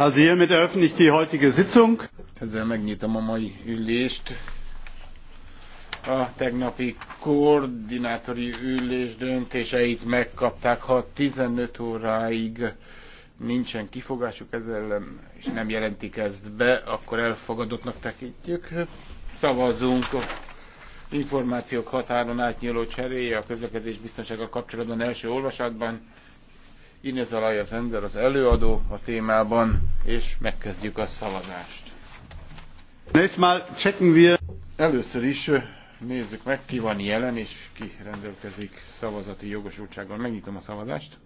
Also hiermit eröffne ich die heutige Sitzung. Ezzel megnyitom a mai ülést. A tegnapi koordinátori ülés döntéseit megkapták, ha 15 óráig nincsen kifogásuk ezzel ellen, és nem jelentik ezt be, akkor elfogadottnak tekintjük. Szavazunk információk határon átnyúló cseréje a közlekedés biztonsággal kapcsolatban első olvasatban. Inez az ember az előadó a témában, és megkezdjük a szavazást. Először is nézzük meg, ki van jelen, és ki rendelkezik szavazati jogosultsággal. Megnyitom a szavazást.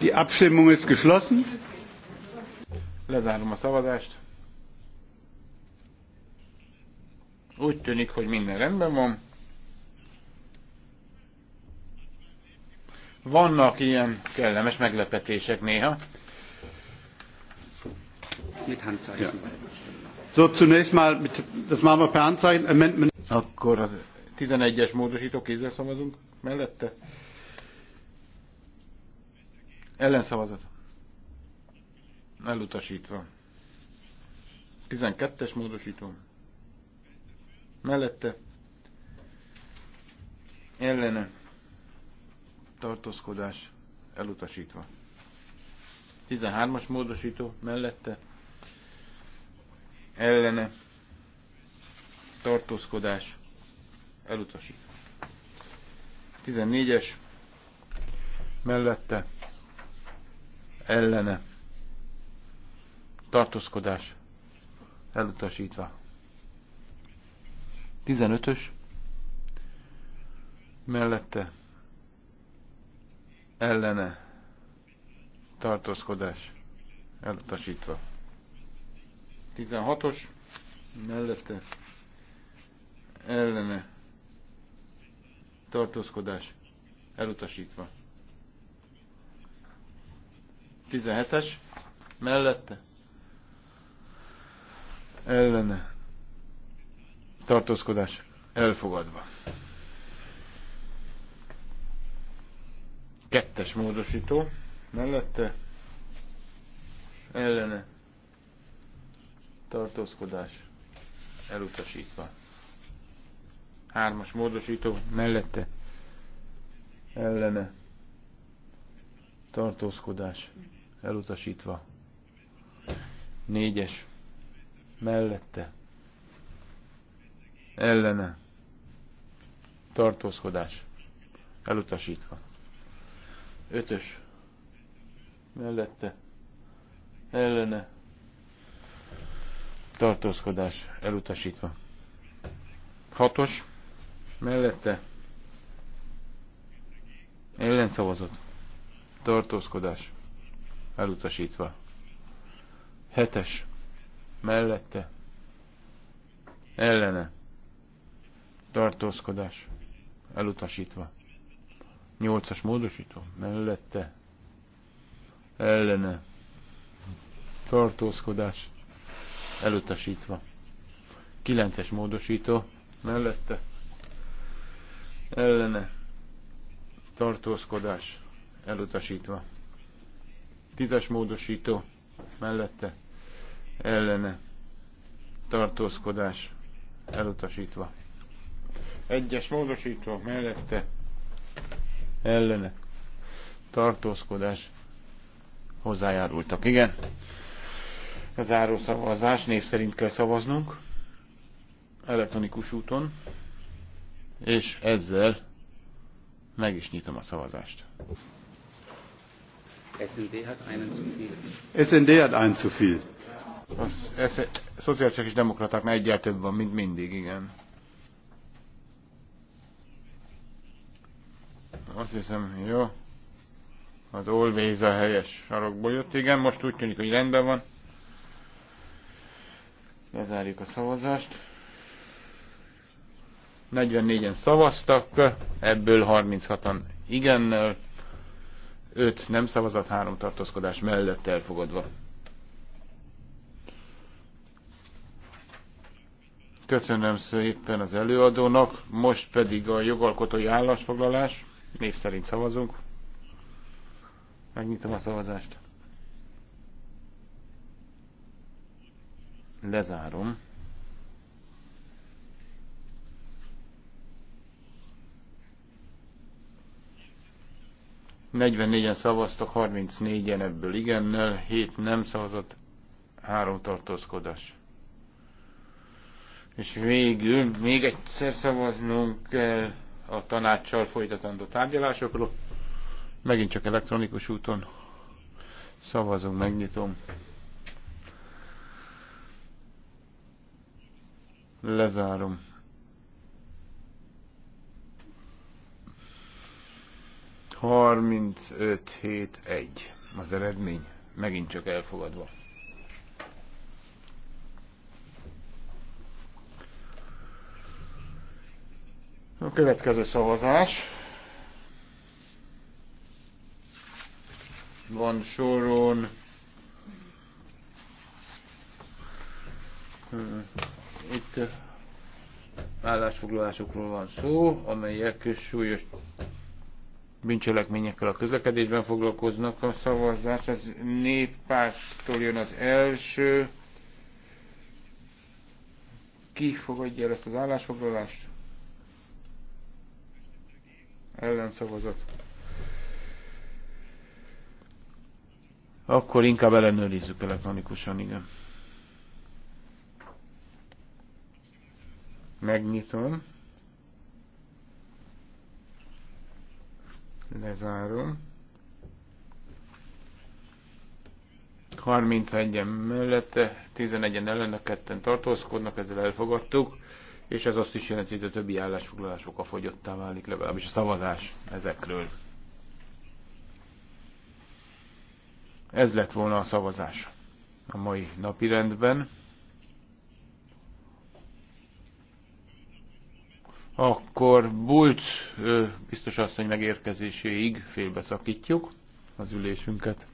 Die Abstimmung ist geschlossen. Lezárom a szavazást. Úgy tűnik, hogy minden rendben van. Vannak ilyen kellemes meglepetések néha. Mit ja. So, zunächst mal, mit, das machen wir per Handzeichen. Amendment. Akkor az 11-es módosító kézzel szavazunk mellette. Ellenszavazat. Elutasítva. 12-es módosító. Mellette. Ellene tartózkodás elutasítva. 13-as módosító mellette ellene tartózkodás elutasítva. 14-es mellette ellene tartózkodás elutasítva. 15-ös mellette ellene tartózkodás elutasítva. 16-os mellette ellene tartózkodás elutasítva. 17-es mellette ellene tartózkodás elfogadva. Kettes módosító mellette ellene tartózkodás elutasítva. Hármas módosító mellette ellene tartózkodás elutasítva. Négyes mellette ellene tartózkodás elutasítva. Ötös. Mellette. Ellene. Tartózkodás elutasítva. Hatos. Mellette. ellenszavazott Tartózkodás elutasítva. Hetes. Mellette. Ellene. Tartózkodás. Elutasítva. 8-as módosító mellette ellene tartózkodás elutasítva. 9-es módosító mellette ellene tartózkodás elutasítva. 10-es módosító mellette ellene tartózkodás elutasítva. Egyes módosító mellette ellene tartózkodás hozzájárultak. Igen. A záró szavazás név szerint kell szavaznunk elektronikus úton, és ezzel meg is nyitom a szavazást. SND hat einen zu viel. SND hat einen zu viel. Az, ez, szociálisek és demokratáknál egyel több van, mint mindig, igen. Azt hiszem, jó. Az Always a helyes sarokból jött. Igen, most úgy tűnik, hogy rendben van. Lezárjuk a szavazást. 44-en szavaztak, ebből 36-an igennel, 5 nem szavazat, 3 tartózkodás mellett elfogadva. Köszönöm szépen az előadónak, most pedig a jogalkotói állásfoglalás. Név szerint szavazunk. Megnyitom a szavazást. Lezárom. Negyvennégyen szavaztak, 34-en ebből igennel, 7 nem szavazott, 3 tartózkodás. És végül még egyszer szavaznunk kell. Eh, a tanácssal folytatandó tárgyalásokról. Megint csak elektronikus úton szavazunk, megnyitom. Lezárom. Harmincöt hét egy az eredmény, megint csak elfogadva. A következő szavazás. Van soron itt állásfoglalásokról van szó, amelyek súlyos bűncselekményekkel a közlekedésben foglalkoznak a szavazás. Az néppártól jön az első. Ki fogadja el ezt az állásfoglalást? ellenszavazat. Akkor inkább ellenőrizzük elektronikusan, igen. Megnyitom. Lezárom. 31-en mellette, 11-en a ketten tartózkodnak, ezzel elfogadtuk és ez azt is jelenti, hogy a többi állásfoglalás fogyottá válik, legalábbis a szavazás ezekről. Ez lett volna a szavazás a mai napi rendben. Akkor Bult biztos azt, hogy megérkezéséig félbeszakítjuk az ülésünket.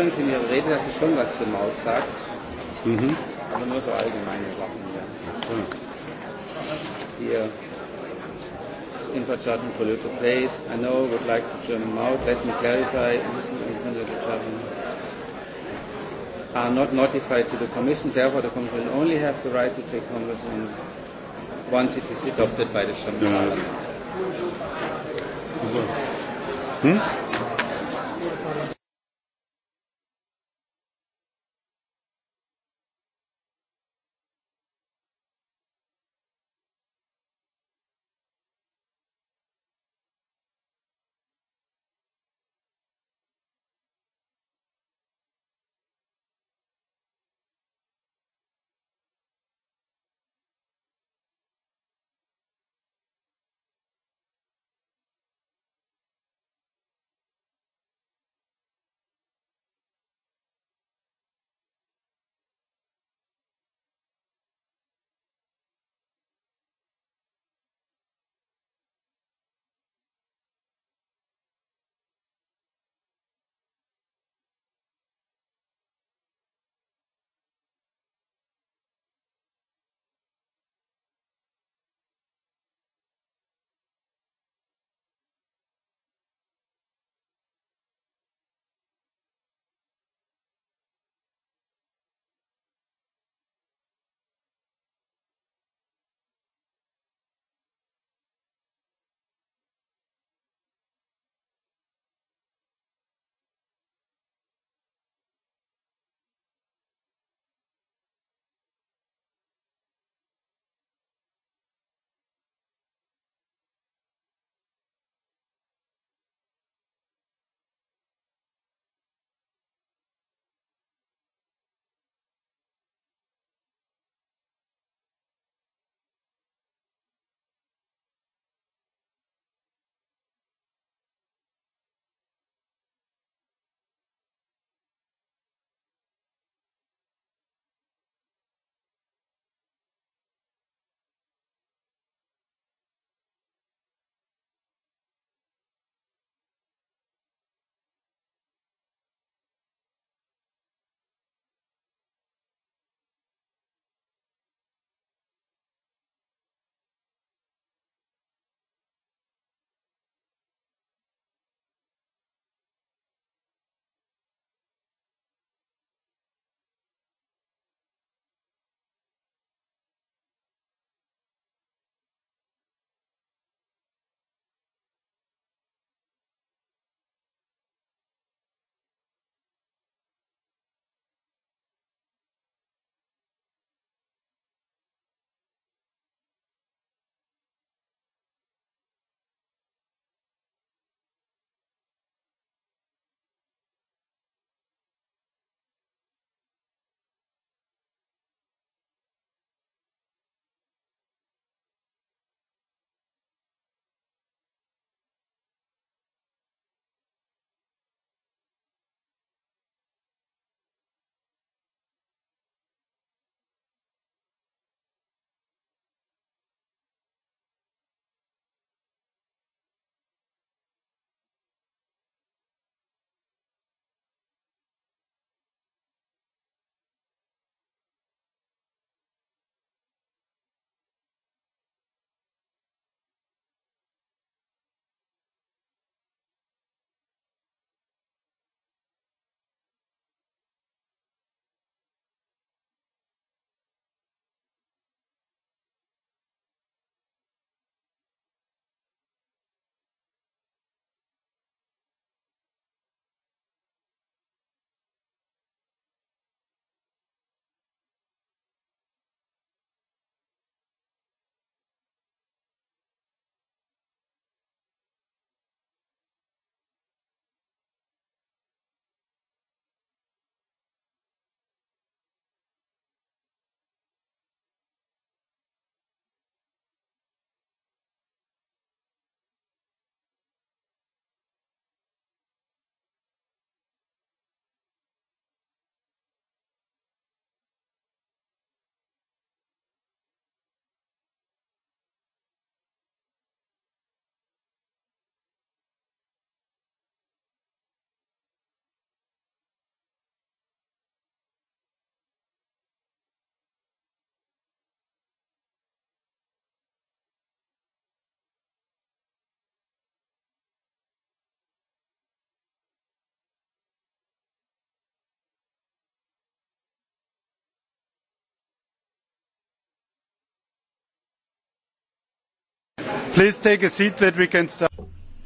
nicht in Ihrer Rede, dass Sie schon was zur Maut sagt, mhm. aber nur so allgemeine Sachen hier. Ja. Hier, Infrastructure for little place, I know, would like the German Maut, let me clarify, are not notified to the Commission, therefore the Commission will only have the right to take Congress in once it is adopted by the German yeah. Parliament. Also. Hm?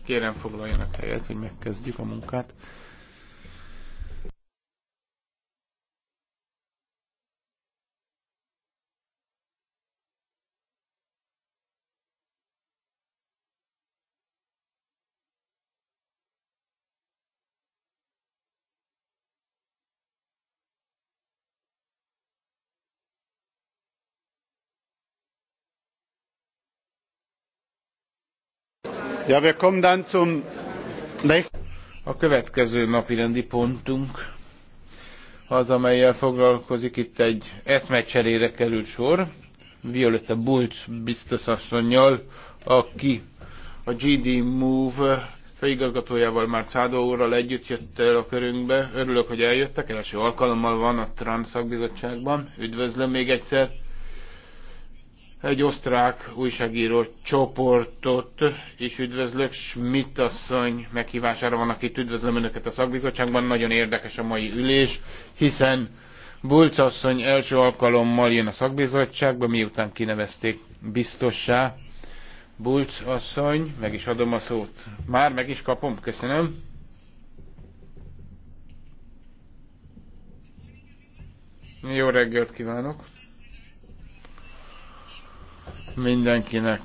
Kérem foglaljanak helyet, hogy megkezdjük a munkát. a következő napi rendi pontunk az, amelyel foglalkozik, itt egy eszmecserére került sor, Violetta Bulcs biztosasszonynal, aki a GD Move főigazgatójával már Cádó úrral együtt jött el a körünkbe. Örülök, hogy eljöttek, első alkalommal van a transzak szakbizottságban. Üdvözlöm még egyszer! Egy osztrák újságíró csoportot is üdvözlök. Schmidt asszony meghívására van akit Üdvözlöm Önöket a szakbizottságban. Nagyon érdekes a mai ülés, hiszen Bulc asszony első alkalommal jön a szakbizottságba, miután kinevezték biztossá. Bulc asszony, meg is adom a szót. Már meg is kapom, köszönöm. Jó reggelt kívánok! mindenkinek,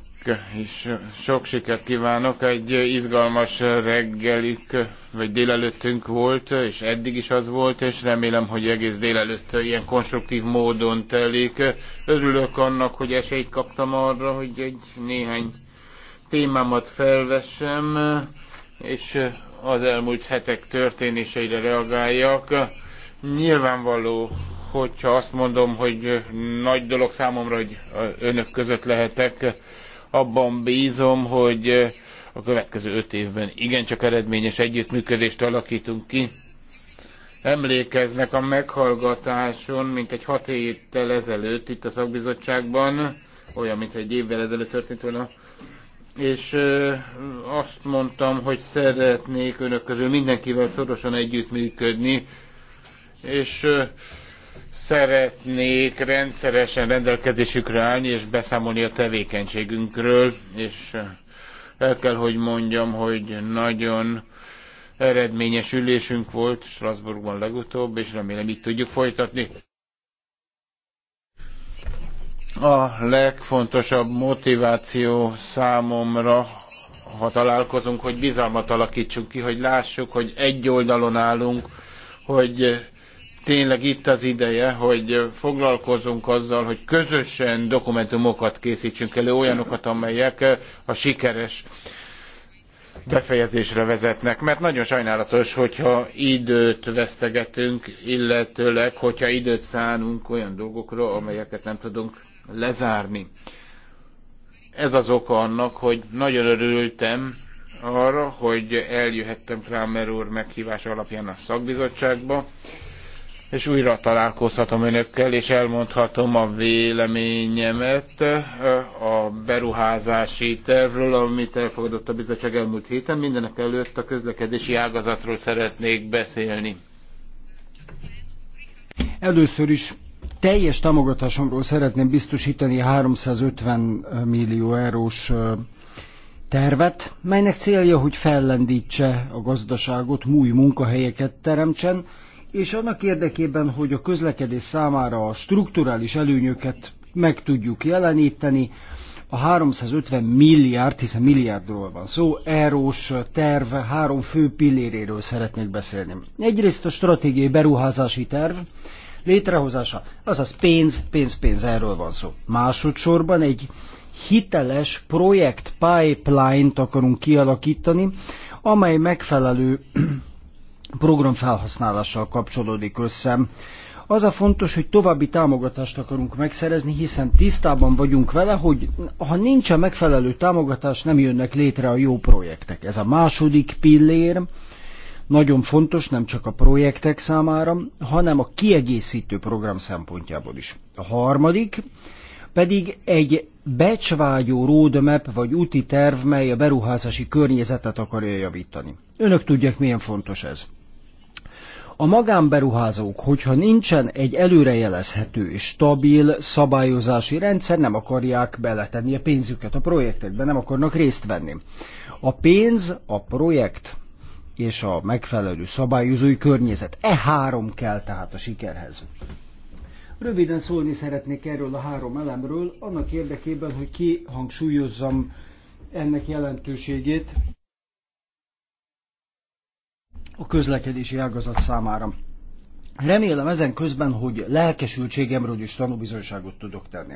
és sok sikert kívánok. Egy izgalmas reggelük, vagy délelőttünk volt, és eddig is az volt, és remélem, hogy egész délelőtt ilyen konstruktív módon telik. Örülök annak, hogy esélyt kaptam arra, hogy egy néhány témámat felvessem, és az elmúlt hetek történéseire reagáljak. Nyilvánvaló, hogyha azt mondom, hogy nagy dolog számomra, hogy önök között lehetek, abban bízom, hogy a következő öt évben igencsak eredményes együttműködést alakítunk ki. Emlékeznek a meghallgatáson, mint egy hat héttel ezelőtt itt a szakbizottságban, olyan, mint egy évvel ezelőtt történt volna, és azt mondtam, hogy szeretnék önök közül mindenkivel szorosan együttműködni, és Szeretnék rendszeresen rendelkezésükre állni és beszámolni a tevékenységünkről, és eh, el kell, hogy mondjam, hogy nagyon eredményes ülésünk volt Strasbourgban legutóbb, és remélem itt tudjuk folytatni. A legfontosabb motiváció számomra, ha találkozunk, hogy bizalmat alakítsunk ki, hogy lássuk, hogy egy oldalon állunk, hogy tényleg itt az ideje, hogy foglalkozunk azzal, hogy közösen dokumentumokat készítsünk elő, olyanokat, amelyek a sikeres befejezésre vezetnek, mert nagyon sajnálatos, hogyha időt vesztegetünk, illetőleg, hogyha időt szánunk olyan dolgokra, amelyeket nem tudunk lezárni. Ez az oka annak, hogy nagyon örültem arra, hogy eljöhettem Kramer úr meghívása alapján a szakbizottságba, és újra találkozhatom önökkel, és elmondhatom a véleményemet eh, a beruházási tervről, amit elfogadott a bizottság elmúlt héten. Mindenek előtt a közlekedési ágazatról szeretnék beszélni. Először is teljes támogatásomról szeretném biztosítani 350 millió eurós eh, tervet, melynek célja, hogy fellendítse a gazdaságot, új munkahelyeket teremtsen, és annak érdekében, hogy a közlekedés számára a strukturális előnyöket meg tudjuk jeleníteni, a 350 milliárd, hiszen milliárdról van szó, Erős terv három fő pilléréről szeretnék beszélni. Egyrészt a stratégiai beruházási terv létrehozása, azaz pénz, pénz, pénz, erről van szó. Másodszorban egy hiteles projekt pipeline-t akarunk kialakítani, amely megfelelő program felhasználással kapcsolódik össze. Az a fontos, hogy további támogatást akarunk megszerezni, hiszen tisztában vagyunk vele, hogy ha nincsen megfelelő támogatás, nem jönnek létre a jó projektek. Ez a második pillér, nagyon fontos nem csak a projektek számára, hanem a kiegészítő program szempontjából is. A harmadik pedig egy becsvágyó roadmap vagy úti terv, mely a beruházási környezetet akarja javítani. Önök tudják, milyen fontos ez. A magánberuházók, hogyha nincsen egy előrejelezhető és stabil szabályozási rendszer, nem akarják beletenni a pénzüket a projektekbe, nem akarnak részt venni. A pénz, a projekt és a megfelelő szabályozói környezet. E három kell tehát a sikerhez. Röviden szólni szeretnék erről a három elemről, annak érdekében, hogy kihangsúlyozzam ennek jelentőségét a közlekedési ágazat számára. Remélem ezen közben, hogy lelkesültségemről is tanúbizonyságot tudok tenni.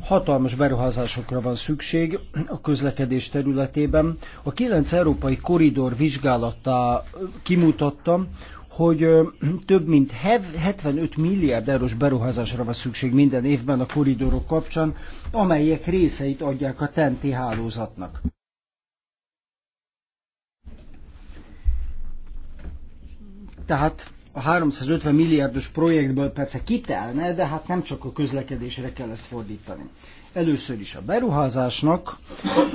Hatalmas beruházásokra van szükség a közlekedés területében. A 9 európai koridor vizsgálata kimutatta, hogy több mint 75 milliárd eurós beruházásra van szükség minden évben a koridorok kapcsán, amelyek részeit adják a tenti hálózatnak. Tehát a 350 milliárdos projektből persze kitelne, de hát nem csak a közlekedésre kell ezt fordítani. Először is a beruházásnak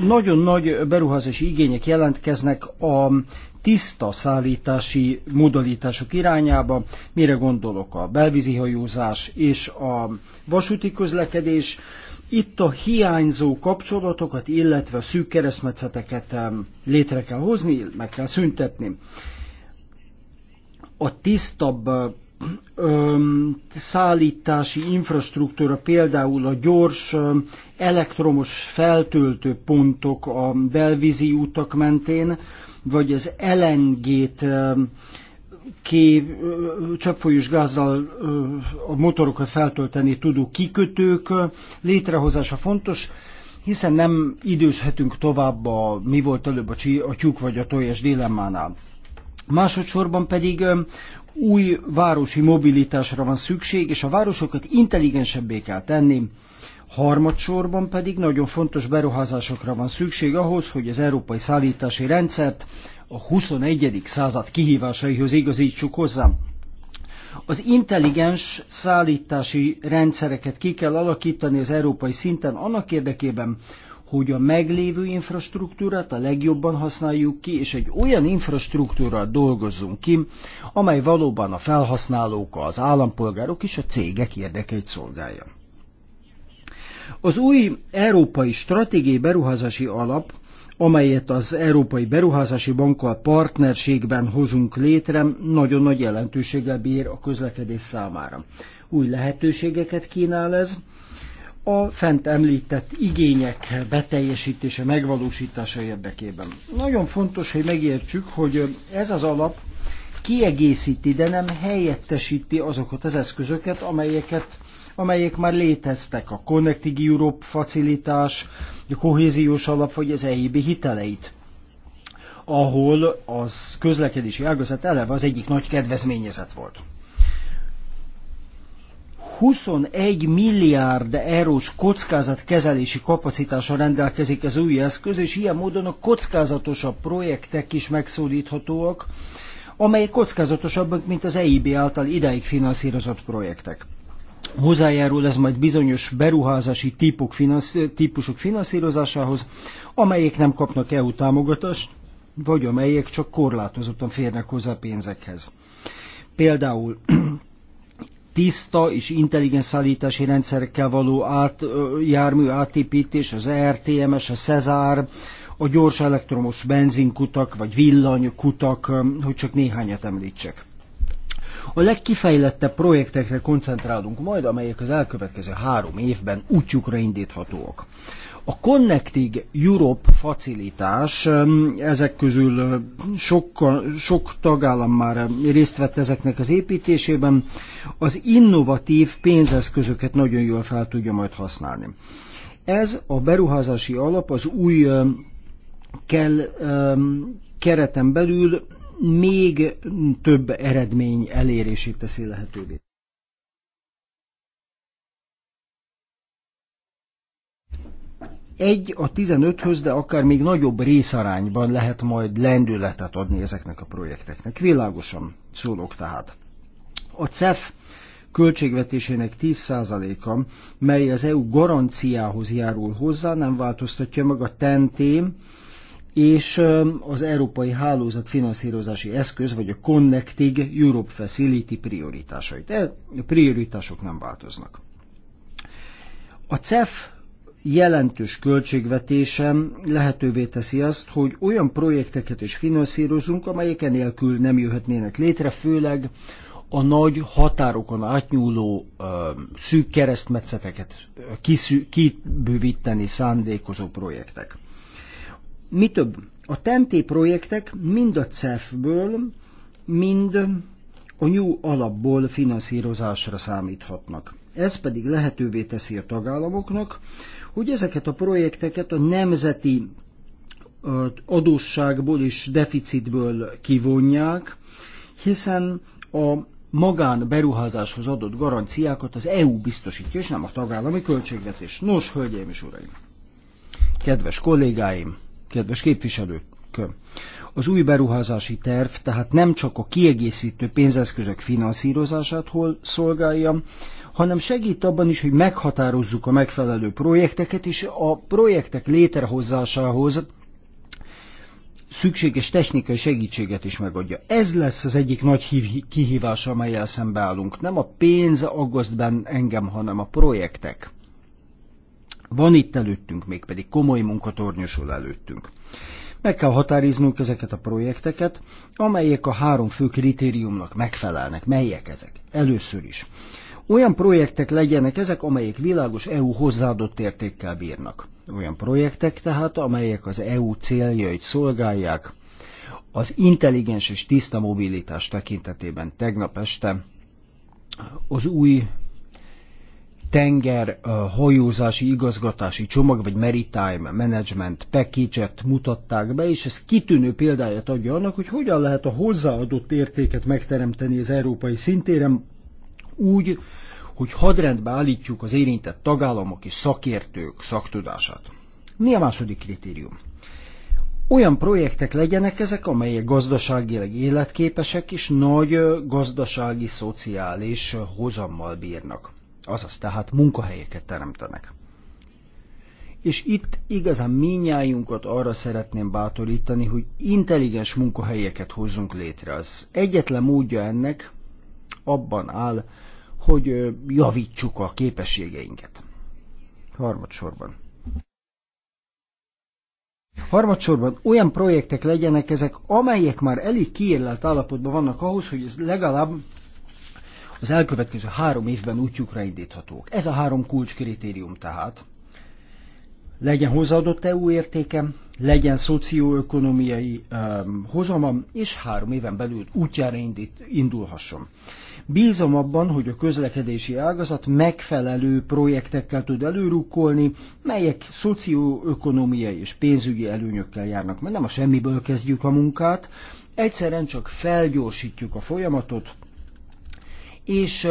nagyon nagy beruházási igények jelentkeznek a tiszta szállítási modalitások irányába. Mire gondolok? A belvízi hajózás és a vasúti közlekedés. Itt a hiányzó kapcsolatokat, illetve a szűk keresztmetszeteket létre kell hozni, meg kell szüntetni a tisztabb szállítási infrastruktúra, például a gyors elektromos feltöltő pontok a belvízi utak mentén, vagy az LNG-t ké, csapfolyós gázzal a motorokat feltölteni tudó kikötők létrehozása fontos, hiszen nem időzhetünk tovább a mi volt előbb a, a tyúk vagy a tojás dilemmánál. Másodszorban pedig új városi mobilitásra van szükség, és a városokat intelligensebbé kell tenni. Harmadsorban pedig nagyon fontos beruházásokra van szükség ahhoz, hogy az európai szállítási rendszert a 21. század kihívásaihoz igazítsuk hozzá. Az intelligens szállítási rendszereket ki kell alakítani az európai szinten annak érdekében, hogy a meglévő infrastruktúrát a legjobban használjuk ki, és egy olyan infrastruktúrát dolgozzunk ki, amely valóban a felhasználók, az állampolgárok és a cégek érdekeit szolgálja. Az új Európai Stratégiai Beruházási Alap amelyet az Európai Beruházási Bankkal partnerségben hozunk létre, nagyon nagy jelentőséggel bír a közlekedés számára. Új lehetőségeket kínál ez, a fent említett igények beteljesítése, megvalósítása érdekében. Nagyon fontos, hogy megértsük, hogy ez az alap kiegészíti, de nem helyettesíti azokat az eszközöket, amelyeket amelyek már léteztek, a Connecting Europe facilitás, a kohéziós alap vagy az EIB hiteleit ahol az közlekedési ágazat eleve az egyik nagy kedvezményezet volt. 21 milliárd eurós kockázatkezelési kapacitása rendelkezik az új eszköz, és ilyen módon a kockázatosabb projektek is megszólíthatóak, amelyek kockázatosabbak, mint az EIB által ideig finanszírozott projektek. Hozzájárul ez majd bizonyos beruházási típuk finansz, típusok finanszírozásához, amelyek nem kapnak EU támogatást, vagy amelyek csak korlátozottan férnek hozzá pénzekhez. Például tiszta és intelligens szállítási rendszerekkel való át, jármű átépítés, az ERTMS, a Cezár, a gyors elektromos benzinkutak vagy villanykutak, hogy csak néhányat említsek. A legkifejlettebb projektekre koncentrálunk majd, amelyek az elkövetkező három évben útjukra indíthatóak. A Connecting Europe facilitás, ezek közül sok, sok tagállam már részt vett ezeknek az építésében, az innovatív pénzeszközöket nagyon jól fel tudja majd használni. Ez a beruházási alap az új kell, kereten belül még több eredmény elérését teszi lehetővé. egy a 15-höz, de akár még nagyobb részarányban lehet majd lendületet adni ezeknek a projekteknek. Világosan szólok tehát. A CEF költségvetésének 10%-a, mely az EU garanciához járul hozzá, nem változtatja meg a TNT e és az Európai Hálózat finanszírozási eszköz, vagy a Connecting Europe Facility prioritásait. E prioritások nem változnak. A CEF jelentős költségvetésem lehetővé teszi azt, hogy olyan projekteket is finanszírozunk, amelyek enélkül nem jöhetnének létre, főleg a nagy határokon átnyúló ö, szűk keresztmetszeteket kiszű, kibővíteni szándékozó projektek. Mi több, a tenté projektek mind a CEF-ből, mind a New alapból finanszírozásra számíthatnak. Ez pedig lehetővé teszi a tagállamoknak, hogy ezeket a projekteket a nemzeti adósságból és deficitből kivonják, hiszen a magán beruházáshoz adott garanciákat az EU biztosítja, és nem a tagállami költségvetés. Nos, hölgyeim és uraim, kedves kollégáim, kedves képviselők, az új beruházási terv tehát nem csak a kiegészítő pénzeszközök finanszírozását hol szolgálja, hanem segít abban is, hogy meghatározzuk a megfelelő projekteket, és a projektek létrehozásához szükséges technikai segítséget is megadja. Ez lesz az egyik nagy kihívás, amelyel szembeállunk. Nem a pénz aggaszt ben engem, hanem a projektek. Van itt előttünk, még, pedig komoly munkatornyosul előttünk. Meg kell határiznunk ezeket a projekteket, amelyek a három fő kritériumnak megfelelnek. Melyek ezek? Először is. Olyan projektek legyenek ezek, amelyek világos EU hozzáadott értékkel bírnak. Olyan projektek tehát, amelyek az EU céljait szolgálják, az intelligens és tiszta mobilitás tekintetében tegnap este az új tenger hajózási igazgatási csomag, vagy Maritime Management Package-et mutatták be, és ez kitűnő példáját adja annak, hogy hogyan lehet a hozzáadott értéket megteremteni az európai szintéren, úgy, hogy hadrendbe állítjuk az érintett tagállamok és szakértők szaktudását. Mi a második kritérium? Olyan projektek legyenek ezek, amelyek gazdaságileg életképesek és nagy gazdasági, szociális hozammal bírnak. Azaz tehát munkahelyeket teremtenek. És itt igazán minnyájunkat arra szeretném bátorítani, hogy intelligens munkahelyeket hozzunk létre. Az egyetlen módja ennek, abban áll, hogy javítsuk a képességeinket. Harmadsorban. Harmadsorban olyan projektek legyenek ezek, amelyek már elég kiérlelt állapotban vannak ahhoz, hogy ez legalább az elkövetkező három évben útjukra indíthatók. Ez a három kulcskritérium tehát. Legyen hozzáadott EU értéke, legyen szocioökonomiai um, hozama, és három éven belül útjára indít, indulhasson. Bízom abban, hogy a közlekedési ágazat megfelelő projektekkel tud előrukkolni, melyek szocioökonomiai és pénzügyi előnyökkel járnak, mert nem a semmiből kezdjük a munkát, egyszerűen csak felgyorsítjuk a folyamatot, és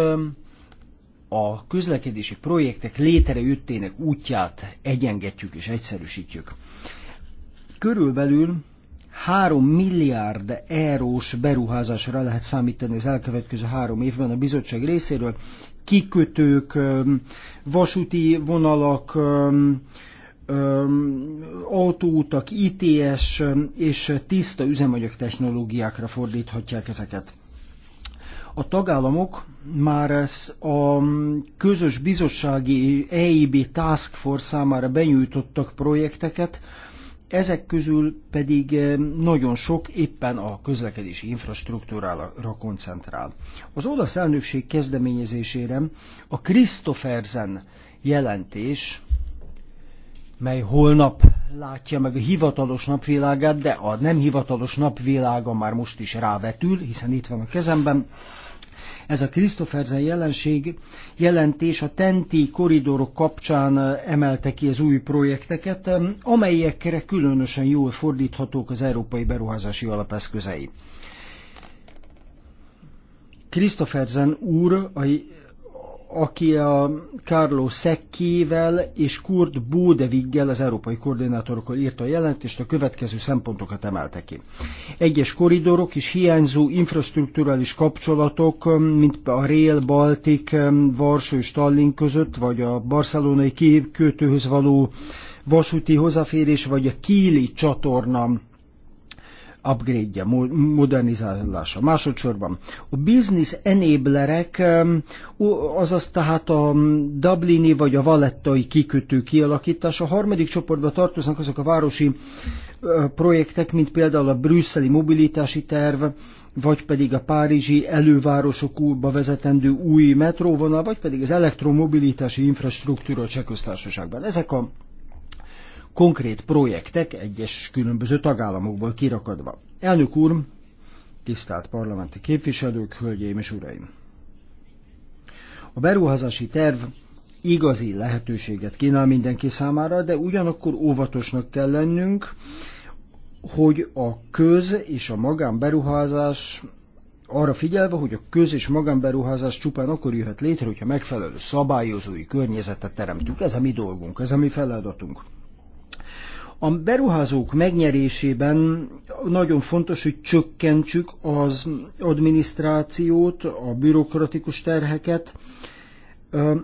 a közlekedési projektek létrejöttének útját egyengetjük és egyszerűsítjük. Körülbelül 3 milliárd eurós beruházásra lehet számítani az elkövetkező három évben a bizottság részéről. Kikötők, vasúti vonalak, autóutak, ITS és tiszta üzemanyag technológiákra fordíthatják ezeket. A tagállamok már ez a közös bizottsági EIB Task Force számára benyújtottak projekteket, ezek közül pedig eh, nagyon sok éppen a közlekedési infrastruktúrára koncentrál. Az olasz elnökség kezdeményezésére a Christopherzen jelentés, mely holnap látja meg a hivatalos napvilágát, de a nem hivatalos napvilága már most is rávetül, hiszen itt van a kezemben, ez a Krisztoferzen jelenség jelentés a tenti koridorok kapcsán emelte ki az új projekteket, amelyekre különösen jól fordíthatók az Európai Beruházási Alapeszközei. Krisztoferzen úr a aki a Carlo Szekkével és Kurt Bódeviggel, az európai koordinátorokkal írta a jelentést, a következő szempontokat emelte ki. Egyes koridorok és hiányzó infrastruktúrális kapcsolatok, mint a Rail Baltic, Varsó és Tallinn között, vagy a barcelonai kikötőhöz való vasúti hozzáférés, vagy a Kíli csatorna upgrade-je, modernizálása. Másodszorban a business enablerek, azaz tehát a Dublini vagy a Valettai kikötő kialakítása. A harmadik csoportba tartoznak azok a városi projektek, mint például a brüsszeli mobilitási terv, vagy pedig a párizsi elővárosokba vezetendő új metróvonal, vagy pedig az elektromobilitási infrastruktúra a Csehköztársaságban. Ezek a konkrét projektek egyes különböző tagállamokból kirakadva. Elnök úr, tisztelt parlamenti képviselők, hölgyeim és uraim! A beruházási terv igazi lehetőséget kínál mindenki számára, de ugyanakkor óvatosnak kell lennünk, hogy a köz és a magánberuházás arra figyelve, hogy a köz- és magánberuházás csupán akkor jöhet létre, hogyha megfelelő szabályozói környezetet teremtünk. Ez a mi dolgunk, ez a mi feladatunk. A beruházók megnyerésében nagyon fontos, hogy csökkentsük az adminisztrációt, a bürokratikus terheket,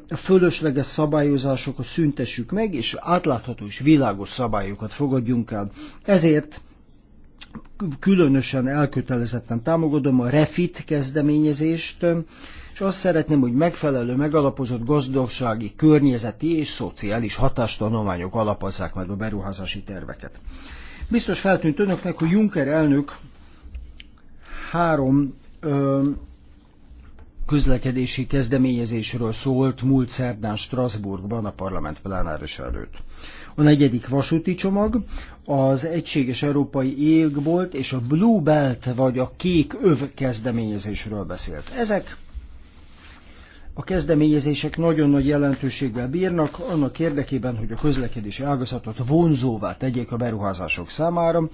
a fölösleges szabályozásokat szüntessük meg, és átlátható és világos szabályokat fogadjunk el. Ezért különösen elkötelezetten támogatom a REFIT kezdeményezést, és azt szeretném, hogy megfelelő, megalapozott gazdasági, környezeti és szociális hatástanományok alapozzák meg a beruházási terveket. Biztos feltűnt önöknek, hogy Juncker elnök három ö, közlekedési kezdeményezésről szólt múlt szerdán Strasbourgban a parlament plenáris előtt. A negyedik vasúti csomag, az Egységes Európai Égbolt és a Blue Belt vagy a Kék Öv kezdeményezésről beszélt. Ezek a kezdeményezések nagyon nagy jelentőséggel bírnak, annak érdekében, hogy a közlekedési ágazatot vonzóvá tegyék a beruházások számára,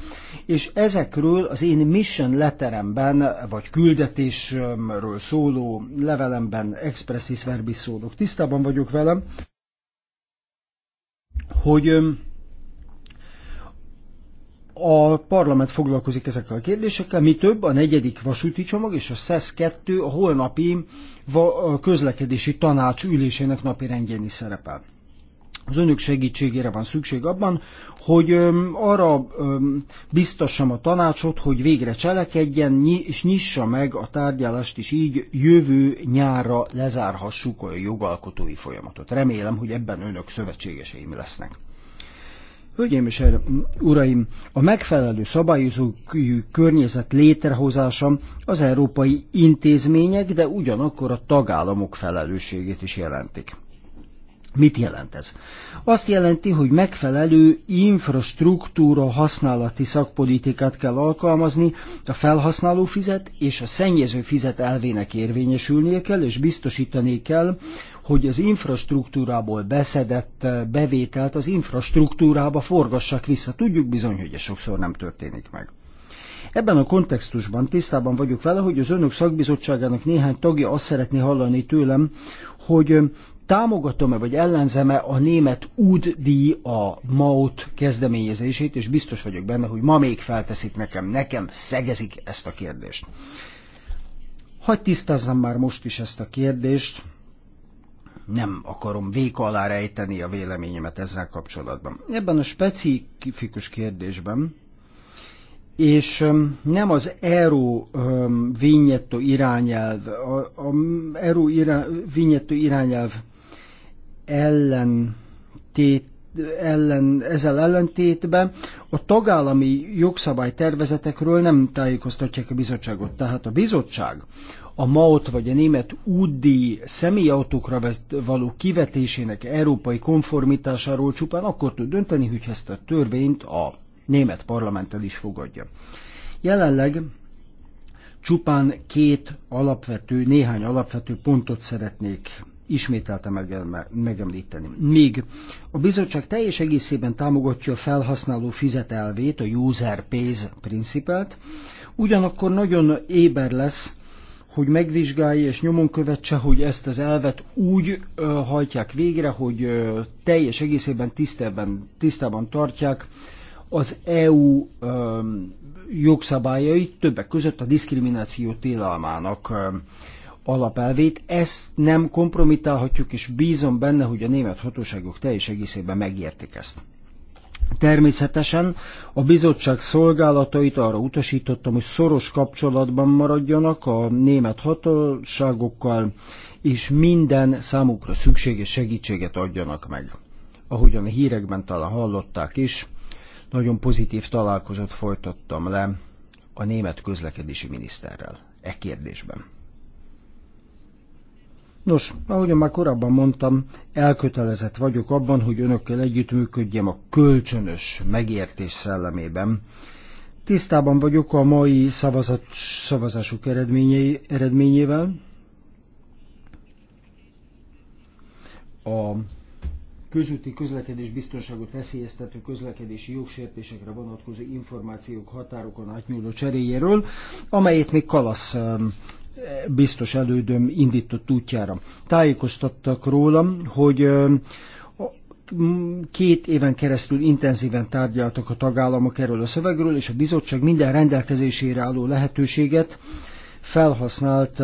és ezekről az én mission letteremben, vagy küldetésről szóló levelemben expressis verbis szólok. Tisztában vagyok velem, hogy a parlament foglalkozik ezekkel a kérdésekkel, mi több, a negyedik vasúti csomag és a SZESZ 2 a holnapi közlekedési tanács ülésének napi rendjén is szerepel. Az önök segítségére van szükség abban, hogy öm, arra öm, biztassam a tanácsot, hogy végre cselekedjen ny- és nyissa meg a tárgyalást, és így jövő nyárra lezárhassuk a jogalkotói folyamatot. Remélem, hogy ebben önök szövetségeseim lesznek. Hölgyeim és uraim, a megfelelő szabályozó környezet létrehozása az európai intézmények, de ugyanakkor a tagállamok felelősségét is jelentik. Mit jelent ez? Azt jelenti, hogy megfelelő infrastruktúra használati szakpolitikát kell alkalmazni, a felhasználó fizet és a szennyező fizet elvének érvényesülnie kell, és biztosítani kell, hogy az infrastruktúrából beszedett eh, bevételt az infrastruktúrába forgassak vissza. Tudjuk bizony, hogy ez sokszor nem történik meg. Ebben a kontextusban tisztában vagyok vele, hogy az önök szakbizottságának néhány tagja azt szeretné hallani tőlem, hogy eh, támogatom-e vagy ellenzem-e a német útdíj a MAUT kezdeményezését, és biztos vagyok benne, hogy ma még felteszik nekem, nekem szegezik ezt a kérdést. Hagy tisztázzam már most is ezt a kérdést, nem akarom véka alá rejteni a véleményemet ezzel kapcsolatban. Ebben a specifikus kérdésben, és nem az ERO vinyettő irányelv, a, a ERO irá, vignettó irányelv ellen tét ellen, ezzel ellentétben a tagállami jogszabálytervezetekről nem tájékoztatják a bizottságot. Tehát a bizottság a MAUT vagy a német UDI személyautókra való kivetésének európai konformitásáról csupán akkor tud dönteni, hogy ezt a törvényt a német parlamenttel is fogadja. Jelenleg csupán két alapvető, néhány alapvető pontot szeretnék ismételten megemlíteni. Míg a bizottság teljes egészében támogatja a felhasználó fizetelvét, a user pays principelt, ugyanakkor nagyon éber lesz hogy megvizsgálja és nyomon követse, hogy ezt az elvet úgy ö, hajtják végre, hogy ö, teljes egészében tisztában, tisztában tartják az EU ö, jogszabályait, többek között a diszkrimináció tilalmának ö, alapelvét. Ezt nem kompromitálhatjuk, és bízom benne, hogy a német hatóságok teljes egészében megértik ezt. Természetesen a bizottság szolgálatait arra utasítottam, hogy szoros kapcsolatban maradjanak a német hatóságokkal, és minden számukra szükséges segítséget adjanak meg. Ahogyan a hírekben talán hallották is, nagyon pozitív találkozót folytattam le a német közlekedési miniszterrel e kérdésben. Nos, ahogyan már korábban mondtam, elkötelezett vagyok abban, hogy önökkel együttműködjem a kölcsönös megértés szellemében. Tisztában vagyok a mai szavazat, szavazásuk eredményei, eredményével. A közúti közlekedés biztonságot veszélyeztető közlekedési jogsértésekre vonatkozó információk határokon átnyúló cseréjéről, amelyet még Kalasz biztos elődöm indított útjára. Tájékoztattak rólam, hogy két éven keresztül intenzíven tárgyaltak a tagállamok erről a szövegről, és a bizottság minden rendelkezésére álló lehetőséget felhasznált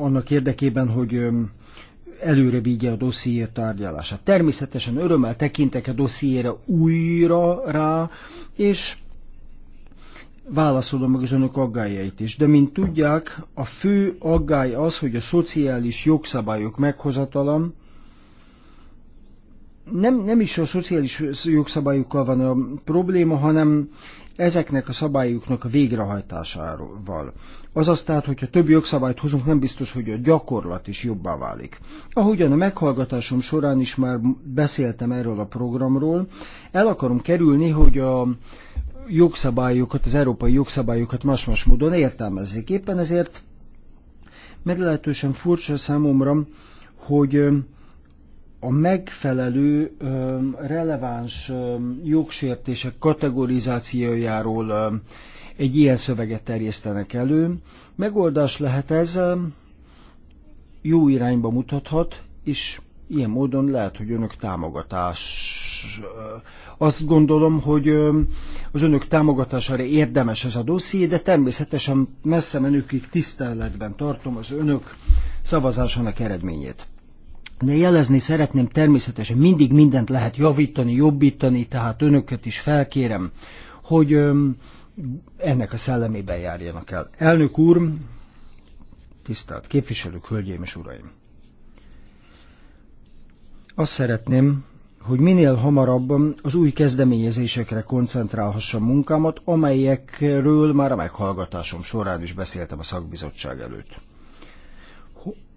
annak érdekében, hogy előre vigye a dossziér tárgyalását. Természetesen örömmel tekintek a dossziére újra rá, és válaszolom meg az önök aggájait is. De mint tudják, a fő aggály az, hogy a szociális jogszabályok meghozatalam nem, nem is a szociális jogszabályokkal van a probléma, hanem ezeknek a szabályoknak a végrehajtásával. Azaz tehát, hogyha több jogszabályt hozunk, nem biztos, hogy a gyakorlat is jobbá válik. Ahogyan a meghallgatásom során is már beszéltem erről a programról, el akarom kerülni, hogy a jogszabályokat, az európai jogszabályokat más-más módon értelmezzék. Éppen ezért meglehetősen furcsa számomra, hogy a megfelelő, releváns jogsértések kategorizációjáról egy ilyen szöveget terjesztenek elő. Megoldás lehet ez, jó irányba mutathat, és ilyen módon lehet, hogy önök támogatás azt gondolom, hogy az önök támogatására érdemes ez a dosszié, de természetesen messze menőkig tiszteletben tartom az önök szavazásának eredményét. De jelezni szeretném természetesen, mindig mindent lehet javítani, jobbítani, tehát önöket is felkérem, hogy ennek a szellemében járjanak el. Elnök úr, tisztelt képviselők, hölgyeim és uraim! Azt szeretném, hogy minél hamarabban az új kezdeményezésekre koncentrálhassam munkámat, amelyekről már a meghallgatásom során is beszéltem a szakbizottság előtt.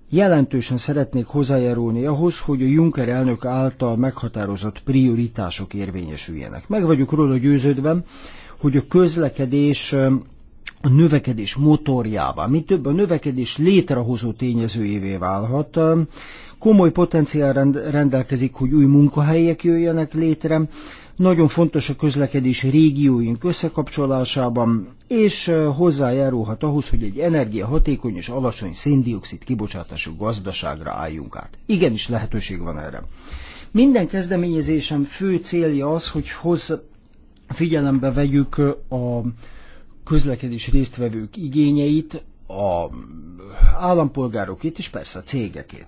Jelentősen szeretnék hozzájárulni ahhoz, hogy a Juncker elnök által meghatározott prioritások érvényesüljenek. Meg vagyok róla győződve, hogy a közlekedés a növekedés motorjává, mi több a növekedés létrehozó tényezőjévé válhat. Komoly potenciál rendelkezik, hogy új munkahelyek jöjjenek létre, nagyon fontos a közlekedés régióink összekapcsolásában, és hozzájárulhat ahhoz, hogy egy energiahatékony és alacsony széndiokszid kibocsátású gazdaságra álljunk át. Igenis lehetőség van erre. Minden kezdeményezésem fő célja az, hogy hoz figyelembe vegyük a közlekedés résztvevők igényeit, a állampolgárokét és persze a cégekét.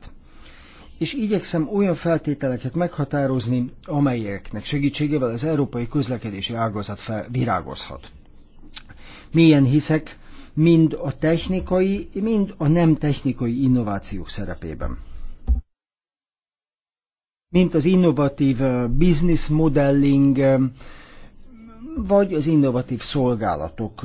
És igyekszem olyan feltételeket meghatározni, amelyeknek segítségével az európai közlekedési ágazat fel, virágozhat. Milyen hiszek mind a technikai, mind a nem technikai innovációk szerepében mint az innovatív eh, business modelling, eh, vagy az innovatív szolgálatok,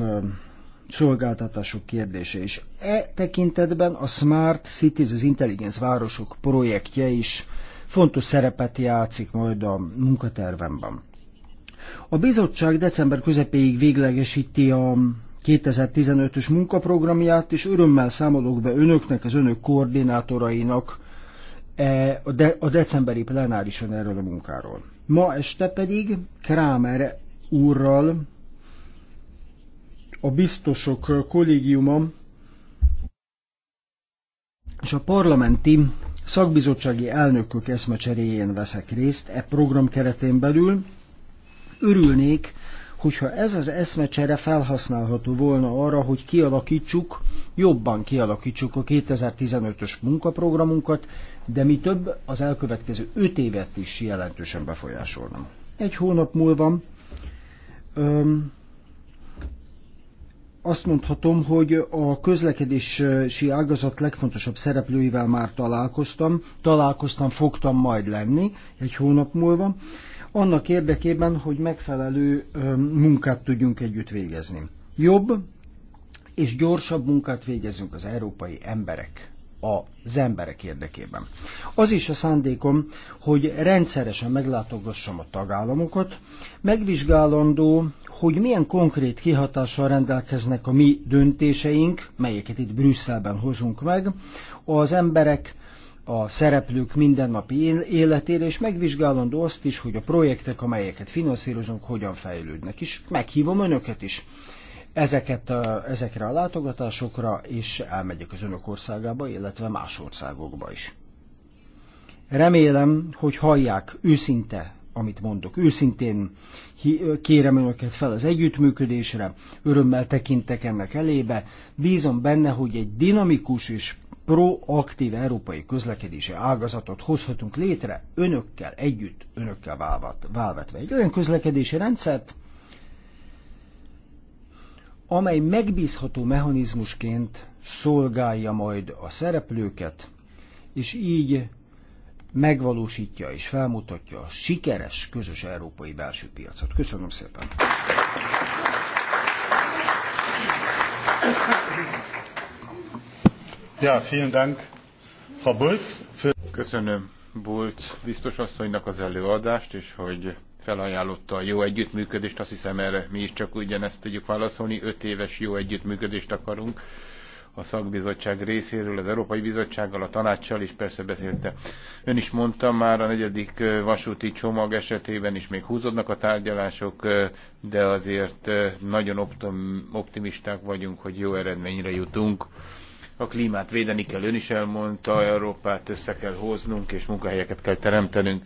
szolgáltatások kérdése is. E tekintetben a Smart Cities, az intelligens városok projektje is fontos szerepet játszik majd a munkatervemben. A bizottság december közepéig véglegesíti a 2015-ös munkaprogramját, és örömmel számolok be önöknek, az önök koordinátorainak e, a, a decemberi plenárison erről a munkáról. Ma este pedig Kramer úrral a biztosok kollégiuma és a parlamenti szakbizottsági elnökök eszmecseréjén veszek részt e program keretén belül. Örülnék, hogyha ez az eszmecsere felhasználható volna arra, hogy kialakítsuk, jobban kialakítsuk a 2015-ös munkaprogramunkat, de mi több, az elkövetkező 5 évet is jelentősen befolyásolnám. Egy hónap múlva azt mondhatom, hogy a közlekedési ágazat legfontosabb szereplőivel már találkoztam, találkoztam, fogtam majd lenni egy hónap múlva, annak érdekében, hogy megfelelő munkát tudjunk együtt végezni. Jobb és gyorsabb munkát végezünk az európai emberek az emberek érdekében. Az is a szándékom, hogy rendszeresen meglátogassam a tagállamokat, megvizsgálandó, hogy milyen konkrét kihatással rendelkeznek a mi döntéseink, melyeket itt Brüsszelben hozunk meg, az emberek a szereplők mindennapi életére, és megvizsgálandó azt is, hogy a projektek, amelyeket finanszírozunk, hogyan fejlődnek. És meghívom önöket is ezeket, ezekre a látogatásokra, és elmegyek az önök országába, illetve más országokba is. Remélem, hogy hallják őszinte, amit mondok. Őszintén kérem önöket fel az együttműködésre, örömmel tekintek ennek elébe. Bízom benne, hogy egy dinamikus és proaktív európai közlekedési ágazatot hozhatunk létre önökkel együtt, önökkel válvetve. Egy olyan közlekedési rendszert, amely megbízható mechanizmusként szolgálja majd a szereplőket, és így megvalósítja és felmutatja a sikeres közös európai belső piacot. Köszönöm szépen! Ja, vielen Dank, Frau Bulc. Köszönöm Bulc biztos asszonynak az előadást, és hogy felajánlotta a jó együttműködést, azt hiszem erre mi is csak ugyanezt tudjuk válaszolni, öt éves jó együttműködést akarunk a szakbizottság részéről, az Európai Bizottsággal, a tanácssal is persze beszélte. Ön is mondta már a negyedik vasúti csomag esetében is még húzódnak a tárgyalások, de azért nagyon optimisták vagyunk, hogy jó eredményre jutunk. A klímát védeni kell, ön is elmondta, Európát össze kell hoznunk, és munkahelyeket kell teremtenünk.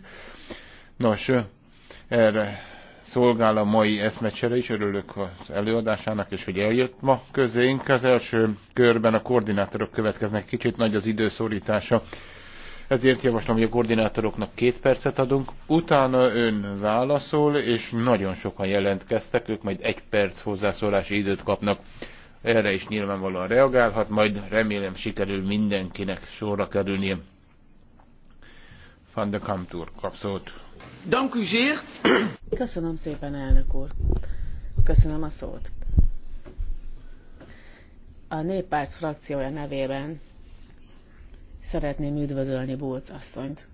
Nos, erre szolgál a mai eszmecsere is, örülök az előadásának, és hogy eljött ma közénk. Az első körben a koordinátorok következnek, kicsit nagy az időszorítása. Ezért javaslom, hogy a koordinátoroknak két percet adunk, utána ön válaszol, és nagyon sokan jelentkeztek, ők majd egy perc hozzászólási időt kapnak. Erre is nyilvánvalóan reagálhat, majd remélem sikerül mindenkinek sorra kerülnie. Van de Kamp kapszót. Köszönöm szépen, elnök úr. Köszönöm a szót. A néppárt frakciója nevében szeretném üdvözölni Bulc asszonyt.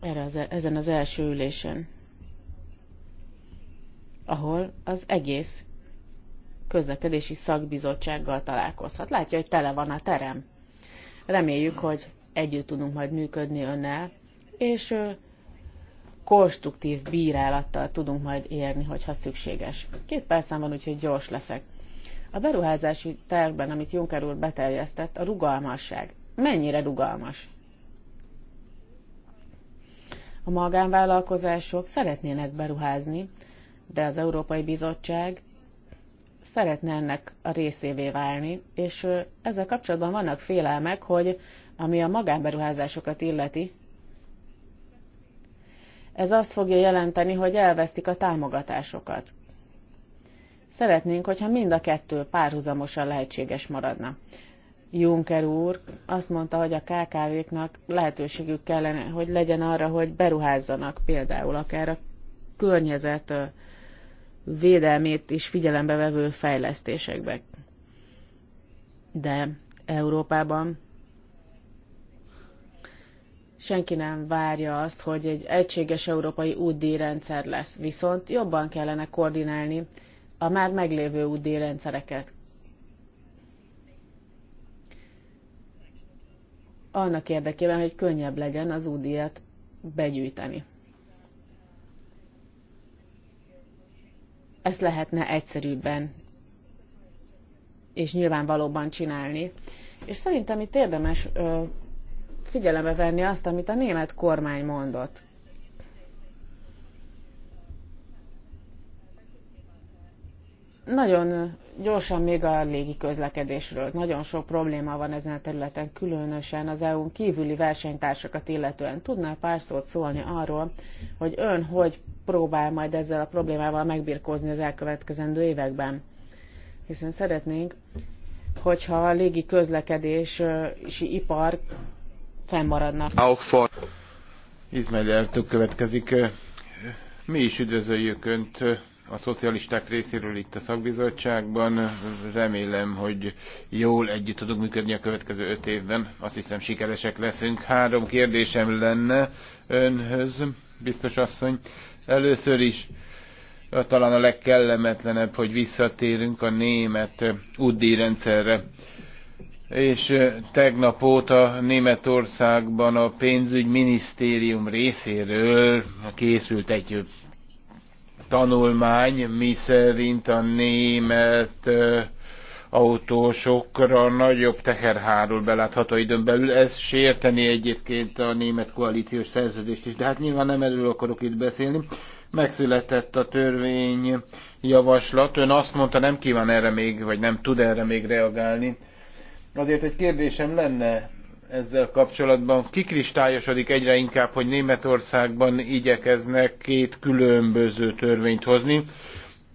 Erre az, e- ezen az első ülésen, ahol az egész közlekedési szakbizottsággal találkozhat. Látja, hogy tele van a terem. Reméljük, hogy együtt tudunk majd működni önnel, és konstruktív bírálattal tudunk majd érni, hogyha szükséges. Két percem van, úgyhogy gyors leszek. A beruházási tervben, amit Juncker úr beterjesztett, a rugalmasság. Mennyire rugalmas? A magánvállalkozások szeretnének beruházni, de az Európai Bizottság szeretne ennek a részévé válni, és ezzel kapcsolatban vannak félelmek, hogy ami a magánberuházásokat illeti, ez azt fogja jelenteni, hogy elvesztik a támogatásokat. Szeretnénk, hogyha mind a kettő párhuzamosan lehetséges maradna. Juncker úr azt mondta, hogy a KKV-knak lehetőségük kellene, hogy legyen arra, hogy beruházzanak például akár a környezet védelmét is figyelembe vevő fejlesztésekbe. De Európában senki nem várja azt, hogy egy egységes európai útdíjrendszer lesz, viszont jobban kellene koordinálni a már meglévő útdíjrendszereket. Annak érdekében, hogy könnyebb legyen az útdíjat begyűjteni. ezt lehetne egyszerűbben és nyilvánvalóban csinálni. És szerintem itt érdemes figyelembe venni azt, amit a német kormány mondott. Nagyon gyorsan még a légi közlekedésről. Nagyon sok probléma van ezen a területen, különösen az EU-n kívüli versenytársakat illetően. Tudná pár szót szólni arról, hogy ön hogy próbál majd ezzel a problémával megbirkózni az elkövetkezendő években? Hiszen szeretnénk, hogyha a légi közlekedési ipar fennmaradna. Ismerjártuk következik. Mi is üdvözöljük Önt a szocialisták részéről itt a szakbizottságban. Remélem, hogy jól együtt tudunk működni a következő öt évben. Azt hiszem, sikeresek leszünk. Három kérdésem lenne önhöz, biztos asszony. Először is talán a legkellemetlenebb, hogy visszatérünk a német UDI rendszerre és tegnap óta Németországban a pénzügyminisztérium részéről készült egy tanulmány, mi szerint a német autósokra nagyobb teherhárul belátható időn belül. Ez sérteni egyébként a német koalíciós szerződést is, de hát nyilván nem erről akarok itt beszélni. Megszületett a törvény javaslat. Ön azt mondta, nem kíván erre még, vagy nem tud erre még reagálni. Azért egy kérdésem lenne, ezzel kapcsolatban kikristályosodik egyre inkább, hogy Németországban igyekeznek két különböző törvényt hozni.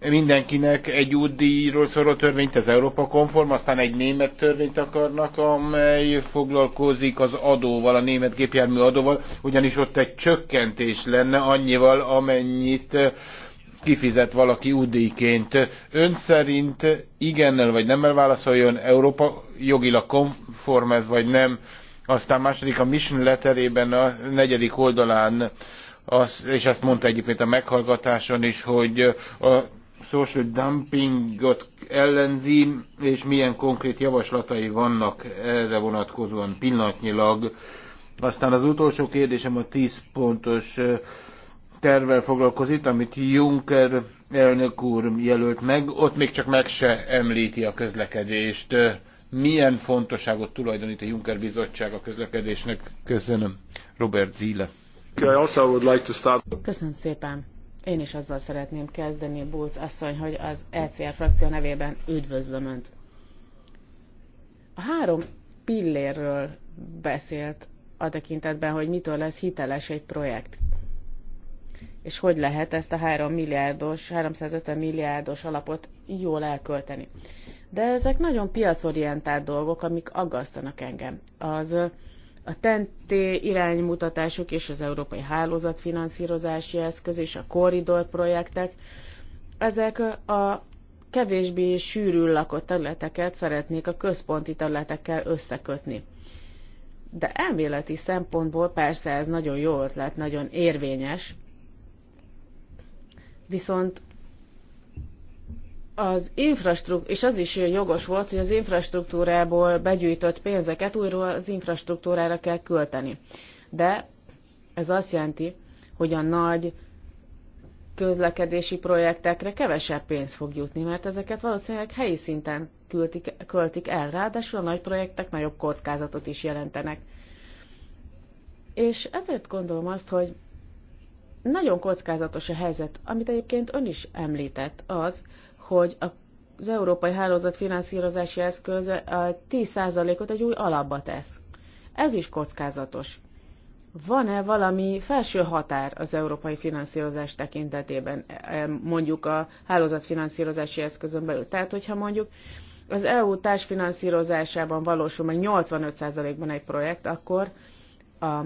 Mindenkinek egy útdíjról szóló törvényt, az Európa konform, aztán egy német törvényt akarnak, amely foglalkozik az adóval, a német gépjármű adóval, ugyanis ott egy csökkentés lenne annyival, amennyit kifizet valaki údíjként. Ön szerint igennel vagy nemmel válaszoljon Európa jogilag konform ez vagy nem, aztán második a Mission letterében a negyedik oldalán, az, és azt mondta egyébként a meghallgatáson is, hogy a social dumpingot ellenzi, és milyen konkrét javaslatai vannak erre vonatkozóan pillanatnyilag. Aztán az utolsó kérdésem a 10 pontos tervvel foglalkozik, amit Juncker elnök úr jelölt meg, ott még csak meg se említi a közlekedést milyen fontosságot tulajdonít a Juncker Bizottság a közlekedésnek. Köszönöm. Robert Zile. Köszönöm szépen. Én is azzal szeretném kezdeni, Bulc asszony, hogy az ECR frakció nevében üdvözlöm Önt. A három pillérről beszélt a tekintetben, hogy mitől lesz hiteles egy projekt. És hogy lehet ezt a 3 milliárdos, 350 milliárdos alapot jól elkölteni. De ezek nagyon piacorientált dolgok, amik aggasztanak engem. Az a TNT iránymutatások és az Európai Hálózatfinanszírozási Eszköz és a korridor projektek, ezek a kevésbé sűrűn lakott területeket szeretnék a központi területekkel összekötni. De elméleti szempontból persze ez nagyon jó ötlet, nagyon érvényes, viszont az infrastruktúra, és az is jogos volt, hogy az infrastruktúrából begyűjtött pénzeket újra az infrastruktúrára kell költeni. De ez azt jelenti, hogy a nagy közlekedési projektekre kevesebb pénz fog jutni, mert ezeket valószínűleg helyi szinten költik, költik el, ráadásul a nagy projektek nagyobb kockázatot is jelentenek. És ezért gondolom azt, hogy nagyon kockázatos a helyzet, amit egyébként ön is említett, az, hogy az Európai Hálózat finanszírozási eszköze a 10%-ot egy új alapba tesz. Ez is kockázatos. Van-e valami felső határ az európai finanszírozás tekintetében, e, mondjuk a hálózat finanszírozási eszközön belül? Tehát, hogyha mondjuk az EU társfinanszírozásában valósul meg 85%-ban egy projekt, akkor a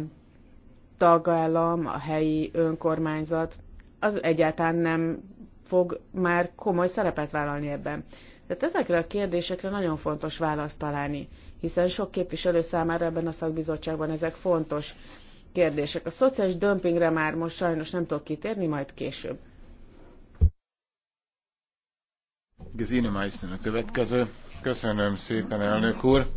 tagállam, a helyi önkormányzat az egyáltalán nem fog már komoly szerepet vállalni ebben. Tehát ezekre a kérdésekre nagyon fontos választ találni, hiszen sok képviselő számára ebben a szakbizottságban ezek fontos kérdések. A szociális dömpingre már most sajnos nem tudok kitérni, majd később. Gizini Meissner a következő. Köszönöm szépen, elnök úr.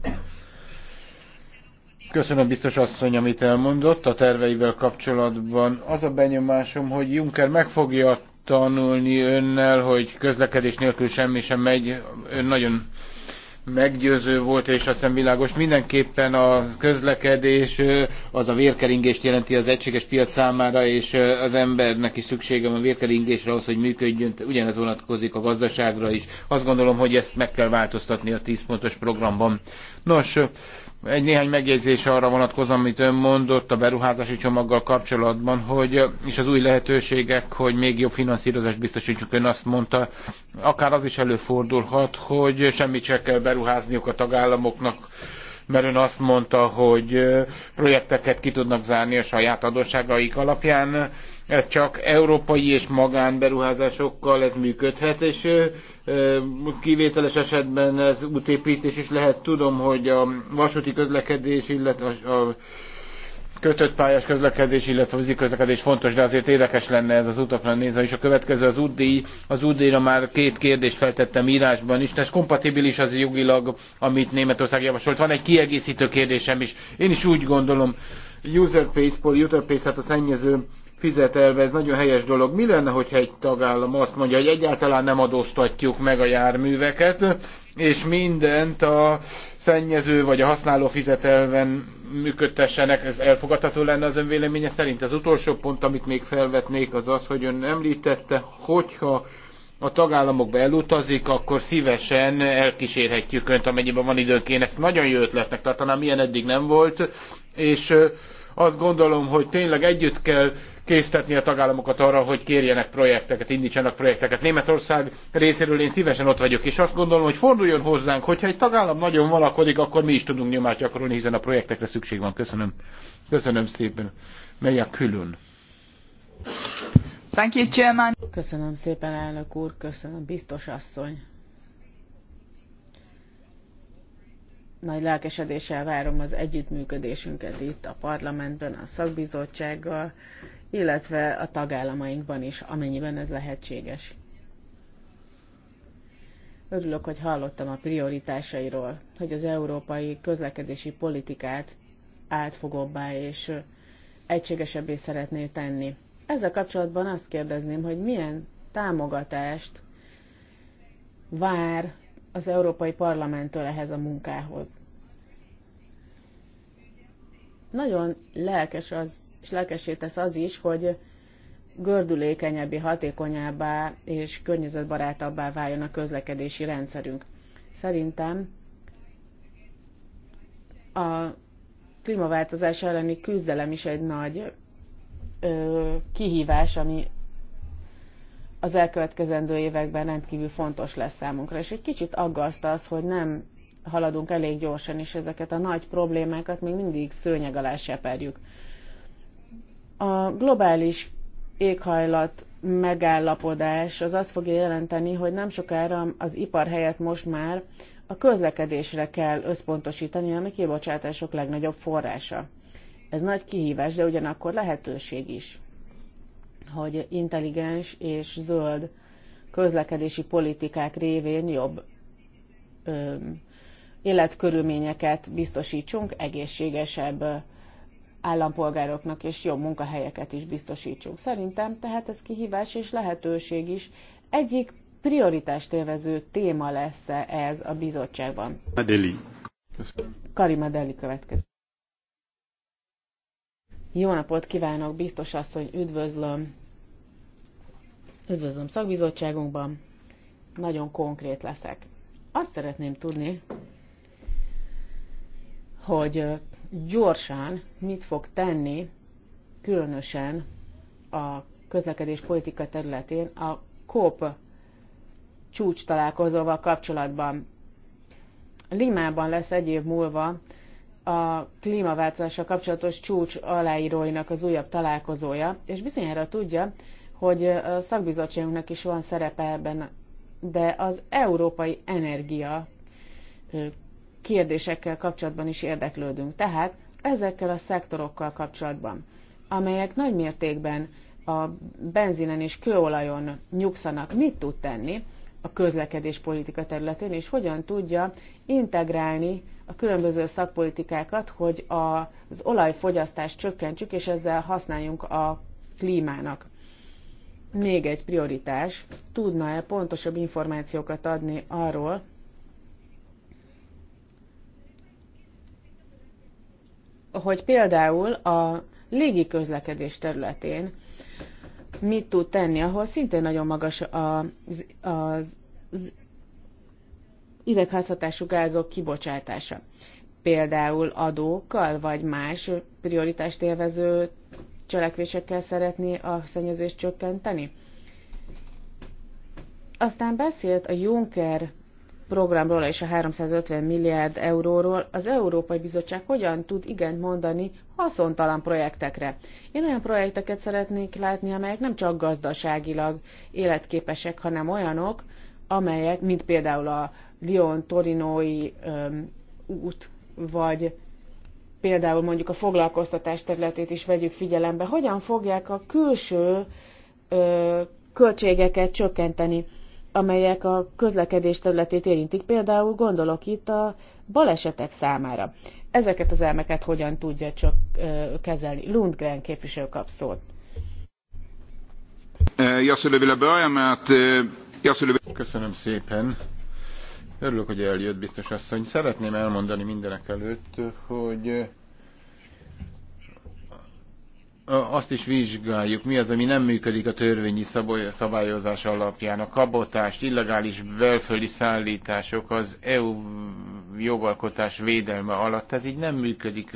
Köszönöm biztos asszony, amit elmondott a terveivel kapcsolatban. Az a benyomásom, hogy Juncker meg fogja tanulni önnel, hogy közlekedés nélkül semmi sem megy. Ön nagyon meggyőző volt, és azt hiszem világos. Mindenképpen a közlekedés az a vérkeringést jelenti az egységes piac számára, és az embernek is szüksége van a vérkeringésre ahhoz, hogy működjön. Ugyanez vonatkozik a gazdaságra is. Azt gondolom, hogy ezt meg kell változtatni a 10 pontos programban. Nos, egy néhány megjegyzés arra vonatkozom, amit ön mondott a beruházási csomaggal kapcsolatban, hogy, és az új lehetőségek, hogy még jobb finanszírozást biztosítsuk, Ön azt mondta, akár az is előfordulhat, hogy semmit se kell beruházniuk a tagállamoknak, mert ön azt mondta, hogy projekteket ki tudnak zárni a saját adósságaik alapján ez csak európai és magánberuházásokkal ez működhet, és kivételes esetben ez útépítés is lehet. Tudom, hogy a vasúti közlekedés, illetve a kötött pályás közlekedés, illetve vízi közlekedés fontos, de azért érdekes lenne ez az utakra nézve. És a következő az útdíj. Az útdíjra már két kérdést feltettem írásban is, de ez kompatibilis az jogilag, amit Németország javasolt. Van egy kiegészítő kérdésem is. Én is úgy gondolom, user pays-ból, user pays, hát a szennyező fizet elve, ez nagyon helyes dolog. Mi lenne, hogyha egy tagállam azt mondja, hogy egyáltalán nem adóztatjuk meg a járműveket, és mindent a szennyező vagy a használó fizetelven működtessenek, ez elfogadható lenne az önvéleménye szerint. Az utolsó pont, amit még felvetnék, az az, hogy ön említette, hogyha a tagállamokba elutazik, akkor szívesen elkísérhetjük önt, amennyiben van időnk. Én ezt nagyon jó ötletnek tartanám, ilyen eddig nem volt, és azt gondolom, hogy tényleg együtt kell késztetni a tagállamokat arra, hogy kérjenek projekteket, indítsanak projekteket. Németország részéről én szívesen ott vagyok, és azt gondolom, hogy forduljon hozzánk, hogyha egy tagállam nagyon valakodik, akkor mi is tudunk nyomást gyakorolni, hiszen a projektekre szükség van. Köszönöm. Köszönöm szépen. Megy a külön. Thank you, Chairman. Köszönöm szépen, elnök úr, köszönöm, biztos asszony. nagy lelkesedéssel várom az együttműködésünket itt a parlamentben, a szakbizottsággal illetve a tagállamainkban is, amennyiben ez lehetséges. Örülök, hogy hallottam a prioritásairól, hogy az európai közlekedési politikát átfogóbbá és egységesebbé szeretné tenni. Ezzel kapcsolatban azt kérdezném, hogy milyen támogatást vár az Európai Parlamenttől ehhez a munkához. Nagyon lelkes az, és lelkesé tesz az is, hogy gördülékenyebbé, hatékonyabbá és környezetbarátabbá váljon a közlekedési rendszerünk. Szerintem a klímaváltozás elleni küzdelem is egy nagy ö, kihívás, ami az elkövetkezendő években rendkívül fontos lesz számunkra. És egy kicsit aggaszt az, hogy nem haladunk elég gyorsan, és ezeket a nagy problémákat még mindig szőnyeg alá seperjük. A globális éghajlat megállapodás az azt fogja jelenteni, hogy nem sokára az ipar helyett most már a közlekedésre kell összpontosítani, ami kibocsátások legnagyobb forrása. Ez nagy kihívás, de ugyanakkor lehetőség is, hogy intelligens és zöld közlekedési politikák révén jobb életkörülményeket biztosítsunk, egészségesebb állampolgároknak és jobb munkahelyeket is biztosítsunk. Szerintem tehát ez kihívás és lehetőség is. Egyik prioritást élvező téma lesz -e ez a bizottságban. Madeli. Karima Deli következik. Jó napot kívánok, biztos asszony, üdvözlöm. Üdvözlöm szakbizottságunkban. Nagyon konkrét leszek. Azt szeretném tudni, hogy gyorsan mit fog tenni, különösen a közlekedés politika területén a COP csúcs találkozóval kapcsolatban. Limában lesz egy év múlva a klímaváltozással kapcsolatos csúcs aláíróinak az újabb találkozója, és bizonyára tudja, hogy a szakbizottságunknak is van szerepe ebben, de az európai energia kérdésekkel kapcsolatban is érdeklődünk. Tehát ezekkel a szektorokkal kapcsolatban, amelyek nagy mértékben a benzinen és kőolajon nyugszanak, mit tud tenni a közlekedés politika területén, és hogyan tudja integrálni a különböző szakpolitikákat, hogy az olajfogyasztást csökkentsük, és ezzel használjunk a klímának. Még egy prioritás, tudna-e pontosabb információkat adni arról, hogy például a légi közlekedés területén mit tud tenni, ahol szintén nagyon magas az, az, az idegházhatású gázok kibocsátása. Például adókkal, vagy más prioritást élvező cselekvésekkel szeretné a szennyezést csökkenteni. Aztán beszélt a Juncker programról és a 350 milliárd euróról az Európai Bizottság hogyan tud igent mondani haszontalan projektekre. Én olyan projekteket szeretnék látni, amelyek nem csak gazdaságilag életképesek, hanem olyanok, amelyek, mint például a Lyon-Torinói út, vagy például mondjuk a foglalkoztatás területét is vegyük figyelembe, hogyan fogják a külső ö, költségeket csökkenteni amelyek a közlekedés területét érintik. Például gondolok itt a balesetek számára. Ezeket az elmeket hogyan tudja csak kezelni? Lundgren képviselő kap szót. Hát, Köszönöm szépen. Örülök, hogy eljött biztos asszony. Szeretném elmondani mindenek előtt, hogy azt is vizsgáljuk, mi az, ami nem működik a törvényi szabályozás alapján. A kabotást, illegális belföldi szállítások az EU jogalkotás védelme alatt, ez így nem működik.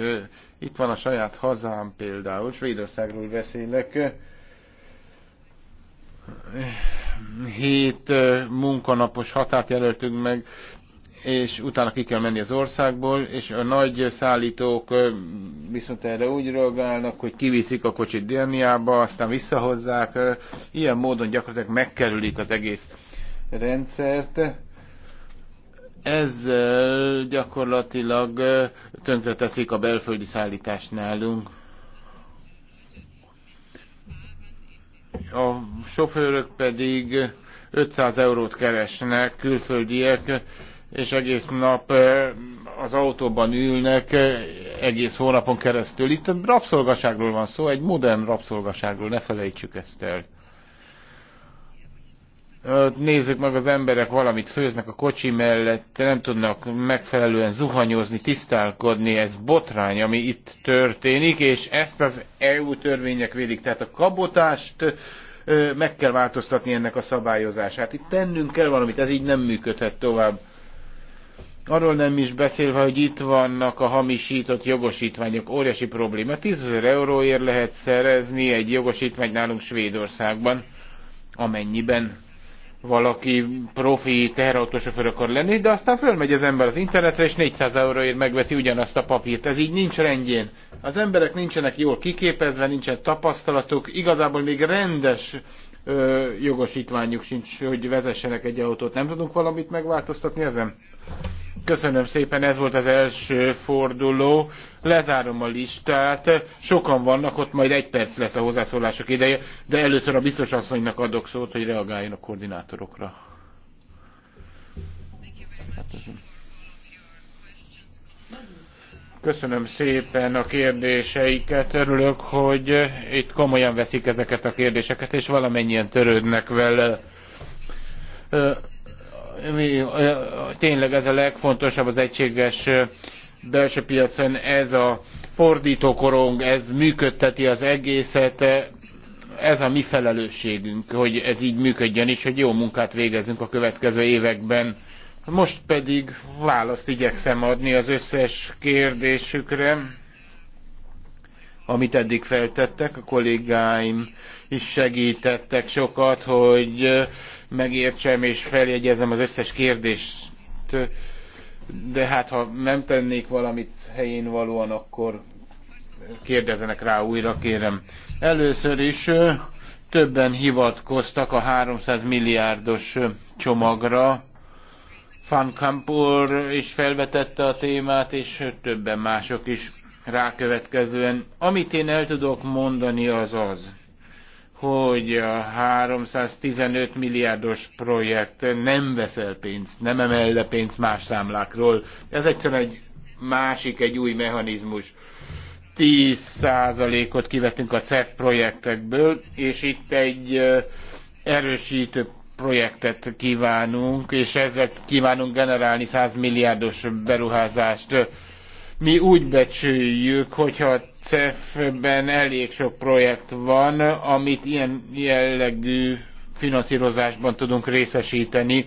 Itt van a saját hazám például, Svédországról beszélek. Hét munkanapos határt jelöltünk meg, és utána ki kell menni az országból, és a nagy szállítók viszont erre úgy reagálnak, hogy kiviszik a kocsit Déniába, aztán visszahozzák. Ilyen módon gyakorlatilag megkerülik az egész rendszert. Ezzel gyakorlatilag tönkreteszik a belföldi szállítást nálunk. A sofőrök pedig 500 eurót keresnek, külföldiek, és egész nap az autóban ülnek egész hónapon keresztül. Itt rabszolgaságról van szó, egy modern rabszolgaságról, ne felejtsük ezt el. Nézzük meg, az emberek valamit főznek a kocsi mellett, nem tudnak megfelelően zuhanyozni, tisztálkodni, ez botrány, ami itt történik, és ezt az EU törvények védik. Tehát a kabotást meg kell változtatni ennek a szabályozását. Itt tennünk kell valamit, ez így nem működhet tovább. Arról nem is beszélve, hogy itt vannak a hamisított jogosítványok, óriási probléma. 10 ezer euróért lehet szerezni egy jogosítványt nálunk Svédországban, amennyiben valaki profi teherautósofőr akar lenni, de aztán fölmegy az ember az internetre, és 400 euróért megveszi ugyanazt a papírt. Ez így nincs rendjén. Az emberek nincsenek jól kiképezve, nincsen tapasztalatuk, igazából még rendes ö, jogosítványuk sincs, hogy vezessenek egy autót. Nem tudunk valamit megváltoztatni ezen? Köszönöm szépen, ez volt az első forduló. Lezárom a listát. Sokan vannak, ott majd egy perc lesz a hozzászólások ideje, de először a biztos asszonynak adok szót, hogy reagáljon a koordinátorokra. Köszönöm szépen a kérdéseiket. Örülök, hogy itt komolyan veszik ezeket a kérdéseket, és valamennyien törődnek vele tényleg ez a legfontosabb az egységes belső piacon, ez a fordítókorong, ez működteti az egészet, ez a mi felelősségünk, hogy ez így működjön, és hogy jó munkát végezzünk a következő években. Most pedig választ igyekszem adni az összes kérdésükre, amit eddig feltettek. A kollégáim is segítettek sokat, hogy megértsem, és feljegyezem az összes kérdést. De hát, ha nem tennék valamit helyén valóan, akkor kérdezenek rá újra, kérem. Először is többen hivatkoztak a 300 milliárdos csomagra. Van Kampur is felvetette a témát, és többen mások is rákövetkezően. Amit én el tudok mondani az az, hogy a 315 milliárdos projekt nem veszel pénzt, nem emel le pénzt más számlákról. Ez egyszerűen egy másik, egy új mechanizmus. 10%-ot kivetünk a CEF projektekből, és itt egy erősítő projektet kívánunk, és ezzel kívánunk generálni 100 milliárdos beruházást mi úgy becsüljük, hogyha a CEF-ben elég sok projekt van, amit ilyen jellegű finanszírozásban tudunk részesíteni.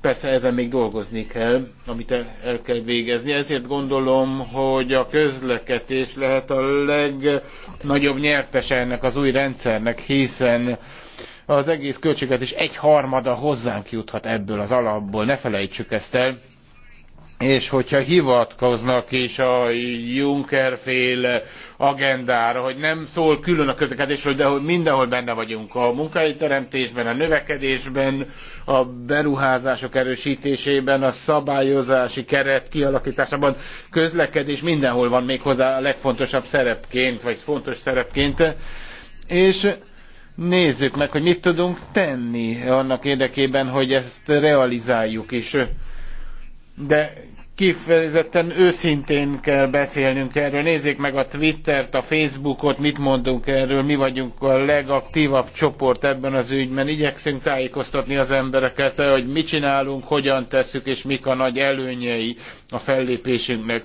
Persze ezen még dolgozni kell, amit el, el kell végezni. Ezért gondolom, hogy a közlekedés lehet a legnagyobb nyertese ennek az új rendszernek, hiszen az egész költséget is egy harmada hozzánk juthat ebből az alapból. Ne felejtsük ezt el és hogyha hivatkoznak is a Juncker féle agendára, hogy nem szól külön a közlekedésről, de hogy mindenhol benne vagyunk a munkahelyteremtésben, a növekedésben, a beruházások erősítésében, a szabályozási keret kialakításában, közlekedés mindenhol van még hozzá a legfontosabb szerepként, vagy fontos szerepként, és nézzük meg, hogy mit tudunk tenni annak érdekében, hogy ezt realizáljuk is de kifejezetten őszintén kell beszélnünk erről. Nézzék meg a Twittert, a Facebookot, mit mondunk erről, mi vagyunk a legaktívabb csoport ebben az ügyben. Igyekszünk tájékoztatni az embereket, hogy mit csinálunk, hogyan tesszük, és mik a nagy előnyei a fellépésünknek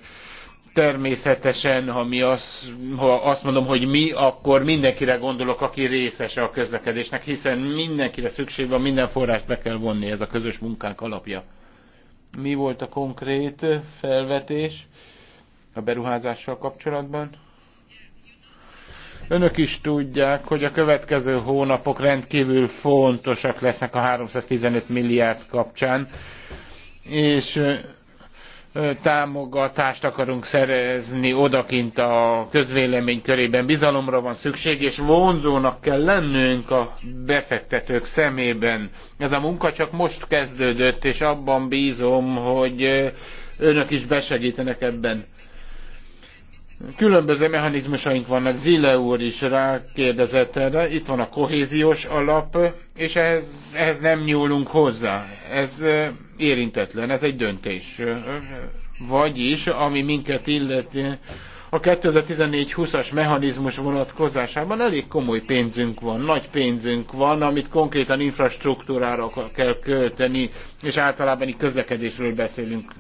természetesen, ha, mi az, ha azt mondom, hogy mi, akkor mindenkire gondolok, aki részese a közlekedésnek, hiszen mindenkire szükség van, minden forrást be kell vonni, ez a közös munkánk alapja mi volt a konkrét felvetés a beruházással kapcsolatban? Önök is tudják, hogy a következő hónapok rendkívül fontosak lesznek a 315 milliárd kapcsán, és támogatást akarunk szerezni odakint a közvélemény körében. Bizalomra van szükség, és vonzónak kell lennünk a befektetők szemében. Ez a munka csak most kezdődött, és abban bízom, hogy önök is besegítenek ebben. Különböző mechanizmusaink vannak, Zile úr is rákérdezett erre, itt van a kohéziós alap, és ehhez, ehhez nem nyúlunk hozzá. Ez érintetlen, ez egy döntés. Vagyis, ami minket illeti, a 2014-20-as mechanizmus vonatkozásában elég komoly pénzünk van, nagy pénzünk van, amit konkrétan infrastruktúrára kell költeni, és általában közlekedésről beszélünk.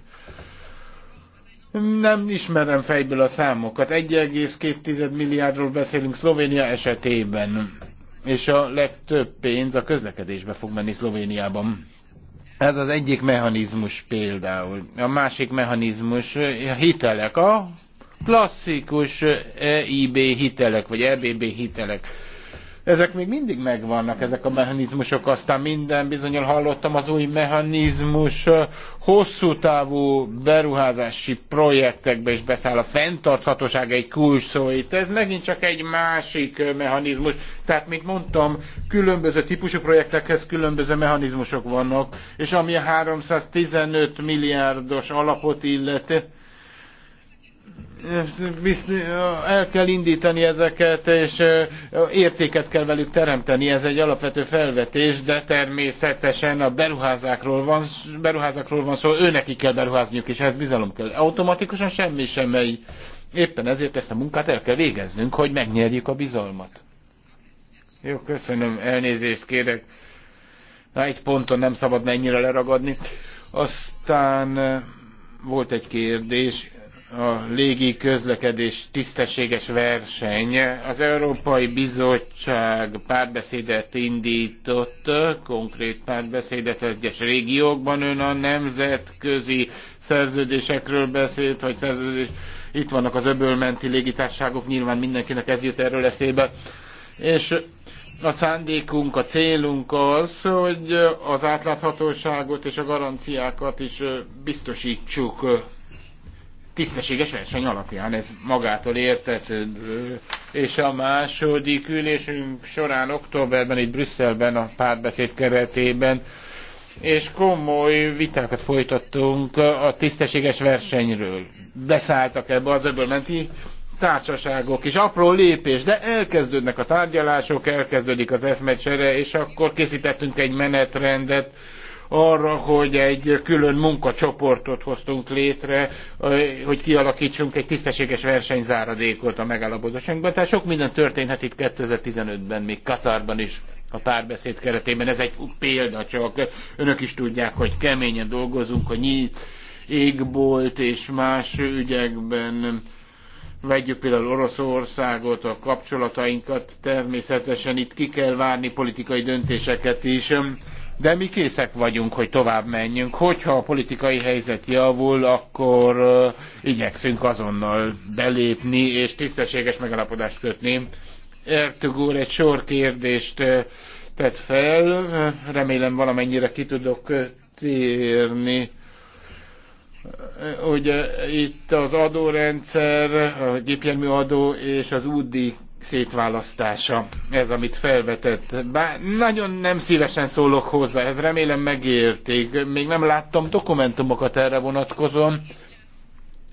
Nem ismerem fejből a számokat. 1,2 milliárdról beszélünk Szlovénia esetében, és a legtöbb pénz a közlekedésbe fog menni Szlovéniában. Ez az egyik mechanizmus például. A másik mechanizmus a hitelek, a klasszikus EIB hitelek, vagy EBB hitelek ezek még mindig megvannak, ezek a mechanizmusok. Aztán minden bizonyal hallottam az új mechanizmus hosszú távú beruházási projektekbe is beszáll. A fenntarthatóság egy kulcs szó itt. Ez megint csak egy másik mechanizmus. Tehát, mint mondtam, különböző típusú projektekhez különböző mechanizmusok vannak, és ami a 315 milliárdos alapot illeti, el kell indítani ezeket, és értéket kell velük teremteni. Ez egy alapvető felvetés, de természetesen a beruházákról van, beruházakról van szó, őnekik kell beruházniuk, és ez bizalom kell. Automatikusan semmi sem megy. Éppen ezért ezt a munkát el kell végeznünk, hogy megnyerjük a bizalmat. Jó, köszönöm, elnézést kérek. Na, egy ponton nem szabad ennyire leragadni. Aztán volt egy kérdés a légi közlekedés tisztességes verseny. Az Európai Bizottság párbeszédet indított, konkrét párbeszédet egyes régiókban. Ön a nemzetközi szerződésekről beszélt, vagy szerződés. Itt vannak az öbölmenti légitárságok, nyilván mindenkinek ez jut erről eszébe. És a szándékunk, a célunk az, hogy az átláthatóságot és a garanciákat is biztosítsuk tisztességes verseny alapján, ez magától értetődő. És a második ülésünk során októberben itt Brüsszelben a párbeszéd keretében és komoly vitákat folytattunk a tisztességes versenyről. Beszálltak ebbe az menti társaságok is, apró lépés, de elkezdődnek a tárgyalások, elkezdődik az eszmecsere, és akkor készítettünk egy menetrendet, arra, hogy egy külön munkacsoportot hoztunk létre, hogy kialakítsunk egy tisztességes versenyzáradékot a megállapodásokban. Tehát sok minden történhet itt 2015-ben, még Katarban is a párbeszéd keretében. Ez egy példa csak. Önök is tudják, hogy keményen dolgozunk, a nyílt égbolt és más ügyekben vegyük például Oroszországot, a kapcsolatainkat, természetesen itt ki kell várni politikai döntéseket is de mi készek vagyunk, hogy tovább menjünk. Hogyha a politikai helyzet javul, akkor uh, igyekszünk azonnal belépni és tisztességes megalapodást kötni. Ertug úr egy sor kérdést tett fel, remélem valamennyire ki tudok térni. Ugye itt az adórendszer, a gépjármű adó és az útdíj szétválasztása, ez, amit felvetett. Bár nagyon nem szívesen szólok hozzá, ez remélem megérték. Még nem láttam dokumentumokat erre vonatkozóan.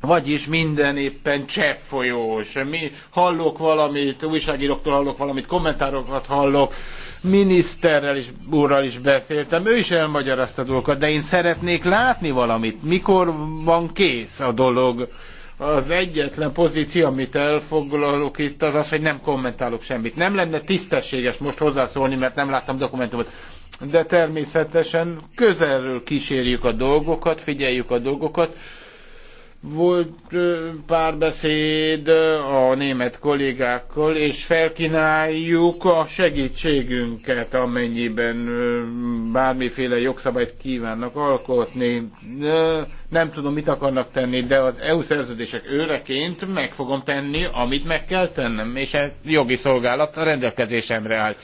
Vagyis minden éppen folyós, Mi hallok valamit, újságíróktól hallok valamit, kommentárokat hallok, miniszterrel is, úrral is beszéltem, ő is elmagyarázta dolgokat, de én szeretnék látni valamit, mikor van kész a dolog az egyetlen pozíció, amit elfoglalok itt, az az, hogy nem kommentálok semmit. Nem lenne tisztességes most hozzászólni, mert nem láttam dokumentumot. De természetesen közelről kísérjük a dolgokat, figyeljük a dolgokat volt párbeszéd a német kollégákkal, és felkínáljuk a segítségünket, amennyiben bármiféle jogszabályt kívánnak alkotni. Nem tudom, mit akarnak tenni, de az EU szerződések őreként meg fogom tenni, amit meg kell tennem, és ez jogi szolgálat a rendelkezésemre áll.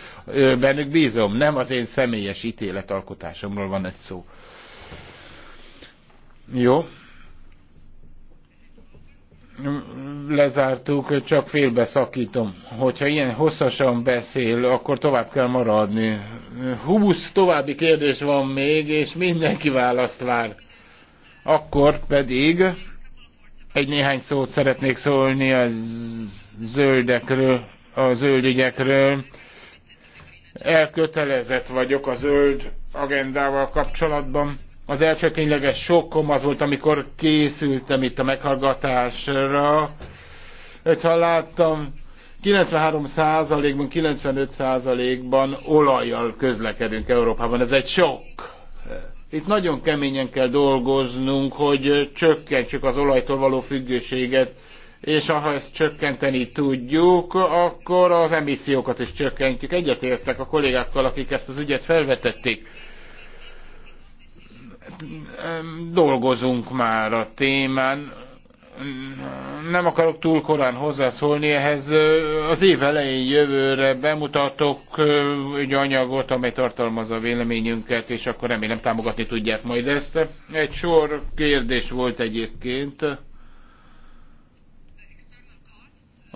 Bennük bízom, nem az én személyes ítéletalkotásomról van egy szó. Jó lezártuk, csak félbe szakítom. Hogyha ilyen hosszasan beszél, akkor tovább kell maradni. Húsz további kérdés van még, és mindenki választ vár. Akkor pedig egy néhány szót szeretnék szólni a zöldekről, a zöldügyekről. Elkötelezett vagyok a zöld agendával kapcsolatban az első tényleges sokkom az volt, amikor készültem itt a meghallgatásra. Ha láttam, 93%-ban, 95%-ban olajjal közlekedünk Európában. Ez egy sok. Itt nagyon keményen kell dolgoznunk, hogy csökkentsük az olajtól való függőséget, és ha ezt csökkenteni tudjuk, akkor az emissziókat is csökkentjük. Egyetértek a kollégákkal, akik ezt az ügyet felvetették dolgozunk már a témán. Nem akarok túl korán hozzászólni ehhez. Az év elején jövőre bemutatok egy anyagot, amely tartalmazza a véleményünket, és akkor remélem támogatni tudják majd ezt. Egy sor kérdés volt egyébként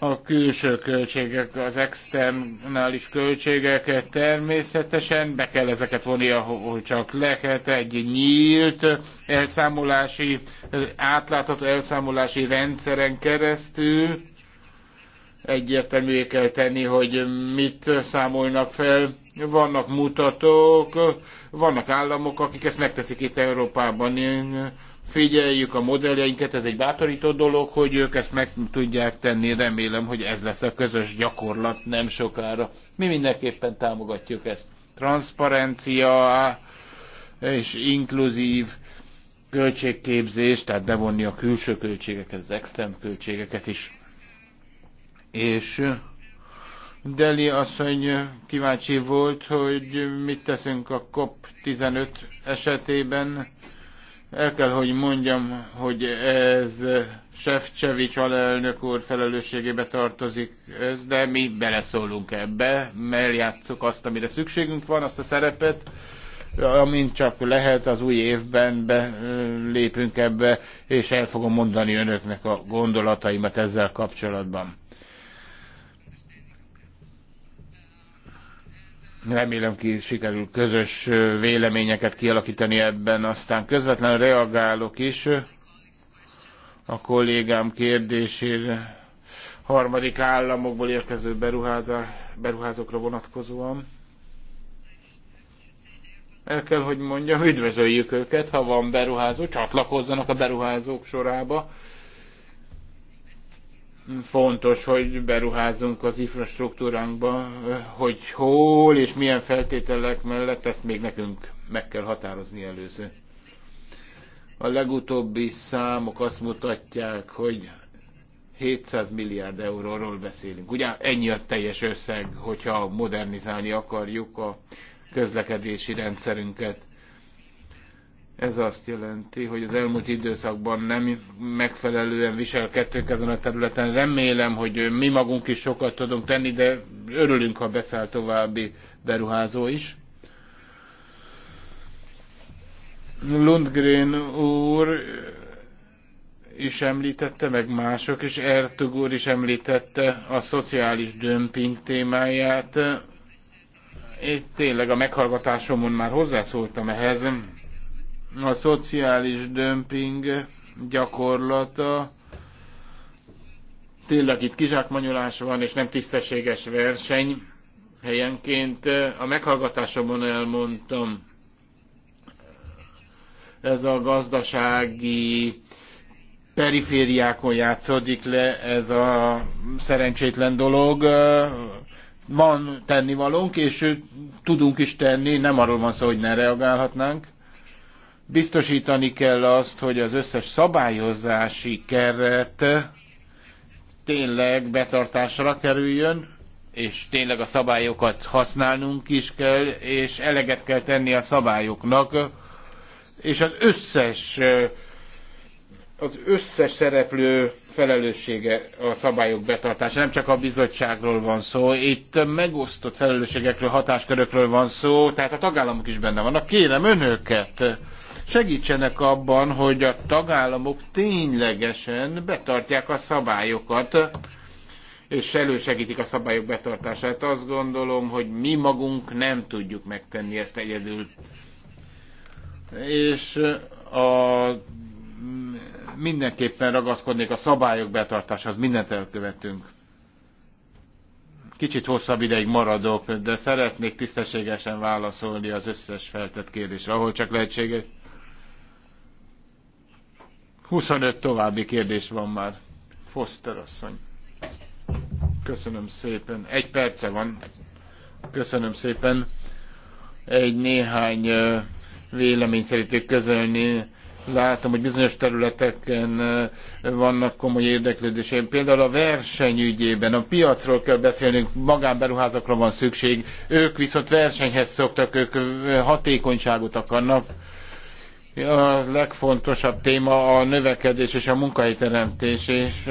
a külső költségek, az externális költségeket természetesen be kell ezeket vonni, ahol csak lehet egy nyílt elszámolási, átlátható elszámolási rendszeren keresztül. Egyértelművé kell tenni, hogy mit számolnak fel. Vannak mutatók, vannak államok, akik ezt megteszik itt Európában figyeljük a modelljeinket, ez egy bátorító dolog, hogy ők ezt meg tudják tenni, remélem, hogy ez lesz a közös gyakorlat nem sokára. Mi mindenképpen támogatjuk ezt. Transzparencia és inkluzív költségképzés, tehát bevonni a külső költségeket, az extern költségeket is. És Deli asszony kíváncsi volt, hogy mit teszünk a COP15 esetében el kell, hogy mondjam, hogy ez Sefcsevics alelnök úr felelősségébe tartozik ez, de mi beleszólunk ebbe, mert játsszuk azt, amire szükségünk van, azt a szerepet, amint csak lehet az új évben be, lépünk ebbe, és el fogom mondani önöknek a gondolataimat ezzel kapcsolatban. Remélem ki sikerül közös véleményeket kialakítani ebben, aztán közvetlenül reagálok is a kollégám kérdésére harmadik államokból érkező beruházókra vonatkozóan. El kell, hogy mondjam, üdvözöljük őket, ha van beruházó, csatlakozzanak a beruházók sorába, fontos, hogy beruházunk az infrastruktúránkba, hogy hol és milyen feltételek mellett, ezt még nekünk meg kell határozni először. A legutóbbi számok azt mutatják, hogy 700 milliárd euróról beszélünk. Ugye ennyi a teljes összeg, hogyha modernizálni akarjuk a közlekedési rendszerünket. Ez azt jelenti, hogy az elmúlt időszakban nem megfelelően viselkedtünk ezen a területen. Remélem, hogy mi magunk is sokat tudunk tenni, de örülünk, ha beszáll további beruházó is. Lundgren úr is említette, meg mások is, Ertug úr is említette a szociális dömping témáját. Én tényleg a meghallgatásomon már hozzászóltam ehhez a szociális dömping gyakorlata. Tényleg itt kizsákmanyolás van, és nem tisztességes verseny helyenként. A meghallgatásomon elmondtam, ez a gazdasági perifériákon játszódik le ez a szerencsétlen dolog. Van tennivalónk, és tudunk is tenni, nem arról van szó, hogy ne reagálhatnánk. Biztosítani kell azt, hogy az összes szabályozási keret tényleg betartásra kerüljön, és tényleg a szabályokat használnunk is kell, és eleget kell tenni a szabályoknak, és az összes az összes szereplő felelőssége a szabályok betartása. Nem csak a bizottságról van szó, itt megosztott felelősségekről, hatáskörökről van szó, tehát a tagállamok is benne vannak. Kérem önöket, segítsenek abban, hogy a tagállamok ténylegesen betartják a szabályokat, és elősegítik a szabályok betartását. Azt gondolom, hogy mi magunk nem tudjuk megtenni ezt egyedül. És a mindenképpen ragaszkodnék a szabályok betartásához, mindent elkövetünk. Kicsit hosszabb ideig maradok, de szeretnék tisztességesen válaszolni az összes feltett kérdésre, ahol csak lehetséges. 25 további kérdés van már. Foster asszony. Köszönöm szépen. Egy perce van. Köszönöm szépen. Egy néhány vélemény szeretnék közölni. Látom, hogy bizonyos területeken vannak komoly érdeklődések. Például a versenyügyében a piacról kell beszélnünk, magánberuházakra van szükség. Ők viszont versenyhez szoktak, ők hatékonyságot akarnak a legfontosabb téma a növekedés és a munkahelyteremtés, és,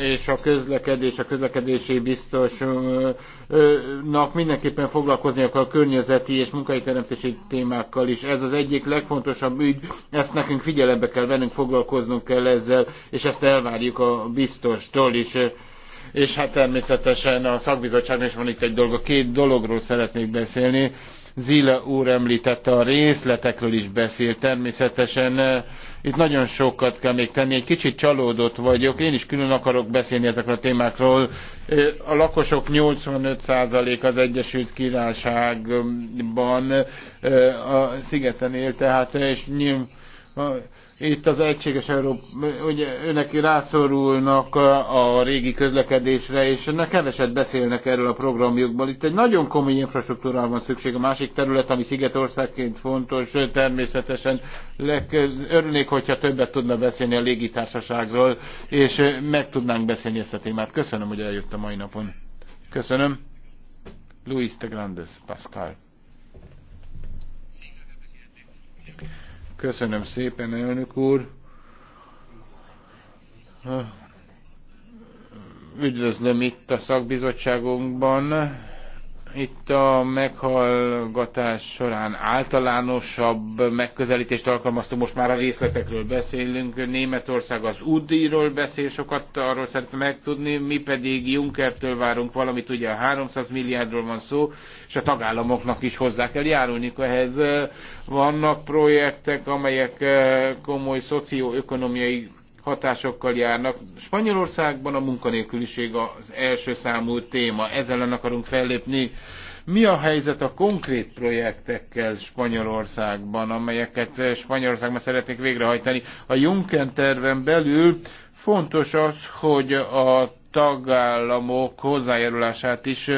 és a közlekedés, a közlekedési biztosnak mindenképpen foglalkozni akar a környezeti és munkahelyteremtési témákkal is. Ez az egyik legfontosabb ügy, ezt nekünk figyelembe kell vennünk, foglalkoznunk kell ezzel, és ezt elvárjuk a biztostól is. És hát természetesen a szakbizottságnak is van itt egy dolog, két dologról szeretnék beszélni Zila úr említette, a részletekről is beszélt természetesen. Itt nagyon sokat kell még tenni, egy kicsit csalódott vagyok, én is külön akarok beszélni ezekről a témákról. A lakosok 85% az Egyesült Királyságban a szigeten él, tehát és nyilván itt az egységes Európa, ugye őnek rászorulnak a régi közlekedésre, és ne keveset beszélnek erről a programjukból. Itt egy nagyon komoly infrastruktúrára van szükség. A másik terület, ami Szigetországként fontos, természetesen legköz, örülnék, hogyha többet tudna beszélni a légitársaságról, és meg tudnánk beszélni ezt a témát. Köszönöm, hogy eljött a mai napon. Köszönöm. Luis de Grandes, Pascal. Köszönöm szépen, elnök úr. Üdvözlöm itt a szakbizottságunkban. Itt a meghallgatás során általánosabb megközelítést alkalmaztunk, most már a részletekről beszélünk. Németország az UDI-ról beszél sokat, arról szeretne megtudni, mi pedig Junckertől várunk valamit, ugye 300 milliárdról van szó, és a tagállamoknak is hozzá kell járulni. ehhez. Vannak projektek, amelyek eh, komoly szocioökonomiai hatásokkal járnak. Spanyolországban a munkanélküliség az első számú téma, ezzel ellen akarunk fellépni. Mi a helyzet a konkrét projektekkel Spanyolországban, amelyeket Spanyolországban szeretnék végrehajtani? A Juncker terven belül fontos az, hogy a tagállamok hozzájárulását is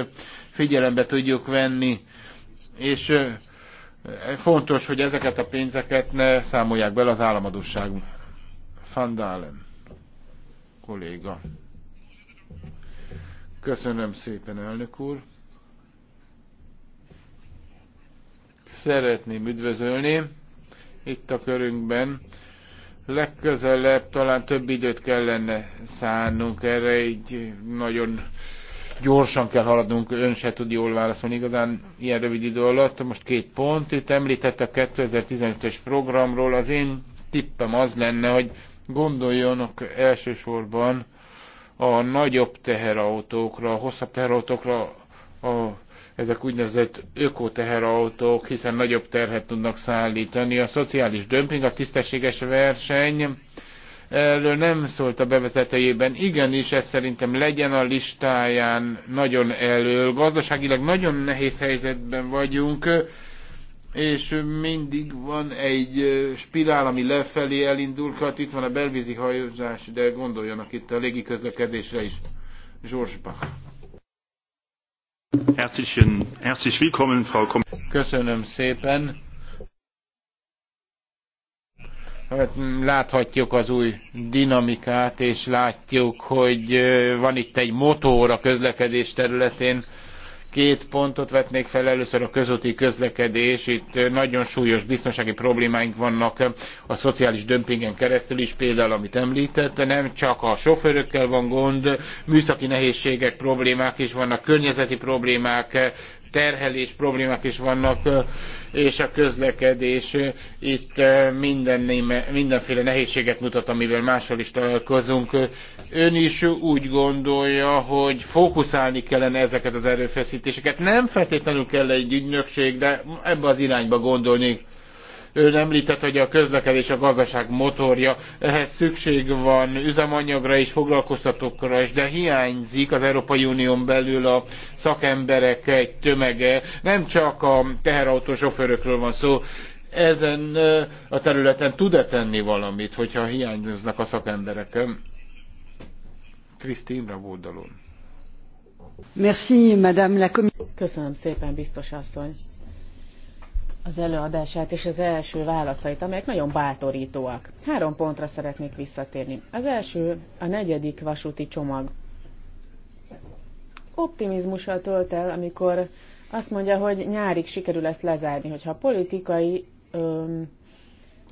figyelembe tudjuk venni, és eh, fontos, hogy ezeket a pénzeket ne számolják bele az államadóság van Dalen kolléga. Köszönöm szépen, elnök úr. Szeretném üdvözölni itt a körünkben. Legközelebb talán több időt kellene szánnunk erre, így nagyon gyorsan kell haladnunk, ön se tud jól válaszolni igazán ilyen rövid idő alatt. Most két pont, itt említett a 2015-ös programról, az én tippem az lenne, hogy gondoljanak elsősorban a nagyobb teherautókra, a hosszabb teherautókra, a, ezek úgynevezett ökoteherautók, hiszen nagyobb terhet tudnak szállítani. A szociális dömping, a tisztességes verseny, erről nem szólt a bevezetőjében. Igenis, ez szerintem legyen a listáján nagyon elől. Gazdaságilag nagyon nehéz helyzetben vagyunk és mindig van egy spirál, ami lefelé hát Itt van a belvízi hajózás, de gondoljanak itt a légiközlekedésre is. Zsorsbach. Herzlichen, herzlich willkommen, Frau Köszönöm szépen. Hát láthatjuk az új dinamikát, és látjuk, hogy van itt egy motor a közlekedés területén Két pontot vetnék fel, először a közúti közlekedés, itt nagyon súlyos biztonsági problémáink vannak a szociális dömpingen keresztül is, például amit említett, nem csak a sofőrökkel van gond, műszaki nehézségek, problémák is vannak, környezeti problémák, terhelés problémák is vannak, és a közlekedés itt minden, mindenféle nehézséget mutat, amivel máshol is találkozunk. Ön is úgy gondolja, hogy fókuszálni kellene ezeket az erőfeszítéseket. Nem feltétlenül kell egy ügynökség, de ebbe az irányba gondolni Ön említett, hogy a közlekedés a gazdaság motorja, ehhez szükség van üzemanyagra és foglalkoztatókra is, de hiányzik az Európai Unión belül a szakemberek egy tömege. Nem csak a teherautó sofőrökről van szó, ezen a területen tud-e tenni valamit, hogyha hiányoznak a szakemberek? Krisztin Raboldalon. Merci, madame la Köszönöm szépen, biztos asszony az előadását és az első válaszait, amelyek nagyon bátorítóak. Három pontra szeretnék visszatérni. Az első a negyedik vasúti csomag. Optimizmussal tölt el, amikor azt mondja, hogy nyárig sikerül ezt lezárni, hogyha a politikai ö,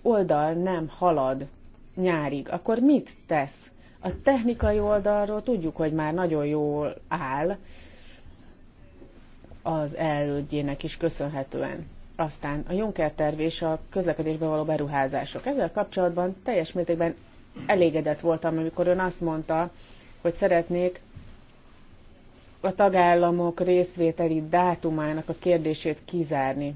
oldal nem halad nyárig, akkor mit tesz? A technikai oldalról tudjuk, hogy már nagyon jól áll, az elődjének is köszönhetően. Aztán a Juncker terv és a közlekedésbe való beruházások. Ezzel kapcsolatban teljes mértékben elégedett voltam, amikor ön azt mondta, hogy szeretnék a tagállamok részvételi dátumának a kérdését kizárni.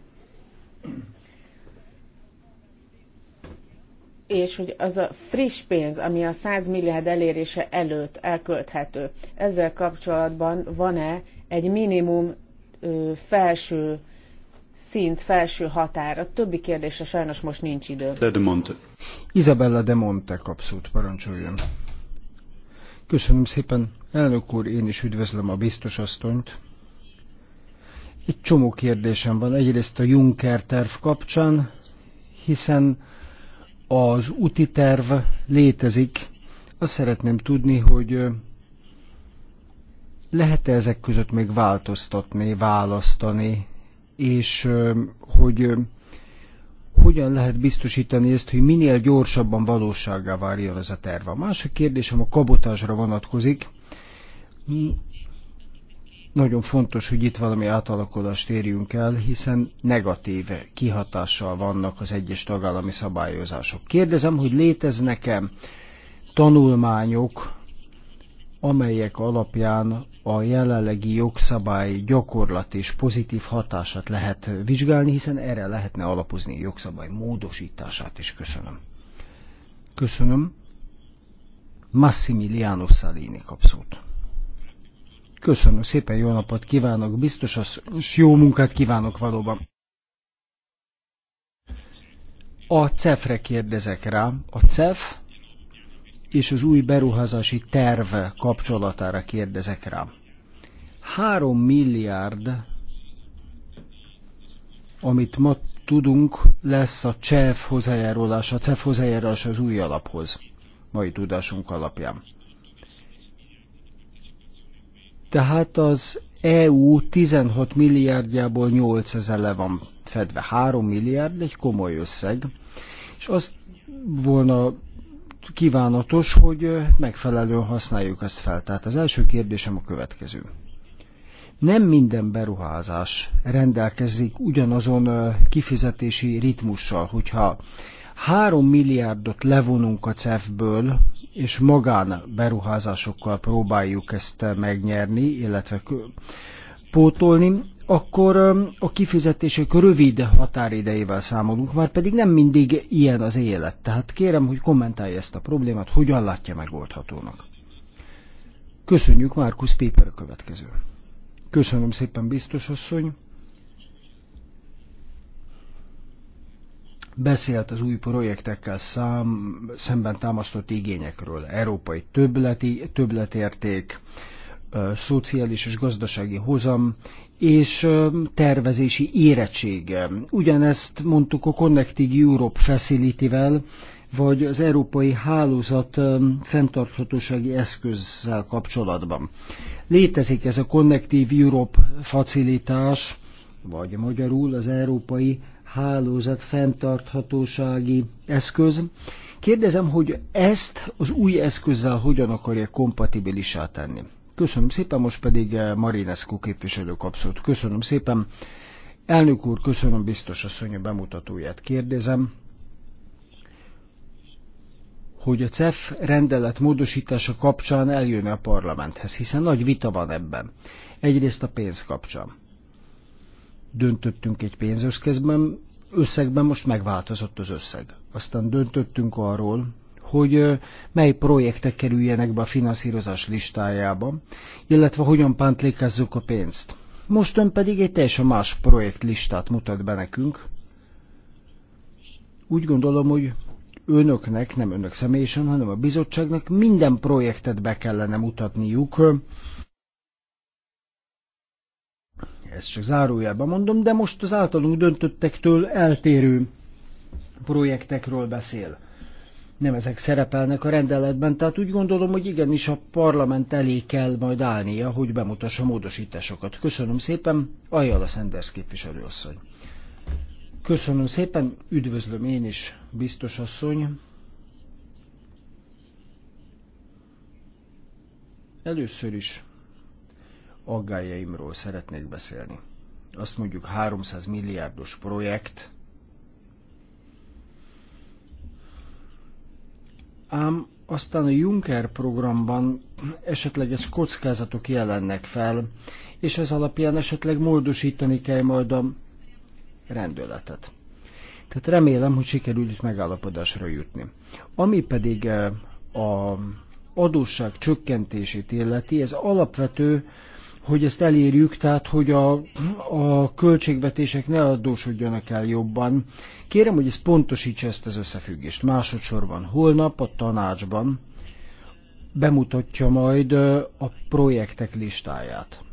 És hogy az a friss pénz, ami a 100 milliárd elérése előtt elkölthető, ezzel kapcsolatban van-e egy minimum ö, felső szint felső határa. Többi kérdésre sajnos most nincs idő. De, de Monte. Isabella de Monte kapszót parancsoljon. Köszönöm szépen. Elnök úr, én is üdvözlöm a biztos asztonyt. Egy csomó kérdésem van. Egyrészt a Juncker terv kapcsán, hiszen az úti terv létezik. Azt szeretném tudni, hogy lehet-e ezek között még változtatni, választani, és hogy hogyan lehet biztosítani ezt, hogy minél gyorsabban valósággá várjon ez a terv. A másik kérdésem a kabotásra vonatkozik. Nagyon fontos, hogy itt valami átalakulást érjünk el, hiszen negatív kihatással vannak az egyes tagállami szabályozások. Kérdezem, hogy léteznek-e tanulmányok amelyek alapján a jelenlegi jogszabály gyakorlat és pozitív hatását lehet vizsgálni, hiszen erre lehetne alapozni a jogszabály módosítását is. Köszönöm. Köszönöm. Massimiliano Salini kapszót. Köszönöm szépen, jó napot kívánok, biztos, az, és jó munkát kívánok valóban. A CEF-re kérdezek rá. A CEF és az új beruházási terv kapcsolatára kérdezek rá. 3 milliárd, amit ma tudunk, lesz a CEF hozzájárulás, a CEF hozzájárulás az új alaphoz, mai tudásunk alapján. Tehát az EU 16 milliárdjából 8 ezer le van fedve. 3 milliárd egy komoly összeg. És azt volna kívánatos, hogy megfelelően használjuk ezt fel. Tehát az első kérdésem a következő. Nem minden beruházás rendelkezik ugyanazon kifizetési ritmussal, hogyha 3 milliárdot levonunk a CEF-ből, és magán beruházásokkal próbáljuk ezt megnyerni, illetve pótolni, akkor a kifizetések rövid határidejével számolunk, már pedig nem mindig ilyen az élet. Tehát kérem, hogy kommentálja ezt a problémát, hogyan látja megoldhatónak. Köszönjük, Markus Péper a következő. Köszönöm szépen, biztos asszony. Beszélt az új projektekkel szám, szemben támasztott igényekről, európai többleti, többletérték, szociális és gazdasági hozam, és tervezési érettsége. Ugyanezt mondtuk a Connecting Europe facility vagy az Európai Hálózat fenntarthatósági eszközzel kapcsolatban. Létezik ez a Connective Europe facilitás, vagy magyarul az Európai Hálózat fenntarthatósági eszköz. Kérdezem, hogy ezt az új eszközzel hogyan akarja kompatibilisá tenni. Köszönöm szépen, most pedig eh, Marinescu képviselő kapszót. Köszönöm szépen. Elnök úr, köszönöm biztos asszony a bemutatóját. Kérdezem, hogy a CEF rendelet módosítása kapcsán eljön a parlamenthez, hiszen nagy vita van ebben. Egyrészt a pénz kapcsán. Döntöttünk egy pénzösszegben, összegben most megváltozott az összeg. Aztán döntöttünk arról, hogy mely projektek kerüljenek be a finanszírozás listájába, illetve hogyan pántlékezzük a pénzt. Most ön pedig egy teljesen más projekt listát mutat be nekünk. Úgy gondolom, hogy önöknek, nem önök személyesen, hanem a bizottságnak minden projektet be kellene mutatniuk. Ezt csak zárójelben mondom, de most az általunk döntöttektől eltérő projektekről beszél nem ezek szerepelnek a rendeletben, tehát úgy gondolom, hogy igenis a parlament elé kell majd állnia, hogy bemutassa módosításokat. Köszönöm szépen, Ajala Szenders képviselőasszony. Köszönöm szépen, üdvözlöm én is, biztos asszony. Először is aggájaimról szeretnék beszélni. Azt mondjuk 300 milliárdos projekt, ám aztán a Juncker programban esetleges kockázatok jelennek fel, és ez alapján esetleg módosítani kell majd a rendőletet. Tehát remélem, hogy sikerül itt megállapodásra jutni. Ami pedig eh, a adósság csökkentését illeti, ez alapvető hogy ezt elérjük, tehát hogy a, a költségvetések ne adósodjanak el jobban. Kérem, hogy ez pontosítsa ezt az összefüggést. Másodszorban holnap a tanácsban bemutatja majd a projektek listáját.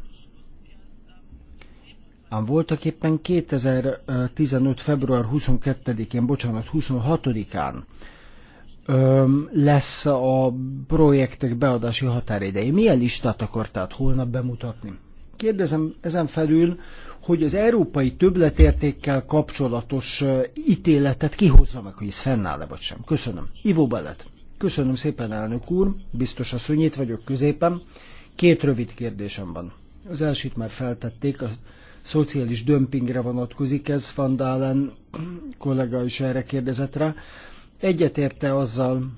Ám voltak éppen 2015. február 22-én, bocsánat, 26-án lesz a projektek beadási határideje. Milyen listát akar holnap bemutatni? Kérdezem ezen felül, hogy az európai többletértékkel kapcsolatos ítéletet kihozza meg, hogy ez fennáll-e vagy sem. Köszönöm. Ivo Belet. Köszönöm szépen, elnök úr. Biztos a itt vagyok középen. Két rövid kérdésem van. Az elsőt már feltették, a szociális dömpingre vonatkozik ez, Van Dalen kollega is erre kérdezett rá egyetérte azzal,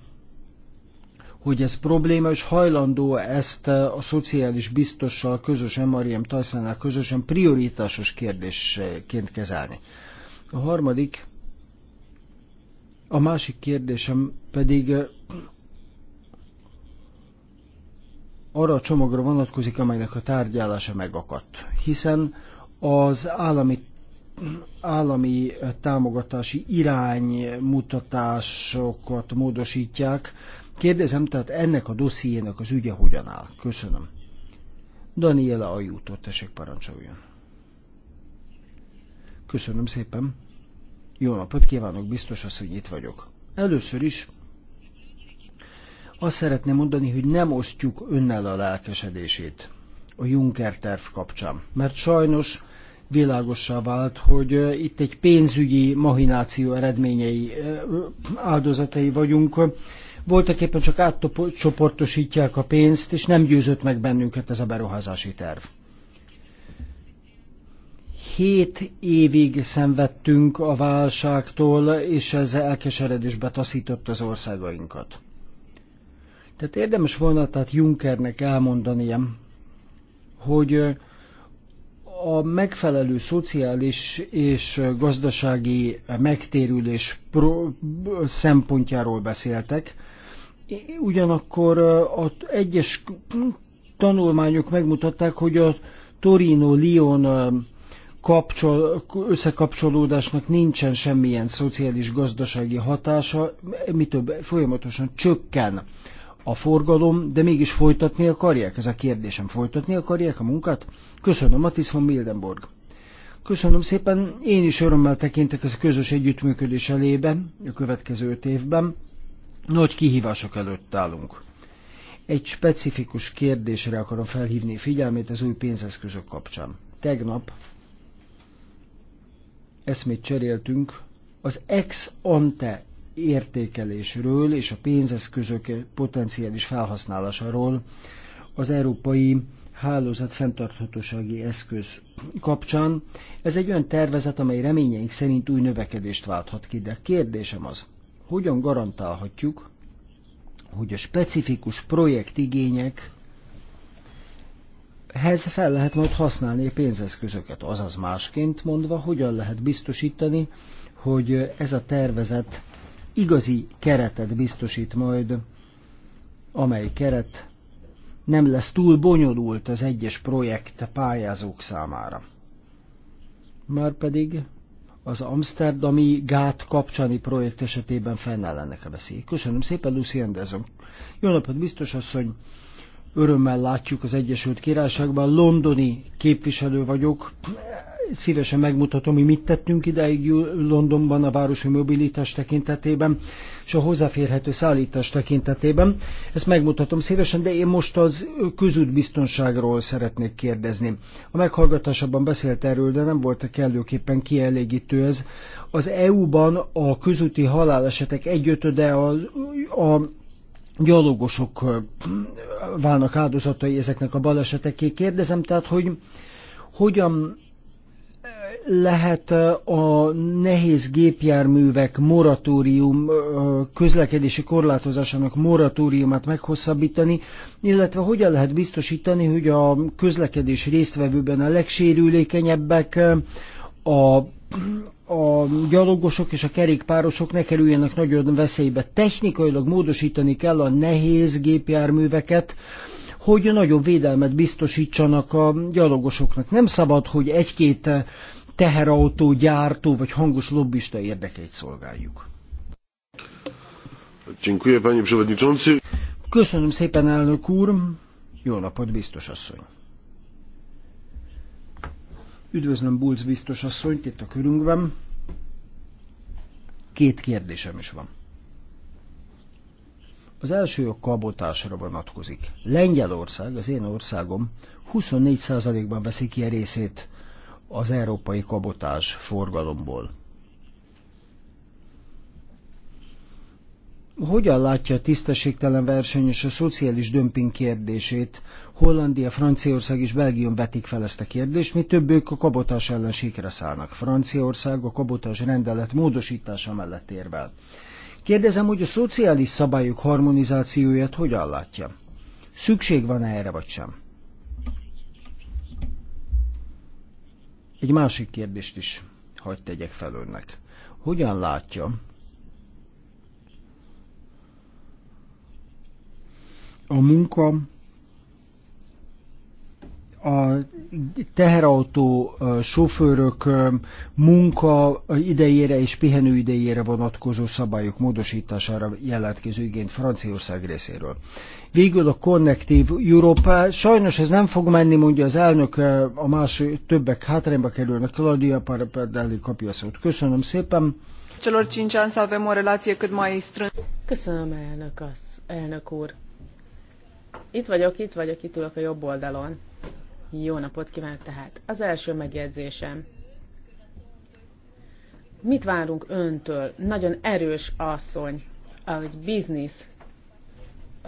hogy ez probléma, és hajlandó ezt a szociális biztossal közösen, Mariam Tajszánál közösen prioritásos kérdésként kezelni. A harmadik, a másik kérdésem pedig arra a csomagra vonatkozik, amelynek a tárgyalása megakadt. Hiszen az állami állami támogatási iránymutatásokat módosítják. Kérdezem, tehát ennek a dossziének az ügye hogyan áll? Köszönöm. Daniela Ajútól tessék parancsoljon. Köszönöm szépen. Jó napot kívánok, biztos az, hogy itt vagyok. Először is azt szeretném mondani, hogy nem osztjuk önnel a lelkesedését a Juncker terv kapcsán, mert sajnos világossá vált, hogy itt egy pénzügyi mahináció eredményei áldozatai vagyunk. Voltak éppen csak átcsoportosítják a pénzt, és nem győzött meg bennünket ez a beruházási terv. Hét évig szenvedtünk a válságtól, és ez elkeseredésbe taszított az országainkat. Tehát érdemes volna tehát Junckernek elmondani, hogy a megfelelő szociális és gazdasági megtérülés szempontjáról beszéltek, ugyanakkor az egyes tanulmányok megmutatták, hogy a Torino-Lyon kapcsol, összekapcsolódásnak nincsen semmilyen szociális-gazdasági hatása, mitőbb folyamatosan csökken a forgalom, de mégis folytatni akarják? Ez a kérdésem. Folytatni akarják a munkát? Köszönöm, Matisz von Mildenborg. Köszönöm szépen, én is örömmel tekintek ez a közös együttműködés elébe a következő öt évben. Nagy kihívások előtt állunk. Egy specifikus kérdésre akarom felhívni figyelmét az új pénzeszközök kapcsán. Tegnap eszmét cseréltünk az ex ante értékelésről és a pénzeszközök potenciális felhasználásáról az európai hálózat fenntarthatósági eszköz kapcsán. Ez egy olyan tervezet, amely reményeink szerint új növekedést válthat ki, de kérdésem az, hogyan garantálhatjuk, hogy a specifikus projektigények hez fel lehet majd használni a pénzeszközöket, azaz másként mondva, hogyan lehet biztosítani, hogy ez a tervezet igazi keretet biztosít majd, amely keret nem lesz túl bonyolult az egyes projekt pályázók számára. Márpedig az Amsterdami gát kapcsani projekt esetében fennáll ennek a veszély. Köszönöm szépen, Lucy Anderson. Jó napot, biztos asszony! Örömmel látjuk az Egyesült Királyságban. Londoni képviselő vagyok szívesen megmutatom, hogy mit tettünk ideig Londonban a városi mobilitás tekintetében, és a hozzáférhető szállítás tekintetében. Ezt megmutatom szívesen, de én most az közútbiztonságról szeretnék kérdezni. A meghallgatásában beszélt erről, de nem volt kellőképpen kielégítő ez. Az EU-ban a közúti halálesetek egyötöde a, a gyalogosok válnak áldozatai ezeknek a baleseteké. Kérdezem tehát, hogy hogyan lehet a nehéz gépjárművek moratórium közlekedési korlátozásának moratóriumát meghosszabbítani, illetve hogyan lehet biztosítani, hogy a közlekedés résztvevőben a legsérülékenyebbek a a gyalogosok és a kerékpárosok ne kerüljenek nagyon veszélybe. Technikailag módosítani kell a nehéz gépjárműveket, hogy nagyobb védelmet biztosítsanak a gyalogosoknak. Nem szabad, hogy egy-két teherautó gyártó vagy hangos lobbista érdekeit szolgáljuk. Köszönöm szépen, elnök úr! Jó napot, biztos asszony! Üdvözlöm Bulc biztos asszonyt itt a körünkben. Két kérdésem is van. Az első a kabotásra vonatkozik. Lengyelország, az én országom, 24%-ban veszik ki a részét az európai kabotás forgalomból. Hogyan látja a tisztességtelen verseny és a szociális dömping kérdését? Hollandia, Franciaország és Belgium vetik fel ezt a kérdést, mi több ők a kabotás ellen sikre szállnak. Franciaország a kabotás rendelet módosítása mellett érvel. Kérdezem, hogy a szociális szabályok harmonizációját hogyan látja? Szükség van -e erre vagy sem? Egy másik kérdést is hagyd tegyek fel önnek. Hogyan látja a munka a teherautó sofőrök munka idejére és pihenő idejére vonatkozó szabályok módosítására jelentkező igényt Franciaország részéről. Végül a Connective Europe, sajnos ez nem fog menni, mondja az elnök, a más többek hátrányba kerülnek, Claudia Parapadelli kapja a szót. Köszönöm szépen. Celor 5 să avem o relație cât mai strânsă. Köszönöm, elnök, az, elnök úr. Itt vagyok, itt vagyok, itt ülök a jobb oldalon. Jó napot kívánok tehát. Az első megjegyzésem. Mit várunk öntől? Nagyon erős asszony, egy biznisz,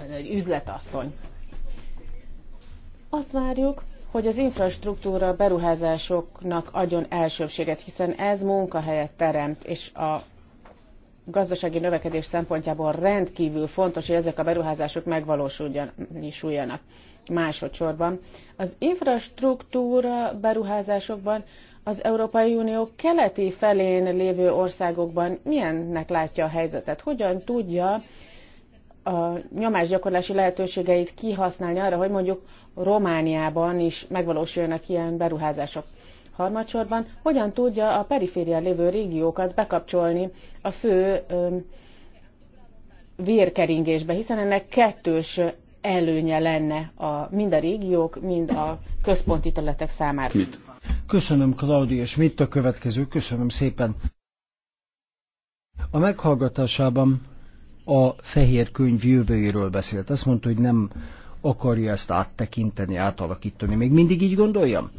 egy üzletasszony. Azt várjuk, hogy az infrastruktúra beruházásoknak adjon elsőbséget, hiszen ez munkahelyet teremt, és a gazdasági növekedés szempontjából rendkívül fontos, hogy ezek a beruházások megvalósuljanak. Másodszorban az infrastruktúra beruházásokban az Európai Unió keleti felén lévő országokban milyennek látja a helyzetet? Hogyan tudja a nyomásgyakorlási lehetőségeit kihasználni arra, hogy mondjuk Romániában is megvalósuljanak ilyen beruházások. Harmadsorban, hogyan tudja a periférián lévő régiókat bekapcsolni a fő ö, vérkeringésbe, hiszen ennek kettős előnye lenne a, mind a régiók, mind a központi területek számára. Mit? Köszönöm, Claudia, és mit a következő? Köszönöm szépen. A meghallgatásában a fehér könyv jövőjéről beszélt. Azt mondta, hogy nem akarja ezt áttekinteni, átalakítani. Még mindig így gondoljam?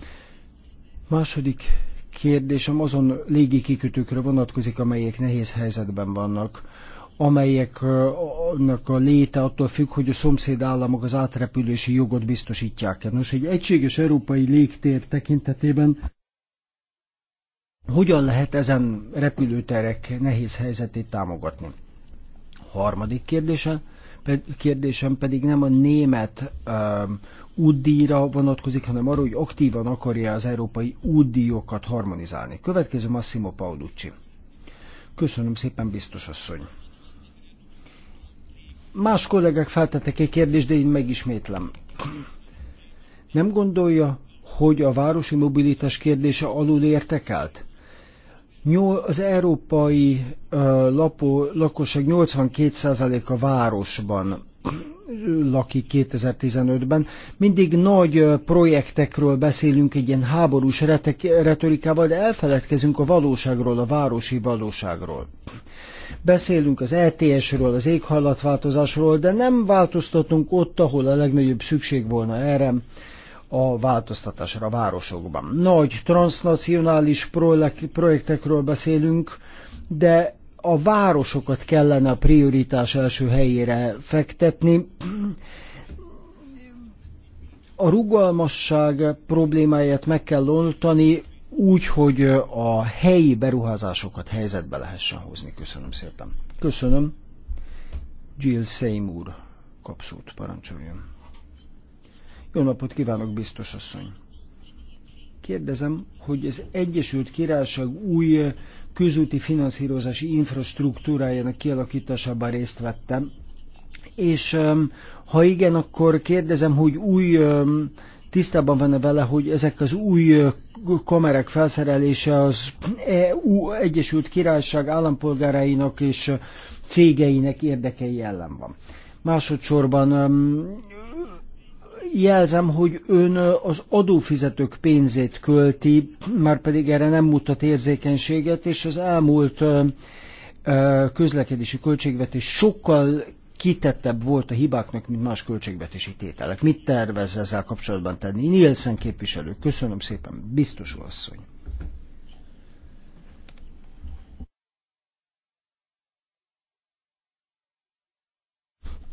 Második kérdésem azon kikötőkre vonatkozik, amelyek nehéz helyzetben vannak amelyeknek a léte attól függ, hogy a szomszéd államok az átrepülési jogot biztosítják. Nos, egy egységes európai légtér tekintetében hogyan lehet ezen repülőterek nehéz helyzetét támogatni? Harmadik kérdése, kérdésem pedig nem a német útdíjra um, vonatkozik, hanem arra, hogy aktívan akarja az európai útdíjokat harmonizálni. Következő Massimo Paulucci. Köszönöm szépen, biztos asszony. Más kollégák feltettek egy kérdést, de én megismétlem. Nem gondolja, hogy a városi mobilitás kérdése alul értekelt? Az európai lapo, lakosság 82%-a városban laki 2015-ben. Mindig nagy projektekről beszélünk egy ilyen háborús retorikával, de elfeledkezünk a valóságról, a városi valóságról. Beszélünk az ETS-ről, az éghajlatváltozásról, de nem változtatunk ott, ahol a legnagyobb szükség volna erre a változtatásra a városokban. Nagy transnacionális projektekről beszélünk, de a városokat kellene a prioritás első helyére fektetni. A rugalmasság problémáját meg kell oltani úgy, hogy a helyi beruházásokat helyzetbe lehessen hozni. Köszönöm szépen. Köszönöm. Jill Seymour kapszót parancsoljon. Jó napot kívánok, biztos asszony! Kérdezem, hogy az Egyesült Királyság új közúti finanszírozási infrastruktúrájának kialakításában részt vettem, és ha igen, akkor kérdezem, hogy új tisztában van vele, hogy ezek az új kamerák felszerelése az EU Egyesült Királyság állampolgárainak és cégeinek érdekei ellen van. Másodszorban jelzem, hogy ön az adófizetők pénzét költi, már pedig erre nem mutat érzékenységet, és az elmúlt közlekedési költségvetés sokkal kitettebb volt a hibáknak, mint más költségvetési tételek. Mit tervez ezzel kapcsolatban tenni? Nielsen képviselő, köszönöm szépen, biztos asszony.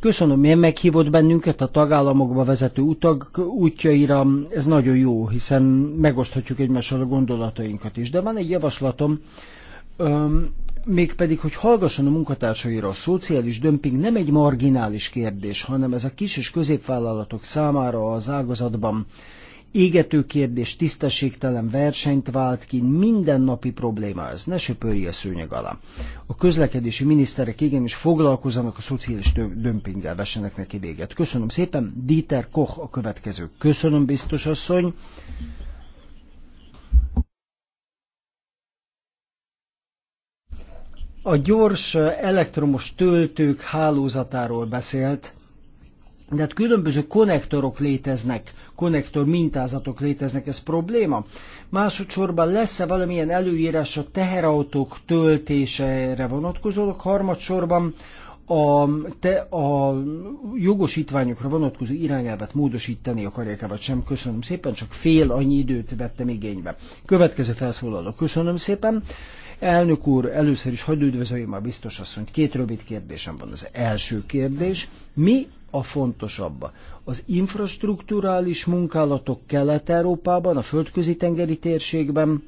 Köszönöm, milyen meghívott bennünket a tagállamokba vezető utak, útjaira. Ez nagyon jó, hiszen megoszthatjuk egymással a gondolatainkat is. De van egy javaslatom, öm, mégpedig, hogy hallgasson a munkatársaira, a szociális dömping nem egy marginális kérdés, hanem ez a kis és középvállalatok számára az ágazatban égető kérdés, tisztességtelen versenyt vált ki, mindennapi probléma ez, ne söpörje a szőnyeg alá. A közlekedési miniszterek igenis foglalkozanak a szociális dömpinggel, vessenek neki véget. Köszönöm szépen, Dieter Koch a következő. Köszönöm, biztos asszony. A gyors elektromos töltők hálózatáról beszélt, de hát különböző konnektorok léteznek, konnektor mintázatok léteznek, ez probléma. Másodszorban lesz-e valamilyen előírás a teherautók töltésére vonatkozólag, harmadsorban a, te, a jogosítványokra vonatkozó irányelvet módosítani akarják-e vagy sem. Köszönöm szépen, csak fél annyi időt vettem igénybe. Következő felszólaló. Köszönöm szépen. Elnök úr, először is hagyd üdvözöljem a biztos asszonyt. Két rövid kérdésem van. Az első kérdés, mi a fontosabb. Az infrastruktúrális munkálatok Kelet-Európában, a földközi tengeri térségben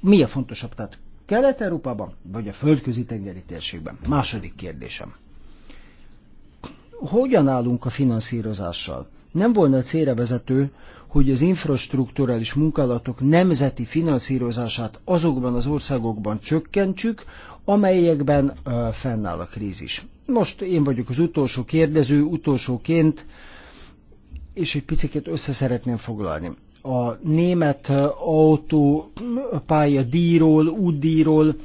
mi a fontosabb? Tehát Kelet-Európában, vagy a földközi tengeri térségben? Második kérdésem hogyan állunk a finanszírozással? Nem volna célra vezető, hogy az infrastruktúrális munkálatok nemzeti finanszírozását azokban az országokban csökkentsük, amelyekben ö, fennáll a krízis. Most én vagyok az utolsó kérdező, utolsóként, és egy picit össze szeretném foglalni. A német autópálya díjról, útdíjról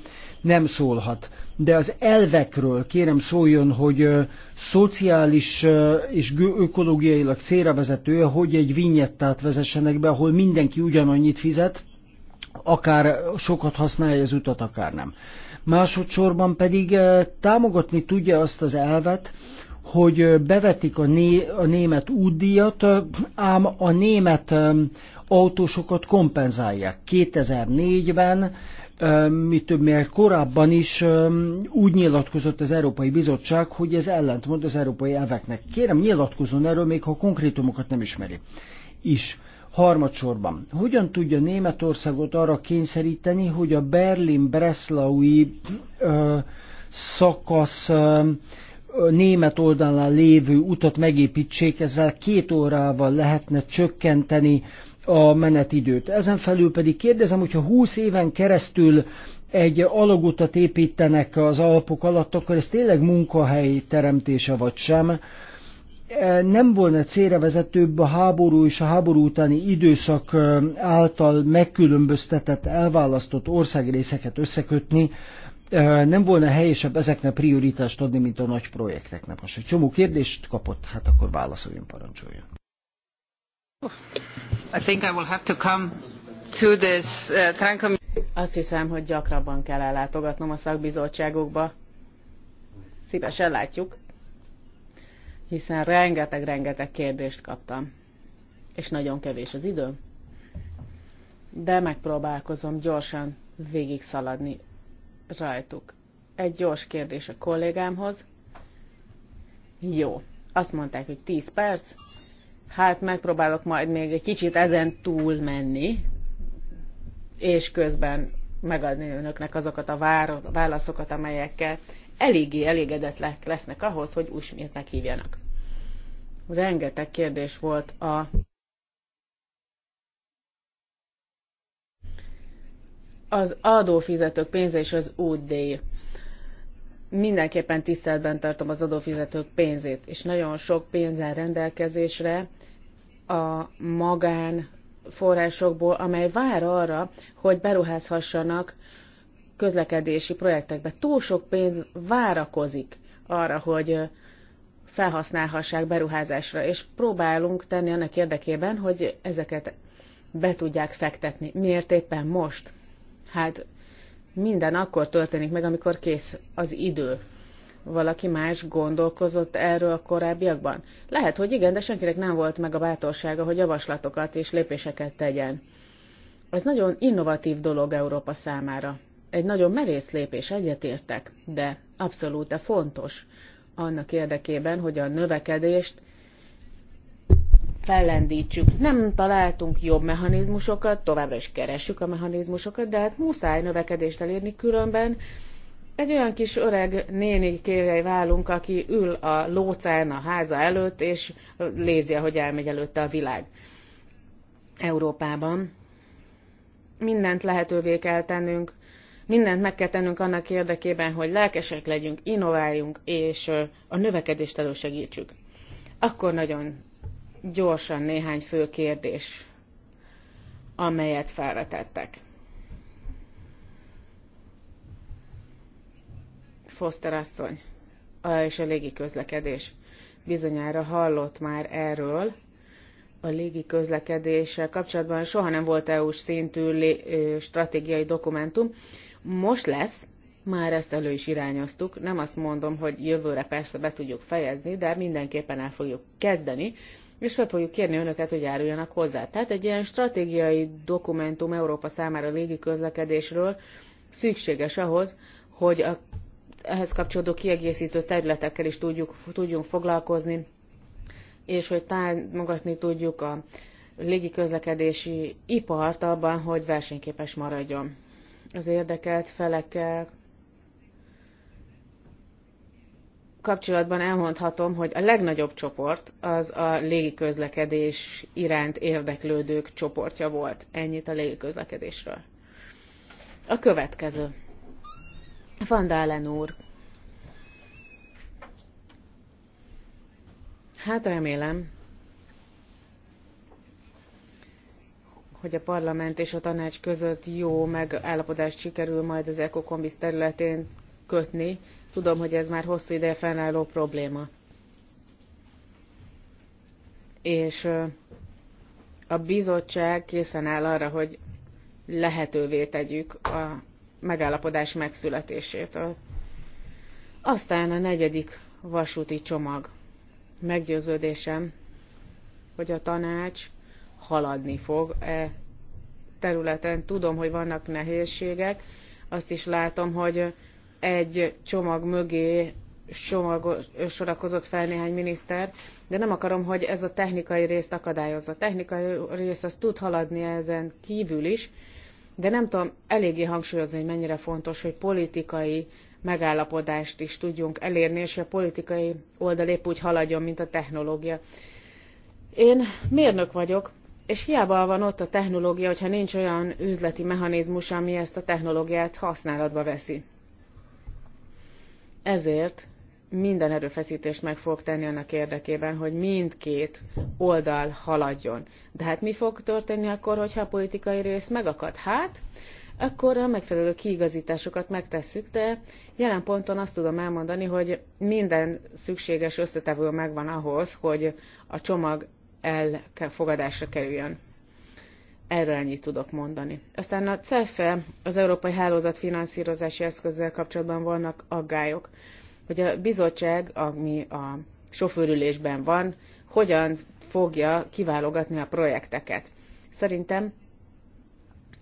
nem szólhat de az elvekről kérem szóljon, hogy szociális és ökológiailag vezető, hogy egy vinyettát vezessenek be, ahol mindenki ugyanannyit fizet, akár sokat használja az utat, akár nem. Másodszorban pedig támogatni tudja azt az elvet, hogy bevetik a, né, a német útdíjat, ám a német autósokat kompenzálják. 2004-ben mi több, mert korábban is úgy nyilatkozott az Európai Bizottság, hogy ez ellentmond az európai elveknek. Kérem, nyilatkozzon erről, még ha konkrétumokat nem ismeri. Is. Harmadsorban, hogyan tudja Németországot arra kényszeríteni, hogy a Berlin-Breslaui szakasz ö, német oldalán lévő utat megépítsék, ezzel két órával lehetne csökkenteni a menetidőt. Ezen felül pedig kérdezem, hogyha 20 éven keresztül egy alagutat építenek az alapok alatt, akkor ez tényleg munkahely teremtése vagy sem. E, nem volna célra vezetőbb a háború és a háború utáni időszak e, által megkülönböztetett, elválasztott országrészeket összekötni, e, nem volna helyesebb ezeknek prioritást adni, mint a nagy projekteknek. Most egy csomó kérdést kapott, hát akkor válaszoljon, parancsoljon. Azt hiszem, hogy gyakrabban kell ellátogatnom a szakbizottságokba. Szívesen látjuk, hiszen rengeteg-rengeteg kérdést kaptam, és nagyon kevés az idő. De megpróbálkozom gyorsan végig szaladni rajtuk. Egy gyors kérdés a kollégámhoz. Jó, azt mondták, hogy 10 perc, Hát megpróbálok majd még egy kicsit ezen túl menni, és közben megadni önöknek azokat a válaszokat, amelyekkel eléggé elégedetlek lesznek ahhoz, hogy úsmét meghívjanak. Rengeteg kérdés volt a az adófizetők pénze és az útdíj mindenképpen tiszteletben tartom az adófizetők pénzét, és nagyon sok pénzzel rendelkezésre a magán forrásokból, amely vár arra, hogy beruházhassanak közlekedési projektekbe. Túl sok pénz várakozik arra, hogy felhasználhassák beruházásra, és próbálunk tenni annak érdekében, hogy ezeket be tudják fektetni. Miért éppen most? Hát minden akkor történik meg, amikor kész az idő. Valaki más gondolkozott erről a korábbiakban? Lehet, hogy igen, de senkinek nem volt meg a bátorsága, hogy javaslatokat és lépéseket tegyen. Ez nagyon innovatív dolog Európa számára. Egy nagyon merész lépés, egyetértek, de abszolút -e fontos annak érdekében, hogy a növekedést fellendítsük. Nem találtunk jobb mechanizmusokat, továbbra is keressük a mechanizmusokat, de hát muszáj növekedést elérni, különben egy olyan kis öreg néni kérjei válunk, aki ül a lócán a háza előtt, és lézi, hogy elmegy előtte a világ. Európában mindent lehetővé kell tennünk, mindent meg kell tennünk annak érdekében, hogy lelkesek legyünk, innováljunk, és a növekedést elősegítsük. Akkor nagyon gyorsan néhány fő kérdés, amelyet felvetettek. Foster asszony és a légi közlekedés. Bizonyára hallott már erről. A légi közlekedéssel kapcsolatban soha nem volt EU-s szintű stratégiai dokumentum. Most lesz, már ezt elő is irányoztuk. Nem azt mondom, hogy jövőre persze be tudjuk fejezni, de mindenképpen el fogjuk kezdeni, és fel fogjuk kérni önöket, hogy járuljanak hozzá. Tehát egy ilyen stratégiai dokumentum Európa számára légi közlekedésről szükséges ahhoz, hogy a, ehhez kapcsolódó kiegészítő területekkel is tudjuk, tudjunk foglalkozni, és hogy támogatni tudjuk a légiközlekedési ipart abban, hogy versenyképes maradjon. Az érdekelt felekkel kapcsolatban elmondhatom, hogy a legnagyobb csoport az a légiközlekedés iránt érdeklődők csoportja volt. Ennyit a légiközlekedésről. A következő. Van Dálen úr. Hát remélem, hogy a parlament és a tanács között jó megállapodást sikerül majd az ekokombis területén kötni, Tudom, hogy ez már hosszú ideje fennálló probléma. És a bizottság készen áll arra, hogy lehetővé tegyük a megállapodás megszületését. Aztán a negyedik vasúti csomag. Meggyőződésem, hogy a tanács haladni fog e területen. Tudom, hogy vannak nehézségek, azt is látom, hogy egy csomag mögé csomagos, sorakozott fel néhány miniszter, de nem akarom, hogy ez a technikai részt akadályozza. A technikai rész az tud haladni ezen kívül is, de nem tudom eléggé hangsúlyozni, hogy mennyire fontos, hogy politikai megállapodást is tudjunk elérni, és a politikai oldal épp úgy haladjon, mint a technológia. Én mérnök vagyok, és hiába van ott a technológia, hogyha nincs olyan üzleti mechanizmus, ami ezt a technológiát használatba veszi. Ezért minden erőfeszítést meg fog tenni annak érdekében, hogy mindkét oldal haladjon. De hát mi fog történni akkor, hogyha a politikai rész megakad? Hát, akkor a megfelelő kiigazításokat megtesszük, de jelen ponton azt tudom elmondani, hogy minden szükséges összetevő megvan ahhoz, hogy a csomag elfogadásra kerüljön. Erről ennyit tudok mondani. Aztán a CEFE, az Európai Hálózat finanszírozási eszközzel kapcsolatban vannak aggályok, hogy a bizottság, ami a sofőrülésben van, hogyan fogja kiválogatni a projekteket. Szerintem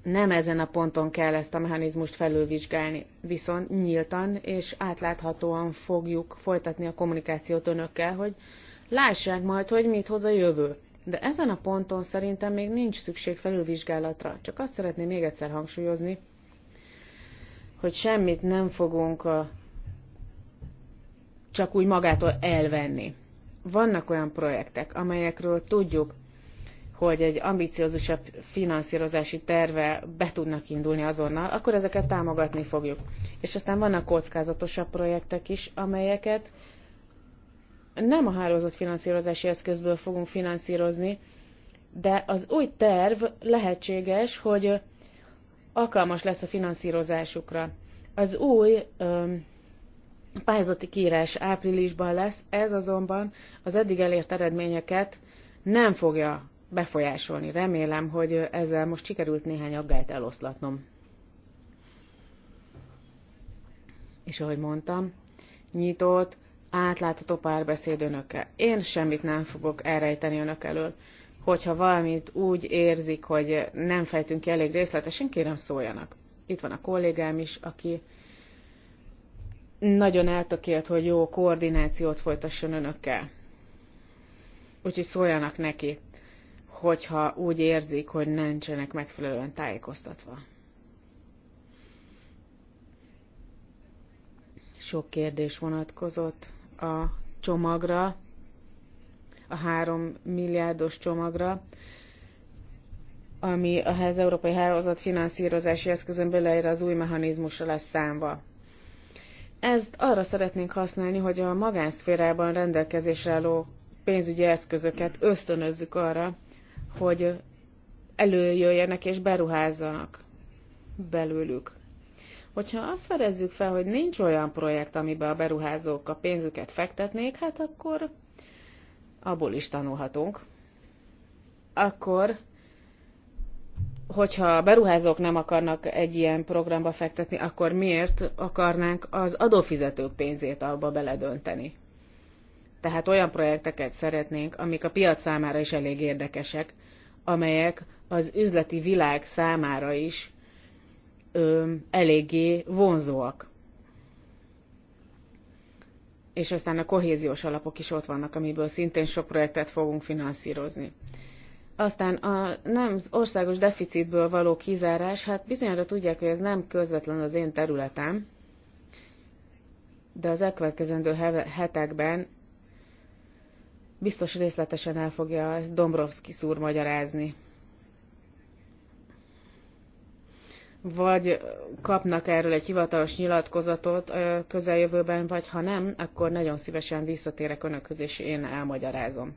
nem ezen a ponton kell ezt a mechanizmust felülvizsgálni, viszont nyíltan és átláthatóan fogjuk folytatni a kommunikációt önökkel, hogy lássák majd, hogy mit hoz a jövő. De ezen a ponton szerintem még nincs szükség felülvizsgálatra. Csak azt szeretném még egyszer hangsúlyozni, hogy semmit nem fogunk csak úgy magától elvenni. Vannak olyan projektek, amelyekről tudjuk, hogy egy ambiciózusabb finanszírozási terve be tudnak indulni azonnal, akkor ezeket támogatni fogjuk. És aztán vannak kockázatosabb projektek is, amelyeket nem a hálózatfinanszírozási eszközből fogunk finanszírozni, de az új terv lehetséges, hogy alkalmas lesz a finanszírozásukra. Az új öm, pályázati kírás áprilisban lesz, ez azonban az eddig elért eredményeket nem fogja befolyásolni. Remélem, hogy ezzel most sikerült néhány aggályt eloszlatnom. És ahogy mondtam, nyitott, átlátható párbeszéd önöke. Én semmit nem fogok elrejteni önök elől. Hogyha valamit úgy érzik, hogy nem fejtünk ki elég részletesen, kérem szóljanak. Itt van a kollégám is, aki nagyon eltökélt, hogy jó koordinációt folytasson önökkel. Úgyhogy szóljanak neki, hogyha úgy érzik, hogy nincsenek megfelelően tájékoztatva. Sok kérdés vonatkozott a csomagra, a három milliárdos csomagra, ami az Európai Hálózat finanszírozási eszközön belőle az új mechanizmusra lesz számva. Ezt arra szeretnénk használni, hogy a magánszférában rendelkezésre álló pénzügyi eszközöket ösztönözzük arra, hogy előjöjjenek és beruházzanak belőlük. Hogyha azt fedezzük fel, hogy nincs olyan projekt, amiben a beruházók a pénzüket fektetnék, hát akkor abból is tanulhatunk. Akkor, hogyha a beruházók nem akarnak egy ilyen programba fektetni, akkor miért akarnánk az adófizetők pénzét abba beledönteni? Tehát olyan projekteket szeretnénk, amik a piac számára is elég érdekesek, amelyek az üzleti világ számára is ö, eléggé vonzóak. És aztán a kohéziós alapok is ott vannak, amiből szintén sok projektet fogunk finanszírozni. Aztán a nem országos deficitből való kizárás, hát bizonyára tudják, hogy ez nem közvetlen az én területem, de az elkövetkezendő hetekben biztos részletesen el fogja ezt Dombrovszki szúr magyarázni. vagy kapnak erről egy hivatalos nyilatkozatot közeljövőben, vagy ha nem, akkor nagyon szívesen visszatérek önökhöz, és én elmagyarázom.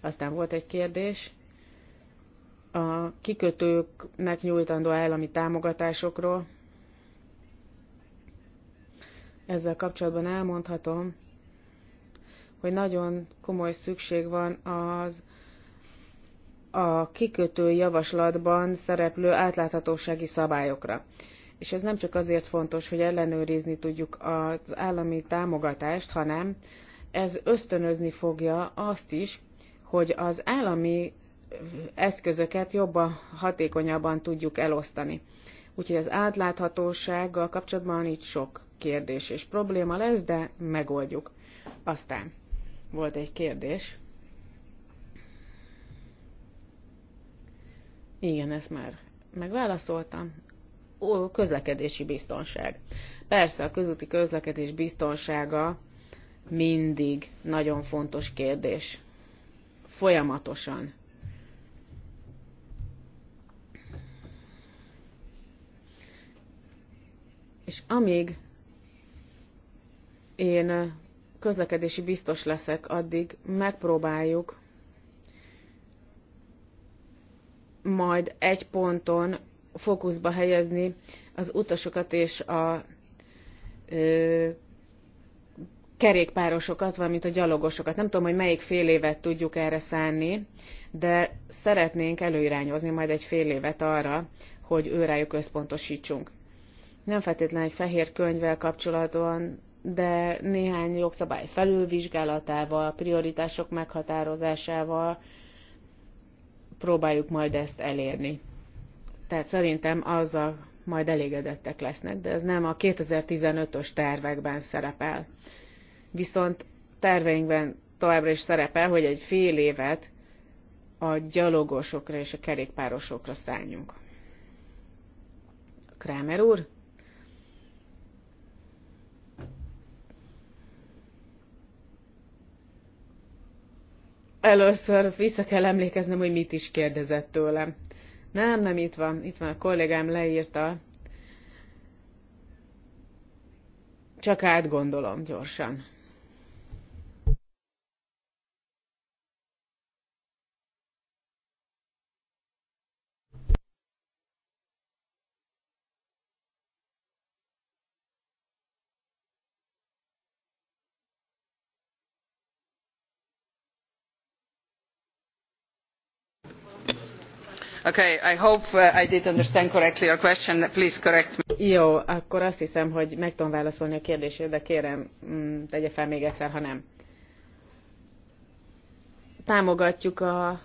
Aztán volt egy kérdés a kikötőknek nyújtandó állami támogatásokról. Ezzel kapcsolatban elmondhatom, hogy nagyon komoly szükség van az a kikötő javaslatban szereplő átláthatósági szabályokra. És ez nem csak azért fontos, hogy ellenőrizni tudjuk az állami támogatást, hanem ez ösztönözni fogja azt is, hogy az állami eszközöket jobban, hatékonyabban tudjuk elosztani. Úgyhogy az átláthatósággal kapcsolatban itt sok kérdés és probléma lesz, de megoldjuk. Aztán volt egy kérdés Igen, ezt már megválaszoltam. Ó, közlekedési biztonság. Persze a közúti közlekedés biztonsága mindig nagyon fontos kérdés. Folyamatosan. És amíg én közlekedési biztos leszek, addig megpróbáljuk majd egy ponton fókuszba helyezni az utasokat és a ö, kerékpárosokat, valamint a gyalogosokat. Nem tudom, hogy melyik fél évet tudjuk erre szánni, de szeretnénk előirányozni majd egy fél évet arra, hogy őrájuk összpontosítsunk. Nem feltétlenül egy fehér könyvvel kapcsolatban, de néhány jogszabály felülvizsgálatával, prioritások meghatározásával, próbáljuk majd ezt elérni. Tehát szerintem azzal majd elégedettek lesznek, de ez nem a 2015-ös tervekben szerepel. Viszont terveinkben továbbra is szerepel, hogy egy fél évet a gyalogosokra és a kerékpárosokra szálljunk. Krámer úr? Először vissza kell emlékeznem, hogy mit is kérdezett tőlem. Nem, nem, itt van. Itt van a kollégám, leírta. Csak átgondolom gyorsan. I Jó, akkor azt hiszem, hogy meg tudom válaszolni a kérdését, de kérem, mm, tegye fel még egyszer, ha nem. Támogatjuk a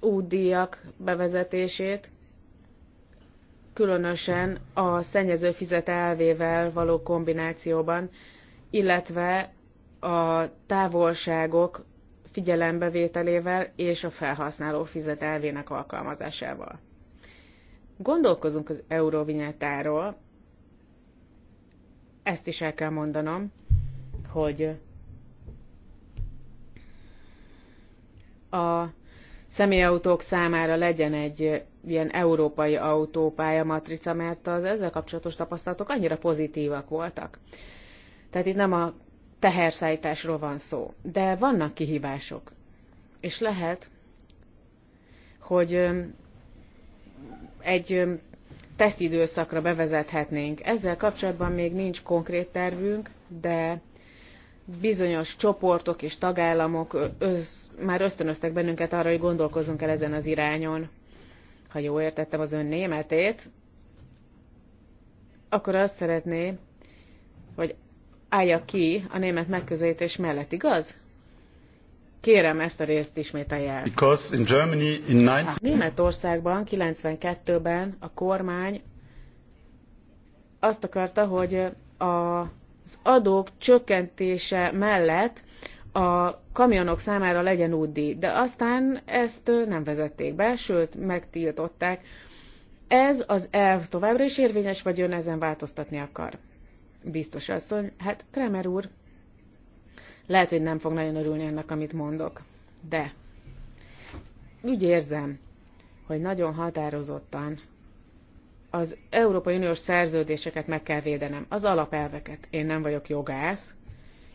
útdjak bevezetését, különösen a szennyező fizet elvével való kombinációban, illetve a távolságok figyelembevételével és a felhasználó fizet elvének alkalmazásával. Gondolkozunk az euróvinyátáról, ezt is el kell mondanom, hogy a személyautók számára legyen egy ilyen európai autópálya matrica, mert az ezzel kapcsolatos tapasztalatok annyira pozitívak voltak. Tehát itt nem a teherszállításról van szó. De vannak kihívások. És lehet, hogy egy tesztidőszakra bevezethetnénk. Ezzel kapcsolatban még nincs konkrét tervünk, de bizonyos csoportok és tagállamok össz, már ösztönöztek bennünket arra, hogy gondolkozzunk el ezen az irányon. Ha jól értettem az ön németét, akkor azt szeretné, hogy állja ki a német megközelítés mellett, igaz? Kérem, ezt a részt ismételje el. in Germany in 90... Németországban 92-ben a kormány azt akarta, hogy az adók csökkentése mellett a kamionok számára legyen útdíj, de aztán ezt nem vezették be, sőt, megtiltották. Ez az elv továbbra is érvényes, vagy ön ezen változtatni akar? biztos asszony, hát Kremer úr lehet, hogy nem fog nagyon örülni annak, amit mondok, de úgy érzem, hogy nagyon határozottan az Európai Uniós szerződéseket meg kell védenem, az alapelveket. Én nem vagyok jogász,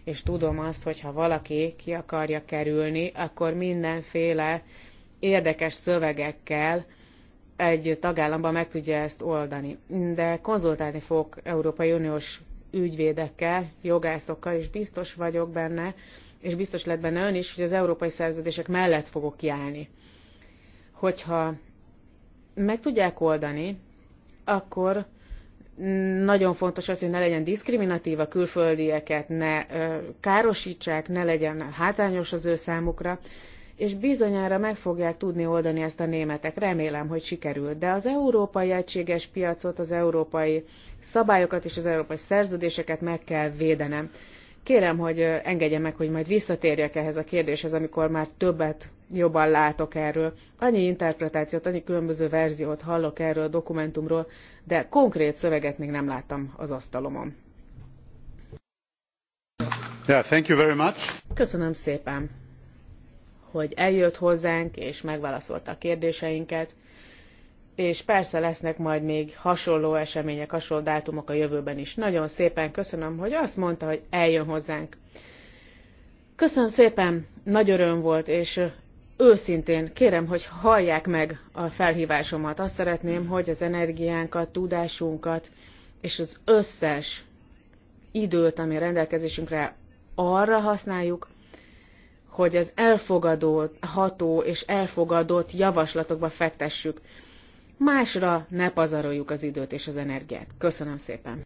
és tudom azt, hogy ha valaki ki akarja kerülni, akkor mindenféle érdekes szövegekkel egy tagállamban meg tudja ezt oldani. De konzultálni fogok Európai Uniós ügyvédekkel, jogászokkal, és biztos vagyok benne, és biztos lett benne ön is, hogy az európai szerződések mellett fogok kiállni. Hogyha meg tudják oldani, akkor nagyon fontos az, hogy ne legyen diszkriminatív a külföldieket, ne károsítsák, ne legyen hátrányos az ő számukra, és bizonyára meg fogják tudni oldani ezt a németek. Remélem, hogy sikerül. De az európai egységes piacot, az európai szabályokat és az európai szerződéseket meg kell védenem. Kérem, hogy engedje meg, hogy majd visszatérjek ehhez a kérdéshez, amikor már többet jobban látok erről. Annyi interpretációt, annyi különböző verziót hallok erről a dokumentumról, de konkrét szöveget még nem láttam az asztalomon. Yeah, thank you very much. Köszönöm szépen hogy eljött hozzánk, és megválaszolta a kérdéseinket, és persze lesznek majd még hasonló események, hasonló dátumok a jövőben is. Nagyon szépen köszönöm, hogy azt mondta, hogy eljön hozzánk. Köszönöm szépen, nagy öröm volt, és őszintén kérem, hogy hallják meg a felhívásomat. Azt szeretném, hogy az energiánkat, tudásunkat és az összes időt, ami rendelkezésünkre arra használjuk, hogy az elfogadó, ható és elfogadott javaslatokba fektessük. Másra ne pazaroljuk az időt és az energiát. Köszönöm szépen!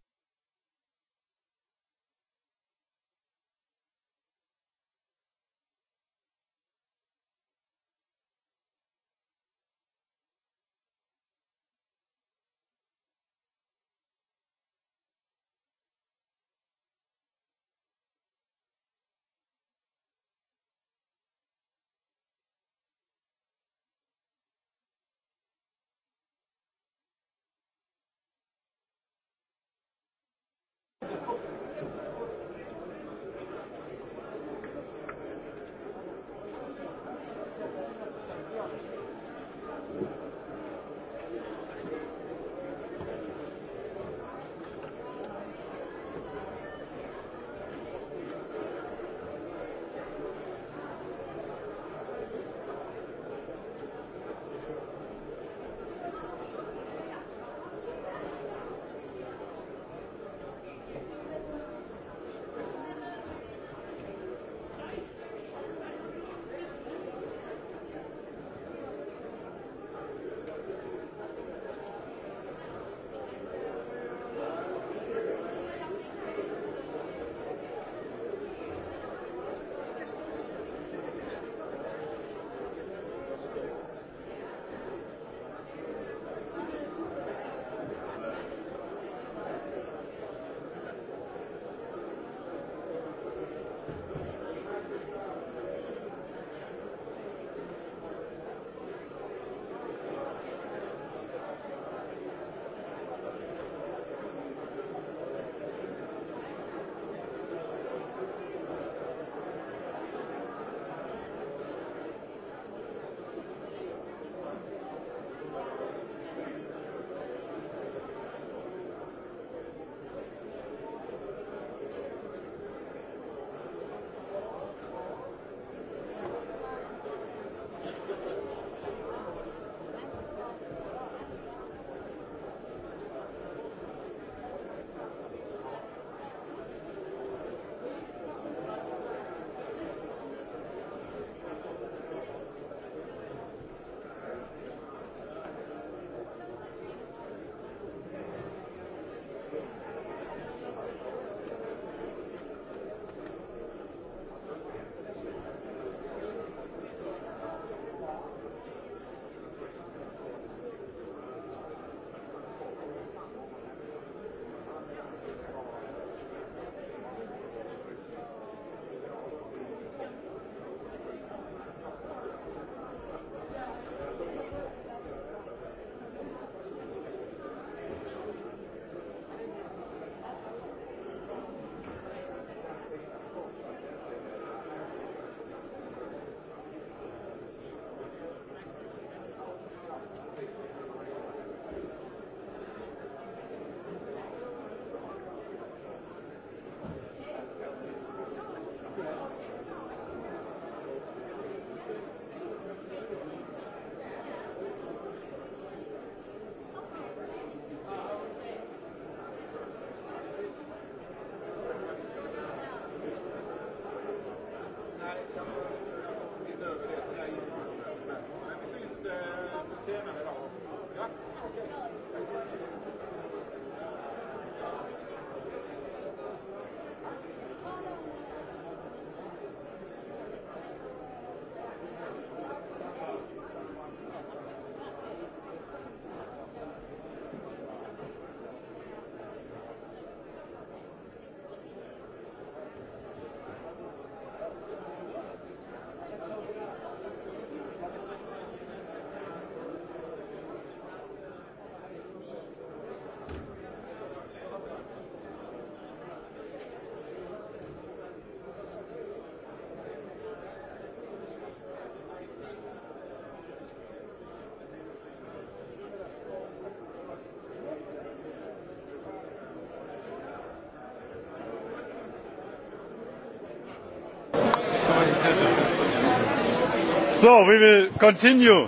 So, we will continue.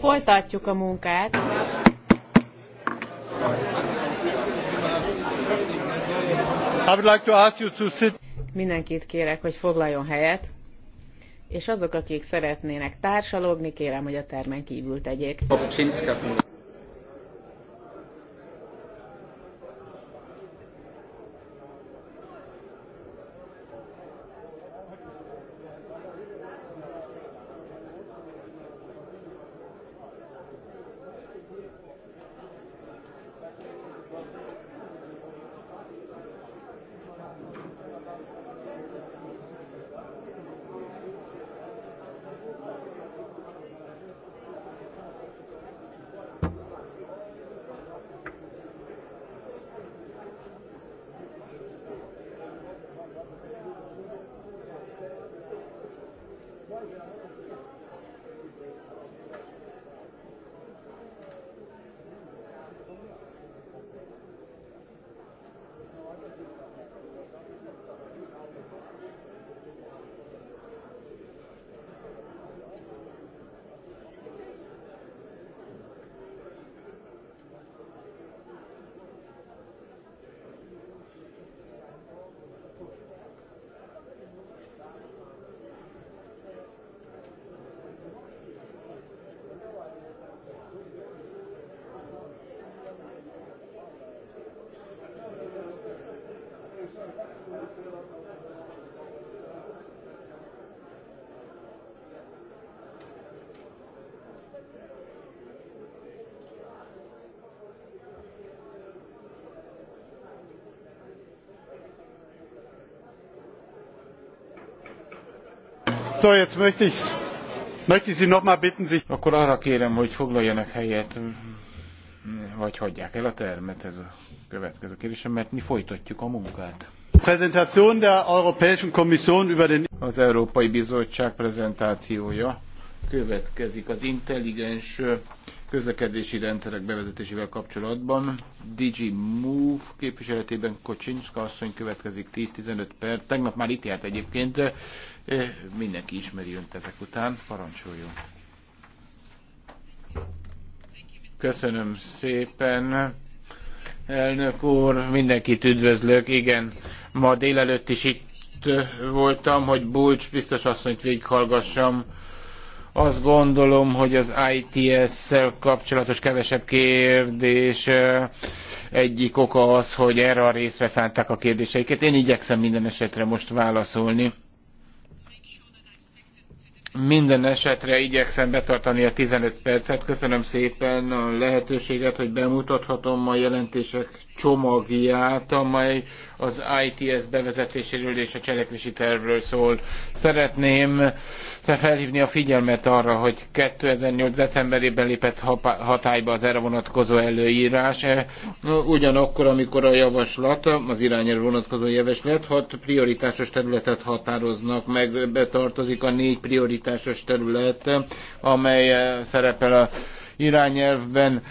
Folytatjuk a munkát. I would like to ask you to sit. Mindenkit kérek, hogy foglaljon helyet, és azok, akik szeretnének társalogni, kérem, hogy a termen kívül tegyék. Popcsinszka. So, jetzt möchte ich, möchte ich Sie noch mal bitten, sich... Akkor arra kérem, hogy foglaljanak helyet, vagy hagyják el a termet, ez a következő kérdésem, mert mi folytatjuk a munkát. Präsentation der Europäischen Kommission über den... Az Európai Bizottság prezentációja következik az intelligens közlekedési rendszerek bevezetésével kapcsolatban. DG Move képviseletében Kocsinska asszony következik 10-15 perc. Tegnap már itt járt egyébként, e, mindenki ismeri önt ezek után. Parancsoljon! Köszönöm szépen! Elnök úr, mindenkit üdvözlök. Igen, ma délelőtt is itt voltam, hogy Bulcs biztos asszonyt végighallgassam. Azt gondolom, hogy az ITS-szel kapcsolatos kevesebb kérdés egyik oka az, hogy erre a részre szánták a kérdéseiket. Én igyekszem minden esetre most válaszolni minden esetre igyekszem betartani a 15 percet. Köszönöm szépen a lehetőséget, hogy bemutathatom a jelentések csomagját, amely az ITS bevezetéséről és a cselekvési tervről szól. Szeretném felhívni a figyelmet arra, hogy 2008. decemberében lépett hatályba az erre vonatkozó előírás. Ugyanakkor, amikor a javaslat, az irányelv vonatkozó javaslat, hat prioritásos területet határoznak meg, betartozik a négy prioritás prioritásos terület, amely eh, szerepel a irányelvben.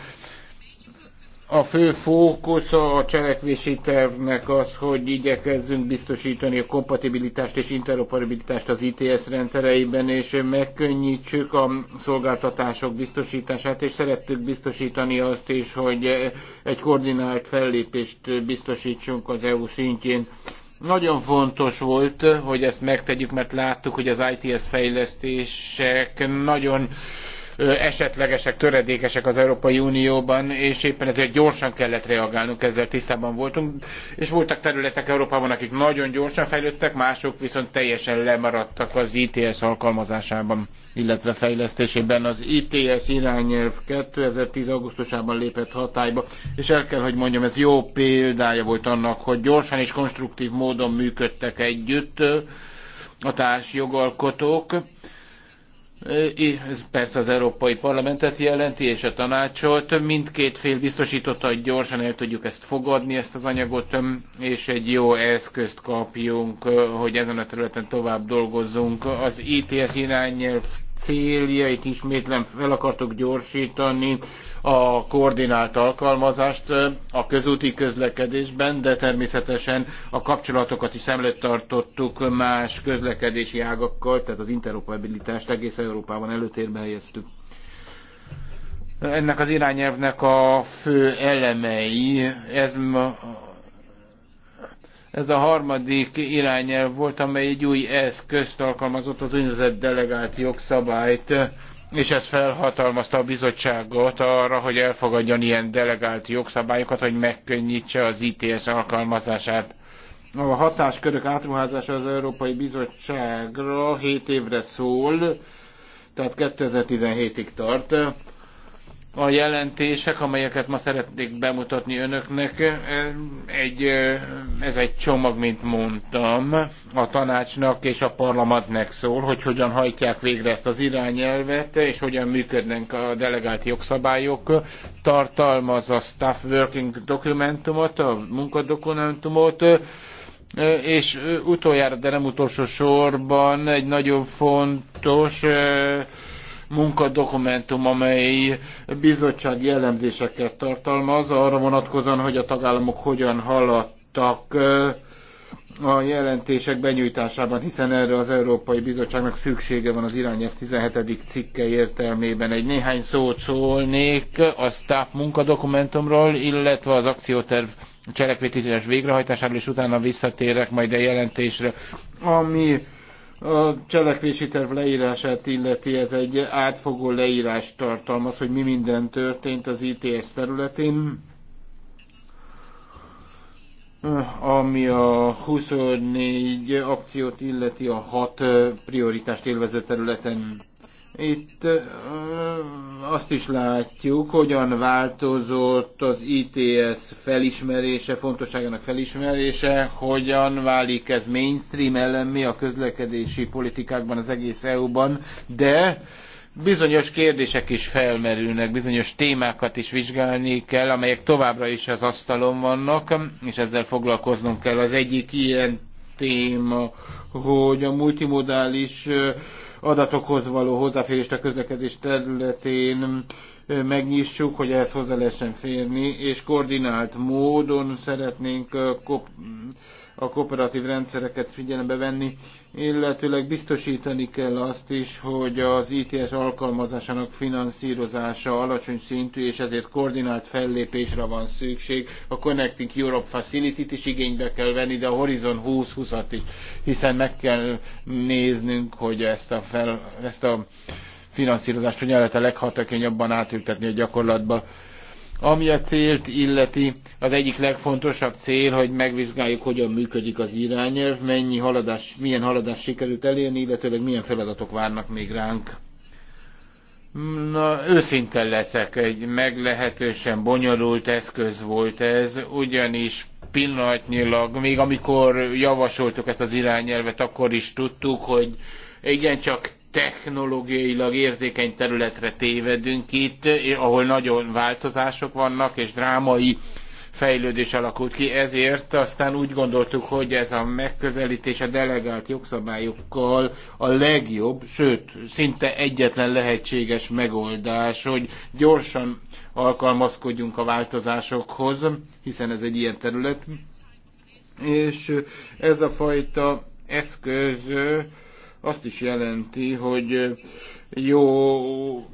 A fő fókusz a cselekvési tervnek az, hogy igyekezzünk biztosítani a kompatibilitást és interoperabilitást az ITS rendszereiben, és megkönnyítsük a szolgáltatások biztosítását, és szerettük biztosítani azt is, hogy egy koordinált fellépést biztosítsunk az EU szintjén. Nagyon fontos volt, hogy ezt megtegyük, mert láttuk, hogy az ITS fejlesztések nagyon esetlegesek, töredékesek az Európai Unióban, és éppen ezért gyorsan kellett reagálnunk, ezzel tisztában voltunk, és voltak területek Európában, akik nagyon gyorsan fejlődtek, mások viszont teljesen lemaradtak az ITS alkalmazásában illetve fejlesztésében az ITS irányelv 2010. augusztusában lépett hatályba, és el kell, hogy mondjam, ez jó példája volt annak, hogy gyorsan és konstruktív módon működtek együtt a társjogalkotók. Ez persze az Európai Parlamentet jelenti, és a tanácsot. Mindkét fél biztosította, hogy gyorsan el tudjuk ezt fogadni, ezt az anyagot, és egy jó eszközt kapjunk, hogy ezen a területen tovább dolgozzunk. Az ITS irányelv céljait ismétlen fel akartok gyorsítani a koordinált alkalmazást a közúti közlekedésben, de természetesen a kapcsolatokat is szemlet tartottuk más közlekedési ágakkal, tehát az interoperabilitást egész Európában előtérbe helyeztük. Ennek az irányelvnek a fő elemei, ez ez a harmadik irányelv volt, amely egy új eszközt alkalmazott az úgynevezett delegált jogszabályt, és ez felhatalmazta a bizottságot arra, hogy elfogadjon ilyen delegált jogszabályokat, hogy megkönnyítse az ITS alkalmazását. A hatáskörök átruházása az Európai Bizottságra 7 évre szól, tehát 2017-ig tart a jelentések, amelyeket ma szeretnék bemutatni önöknek, egy, ez egy csomag, mint mondtam, a tanácsnak és a parlamentnek szól, hogy hogyan hajtják végre ezt az irányelvet, és hogyan működnek a delegált jogszabályok. Tartalmaz a staff working dokumentumot, a munkadokumentumot, és utoljára, de nem utolsó sorban egy nagyon fontos munkadokumentum, amely bizottság jellemzéseket tartalmaz, arra vonatkozóan, hogy a tagállamok hogyan haladtak a jelentések benyújtásában, hiszen erre az Európai Bizottságnak szüksége van az irányelv 17. cikke értelmében. Egy néhány szót szólnék a staff munkadokumentumról, illetve az akcióterv cselekvétítés végrehajtásáról, és utána visszatérek majd a jelentésre. Ami a cselekvési terv leírását illeti, ez egy átfogó leírás tartalmaz, hogy mi minden történt az ITS területén ami a 24 akciót illeti a 6 prioritást élvező területen itt azt is látjuk, hogyan változott az ITS felismerése, fontosságának felismerése, hogyan válik ez mainstream elemi a közlekedési politikákban az egész EU-ban, de bizonyos kérdések is felmerülnek, bizonyos témákat is vizsgálni kell, amelyek továbbra is az asztalon vannak, és ezzel foglalkoznunk kell. Az egyik ilyen téma, hogy a multimodális adatokhoz való hozzáférést a közlekedés területén megnyissuk, hogy ehhez hozzá lehessen férni, és koordinált módon szeretnénk a kooperatív rendszereket figyelembe venni, illetőleg biztosítani kell azt is, hogy az ITS alkalmazásának finanszírozása alacsony szintű, és ezért koordinált fellépésre van szükség. A Connecting Europe Facility-t is igénybe kell venni, de a Horizon 2020-at is, hiszen meg kell néznünk, hogy ezt a, fel, ezt a finanszírozást, hogy el lehet a leghatékonyabban átültetni a gyakorlatba. Ami a célt illeti, az egyik legfontosabb cél, hogy megvizsgáljuk, hogyan működik az irányelv, mennyi haladás, milyen haladás sikerült elérni, illetőleg milyen feladatok várnak még ránk. Na, őszinte leszek, egy meglehetősen bonyolult eszköz volt ez, ugyanis pillanatnyilag, még amikor javasoltuk ezt az irányelvet, akkor is tudtuk, hogy igen, csak technológiailag érzékeny területre tévedünk itt, eh, ahol nagyon változások vannak, és drámai fejlődés alakult ki. Ezért aztán úgy gondoltuk, hogy ez a megközelítés a delegált jogszabályokkal a legjobb, sőt, szinte egyetlen lehetséges megoldás, hogy gyorsan alkalmazkodjunk a változásokhoz, hiszen ez egy ilyen terület. És ez a fajta eszköz eh, azt is jelenti, hogy jó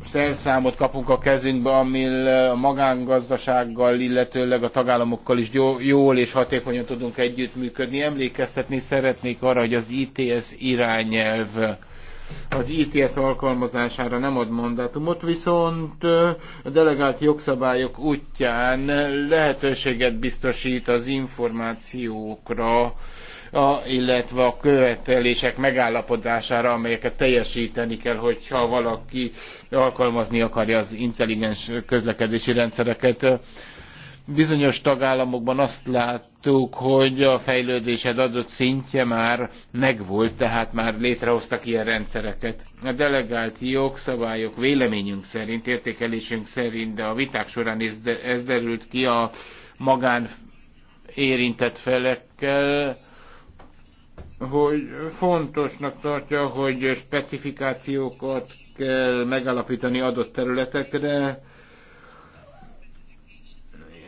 szerszámot kapunk a kezünkbe, amil a magángazdasággal, illetőleg a tagállamokkal is jól és hatékonyan tudunk együttműködni. Emlékeztetni szeretnék arra, hogy az ITS irányelv az ITS alkalmazására nem ad mandátumot, viszont a delegált jogszabályok útján lehetőséget biztosít az információkra, a, illetve a követelések megállapodására, amelyeket teljesíteni kell, hogyha valaki alkalmazni akarja az intelligens közlekedési rendszereket bizonyos tagállamokban azt láttuk, hogy a fejlődésed adott szintje már megvolt, tehát már létrehoztak ilyen rendszereket. A delegált jogszabályok véleményünk szerint, értékelésünk szerint, de a viták során ez derült ki a magán érintett felekkel, hogy fontosnak tartja, hogy specifikációkat kell megalapítani adott területekre,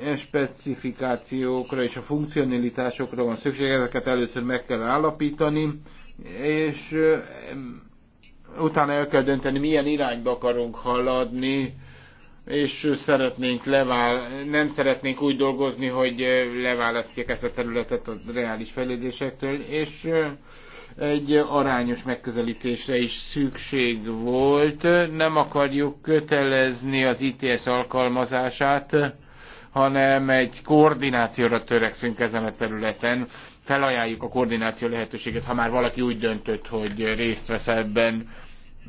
e specifikációkra és a funkcionalitásokra van szükség, ezeket először meg kell állapítani, és utána el kell dönteni, milyen irányba akarunk haladni, és szeretnénk levál, nem szeretnénk úgy dolgozni, hogy leválasztják ezt a területet a reális fejlődésektől, és egy arányos megközelítésre is szükség volt. Nem akarjuk kötelezni az ITS alkalmazását, hanem egy koordinációra törekszünk ezen a területen. Felajánljuk a koordináció lehetőséget, ha már valaki úgy döntött, hogy részt vesz ebben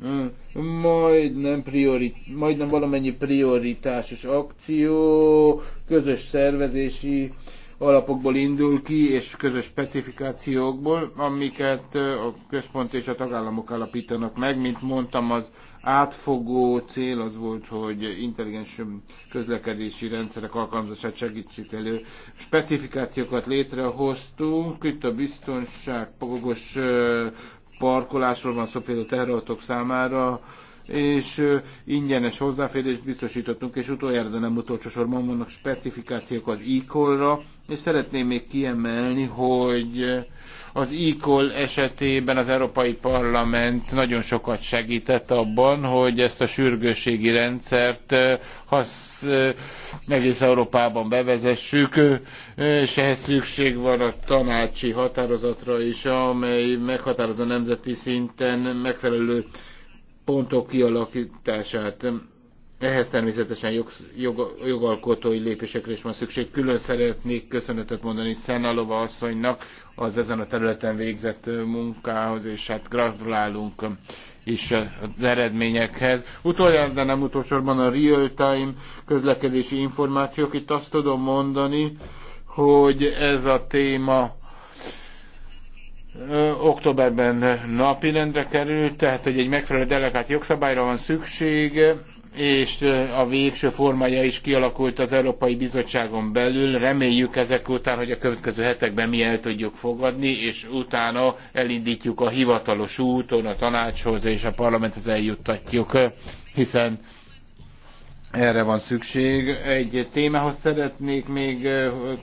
Hm. majdnem, priori, majdnem valamennyi prioritásos akció, közös szervezési alapokból indul ki, és közös specifikációkból, amiket a központ és a tagállamok alapítanak meg. Mint mondtam, az átfogó cél az volt, hogy intelligens közlekedési rendszerek alkalmazását segítsük elő. Specifikációkat létrehoztunk, itt a biztonságos parkolásról van szó például teherautók számára, és ingyenes hozzáférést biztosítottunk, és utoljára, de nem utolsó sorban vannak specifikációk az e és szeretném még kiemelni, hogy az ICOL esetében az Európai Parlament nagyon sokat segített abban, hogy ezt a sürgősségi rendszert eh, hasz, eh, egész Európában bevezessük, eh, és ehhez szükség van a tanácsi határozatra is, amely meghatározza nemzeti szinten megfelelő pontok kialakítását. Ehhez természetesen jog, jog, jogalkotói lépésekre is van szükség. Külön szeretnék köszönetet mondani Szenalova asszonynak az ezen a területen végzett munkához, és hát gratulálunk is az eredményekhez. Utoljára, de nem utolsóban a real-time közlekedési információk. Itt azt tudom mondani, hogy ez a téma októberben napirendre került, tehát hogy egy megfelelő delegált jogszabályra van szükség, és a végső formája is kialakult az Európai Bizottságon belül. Reméljük ezek után, hogy a következő hetekben mi el tudjuk fogadni, és utána elindítjuk a hivatalos úton a tanácshoz, és a parlamenthez eljuttatjuk, hiszen erre van szükség. Egy témához szeretnék még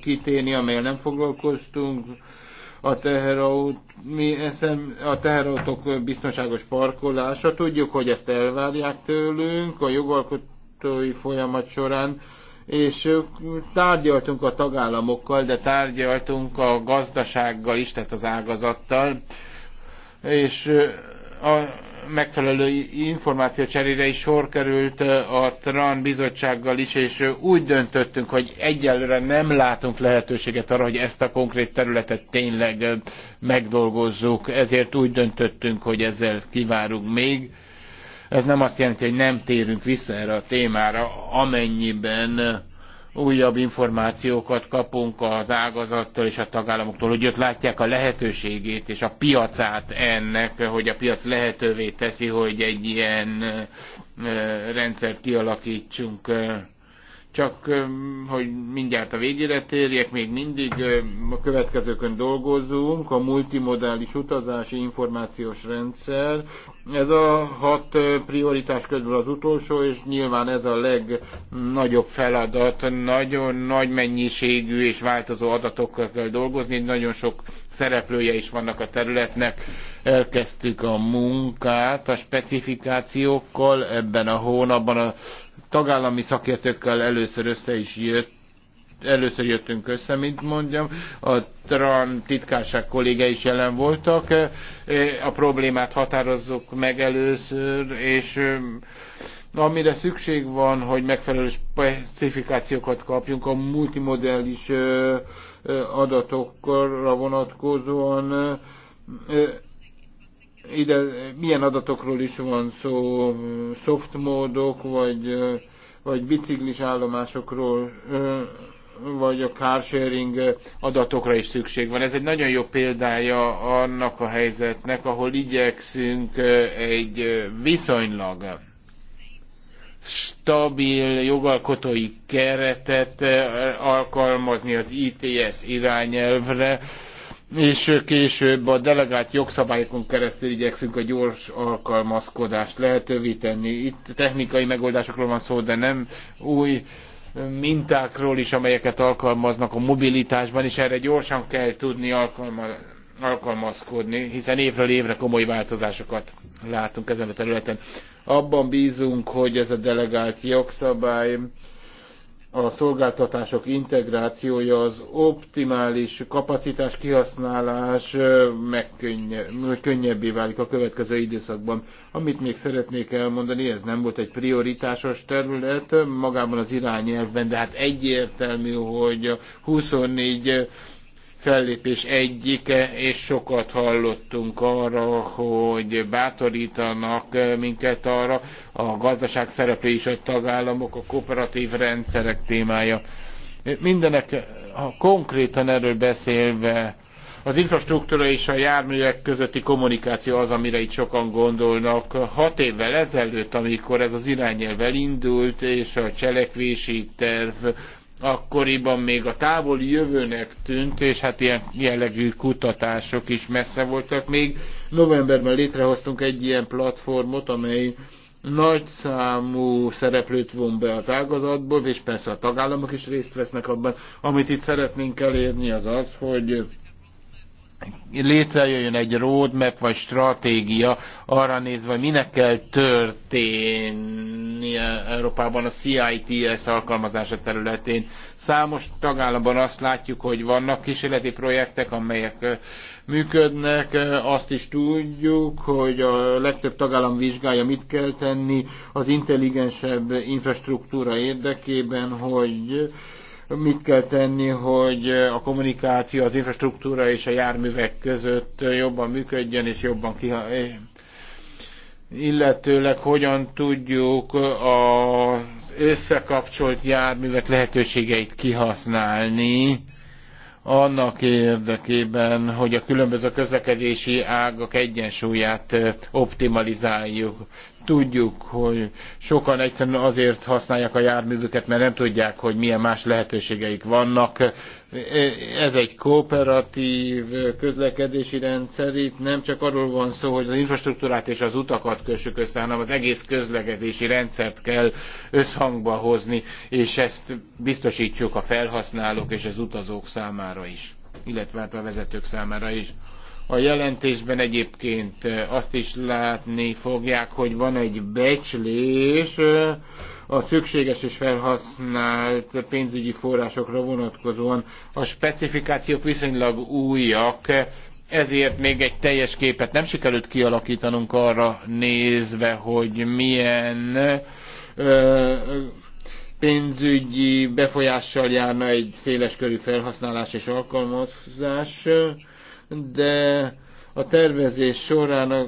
kitérni, amelyel nem foglalkoztunk, a teheraut, mi eszem, a teherautók biztonságos parkolása. Tudjuk, hogy ezt elvárják tőlünk a jogalkotói folyamat során, és tárgyaltunk a tagállamokkal, de tárgyaltunk a gazdasággal is, tehát az ágazattal, és a, megfelelő cserére is sor került a TRAN bizottsággal is, és úgy döntöttünk, hogy egyelőre nem látunk lehetőséget arra, hogy ezt a konkrét területet tényleg megdolgozzuk, ezért úgy döntöttünk, hogy ezzel kivárunk még. Ez nem azt jelenti, hogy nem térünk vissza erre a témára, amennyiben újabb információkat kapunk az ágazattól és a tagállamoktól, hogy ők látják a lehetőségét és a piacát ennek, hogy a piac lehetővé teszi, hogy egy ilyen rendszert kialaktsunk. Csak, hogy mindjárt a végére térjek, még mindig a következőkön dolgozunk, a multimodális utazási információs rendszer, ez a hat prioritás közül az utolsó, és nyilván ez a legnagyobb feladat. Nagyon nagy mennyiségű és változó adatokkal kell dolgozni, nagyon sok szereplője is vannak a területnek. Elkezdtük a munkát a specifikációkkal, ebben a hónapban a tagállami szakértőkkel először össze is jött először jöttünk össze, mint mondjam, a TRAN titkárság kolléga is jelen voltak. E, e, a problémát határozzuk meg először, és e, amire szükség van, hogy megfelelő specifikációkat kapjunk a multimodellis adatokra vonatkozóan, ide milyen adatokról is van szó, szoftmódok, vagy, vagy biciklis állomásokról, vagy a carsharing adatokra is szükség van. Ez egy nagyon jó példája annak a helyzetnek, ahol igyekszünk egy viszonylag stabil jogalkotói keretet alkalmazni az ITS irányelvre, és később a delegált jogszabályokon keresztül igyekszünk a gyors alkalmazkodást lehetővé tenni. Itt technikai megoldásokról van szó, de nem új mintákról is, amelyeket alkalmaznak a mobilitásban, és erre gyorsan kell tudni alkalmazkodni, hiszen évről évre komoly változásokat látunk ezen a területen. Abban bzunk hogy ez a delegált jogszabály a szolgáltatások integrációja, az optimális kapacitás kihasználás könnyebbé válik a következő időszakban. Amit még szeretnék elmondani, ez nem volt egy prioritásos terület magában az irányelvben, de hát egyértelmű, hogy 24 fellépés egyike, és sokat hallottunk arra, hogy bátorítanak minket arra, a gazdaság szereplő is a tagállamok, a kooperatív rendszerek témája. Mindenek, ha konkrétan erről beszélve, az infrastruktúra és a járművek közötti kommunikáció az, amire itt sokan gondolnak. Hat évvel ezelőtt, amikor ez az irányelv elindult, és a cselekvési terv akkoriban még a távoli jövőnek tűnt, és hát ilyen jellegű kutatások is messze voltak még. Novemberben létrehoztunk egy ilyen platformot, amely nagy számú szereplőt von be az ágazatból, és persze a tagállamok is részt vesznek abban. Amit itt szeretnénk elérni az az, hogy létrejöjjön egy roadmap vagy stratégia arra nézve, hogy minek kell történni Európában a CITS alkalmazása területén. Számos tagállamban azt látjuk, hogy vannak kísérleti projektek, amelyek működnek. Azt is tudjuk, hogy a legtöbb tagállam vizsgálja, mit kell tenni az intelligensebb infrastruktúra érdekében, hogy mit kell tenni, hogy a kommunikáció, az infrastruktúra és a járművek között jobban működjön és jobban kiha eh, illetőleg hogyan tudjuk az összekapcsolt járművek lehetőségeit kihasználni annak érdekében, hogy a különböző közlekedési ágak egyensúlyát eh, optimalizáljuk. Tudjuk, hogy sokan egyszerűen azért használják a járművüket, mert nem tudják, hogy milyen más lehetőségeik vannak. Ez egy kooperatív közlekedési rendszer. Itt nem csak arról van szó, hogy az infrastruktúrát és az utakat kössük össze, hanem az egész közlekedési rendszert kell összhangba hozni, és ezt biztosítsuk a felhasználók és az utazók számára is, illetve hát a vezetők számára is. A jelentésben egyébként azt is látni fogják, hogy van egy becslés a szükséges és felhasznált pénzügyi forrásokra vonatkozóan. A specifikációk viszonylag újak, ezért még egy teljes képet nem sikerült kialakítanunk arra nézve, hogy milyen ö, pénzügyi befolyással járna egy széleskörű felhasználás és alkalmazás de a tervezés során a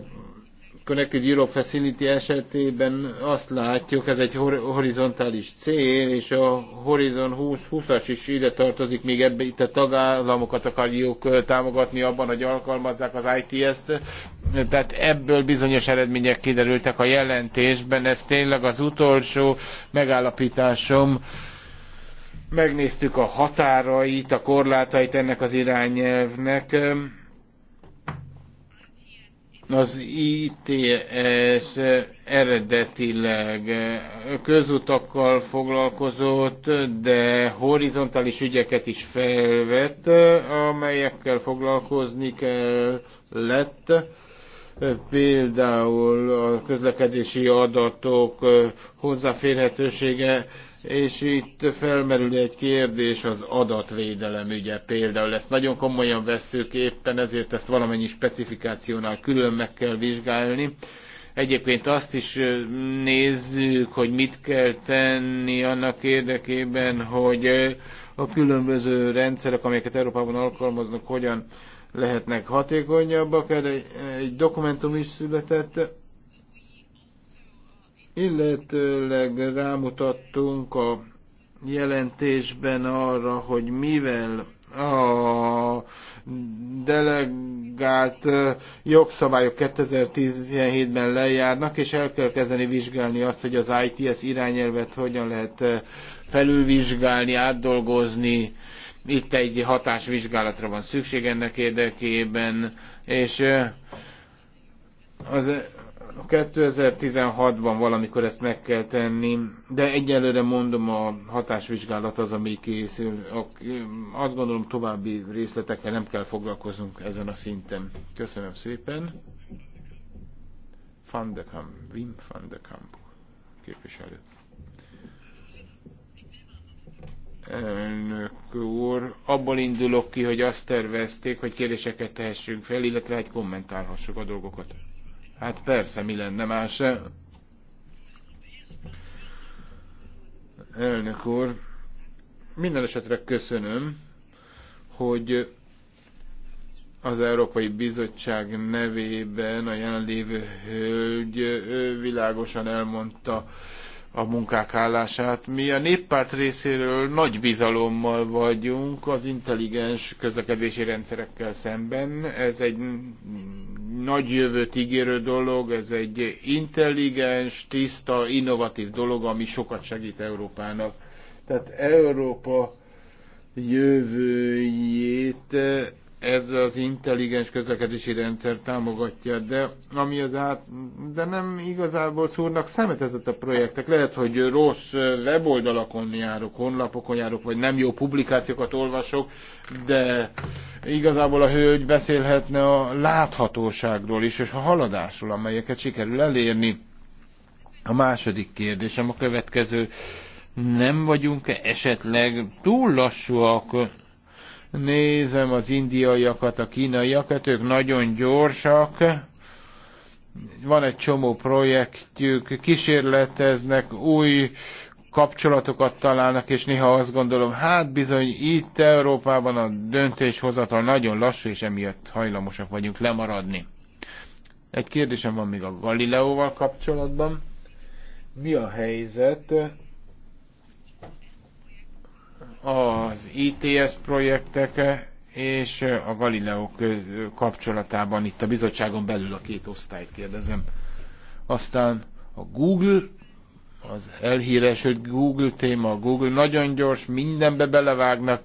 Connected Europe Facility esetében azt látjuk, ez egy horizontális cél, és a Horizon 20 as is ide tartozik, még ebbe itt a tagállamokat akarjuk támogatni abban, hogy alkalmazzák az ITS-t. Tehát ebből bizonyos eredmények kiderültek a jelentésben, ez tényleg az utolsó megállapításom Megnéztük a határait, a korlátait ennek az irányelvnek. Az ITS eredetileg közutakkal foglalkozott, de horizontális ügyeket is felvett, amelyekkel foglalkozni kell lett például a közlekedési adatok hozzáférhetősége, és itt felmerül egy kérdés az adatvédelem ügye például. Ezt nagyon komolyan vesszük, éppen ezért ezt valamennyi specifikációnál külön meg kell vizsgálni. Egyébként azt is nézzük, hogy mit kell tenni annak érdekében, hogy a különböző rendszerek, amelyeket Európában alkalmaznak, hogyan lehetnek hatékonyabbak. Erre egy dokumentum is született, illetőleg rámutattunk a jelentésben arra, hogy mivel a delegált jogszabályok 2017-ben lejárnak, és el kell kezdeni vizsgálni azt, hogy az ITS irányelvet hogyan lehet felülvizsgálni, átdolgozni. Itt egy hatásvizsgálatra van szükség ennek érdekében, és az 2016-ban valamikor ezt meg kell tenni, de egyelőre mondom, a hatásvizsgálat az, ami készül. Azt gondolom, további részletekkel nem kell foglalkoznunk ezen a szinten. Köszönöm szépen. Van de Kamp, Wim van de Kamp képviselő. Elnök úr, abból indulok ki, hogy azt tervezték, hogy kérdéseket tehessünk fel, illetve egy kommentálhassuk a dolgokat. Hát persze, mi lenne más? Eh? Elnök úr, minden esetre köszönöm, hogy az Európai Bizottság nevében a jelenlévő hölgy világosan elmondta, a munkák állását. Mi a néppárt részéről nagy bizalommal vagyunk az intelligens közlekedési rendszerekkel szemben. Ez egy nagy jövőt ígérő dolog, ez egy intelligens, tiszta, innovatív dolog, ami sokat segít Európának. Tehát Európa jövőjét ez az intelligens közlekedési rendszer támogatja, de ami az át, de nem igazából szúrnak szemet ezek a projektek. Lehet, hogy rossz weboldalakon járok, honlapokon járok, vagy nem jó publikációkat olvasok, de igazából a hölgy beszélhetne a láthatóságról is, és a haladásról, amelyeket sikerül elérni. A második kérdésem a következő. Nem vagyunk -e esetleg túl lassúak Nézem az indiaiakat, a kínaiakat, ők nagyon gyorsak, van egy csomó projektjük, kísérleteznek, új kapcsolatokat találnak, és néha azt gondolom, hát bizony itt Európában a döntéshozatal nagyon lassú, és emiatt hajlamosak vagyunk lemaradni. Egy kérdésem van még a Galileóval kapcsolatban. Mi a helyzet? az ITS projektek és a Galileo kapcsolatában itt a bizottságon belül a két osztályt kérdezem. Aztán a Google, az elhíresült Google téma, a Google nagyon gyors, mindenbe belevágnak,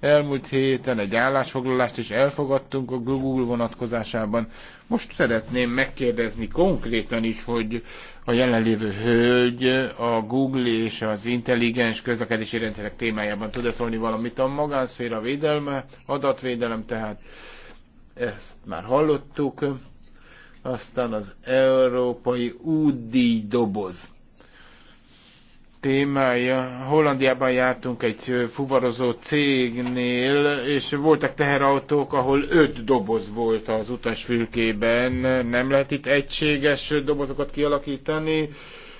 Elmúlt héten egy állásfoglalást is elfogadtunk a Google vonatkozásában. Most szeretném megkérdezni konkrétan is, hogy a jelenlévő hölgy a Google és az intelligens közlekedési rendszerek témájában tud-e szólni valamit a magánszféra védelme, adatvédelem, tehát ezt már hallottuk. Aztán az európai útdíj doboz témája. Hollandiában jártunk egy fuvarozó cégnél, és voltak teherautók, ahol öt doboz volt az utasfülkében. Nem lehet itt egységes dobozokat kialakítani.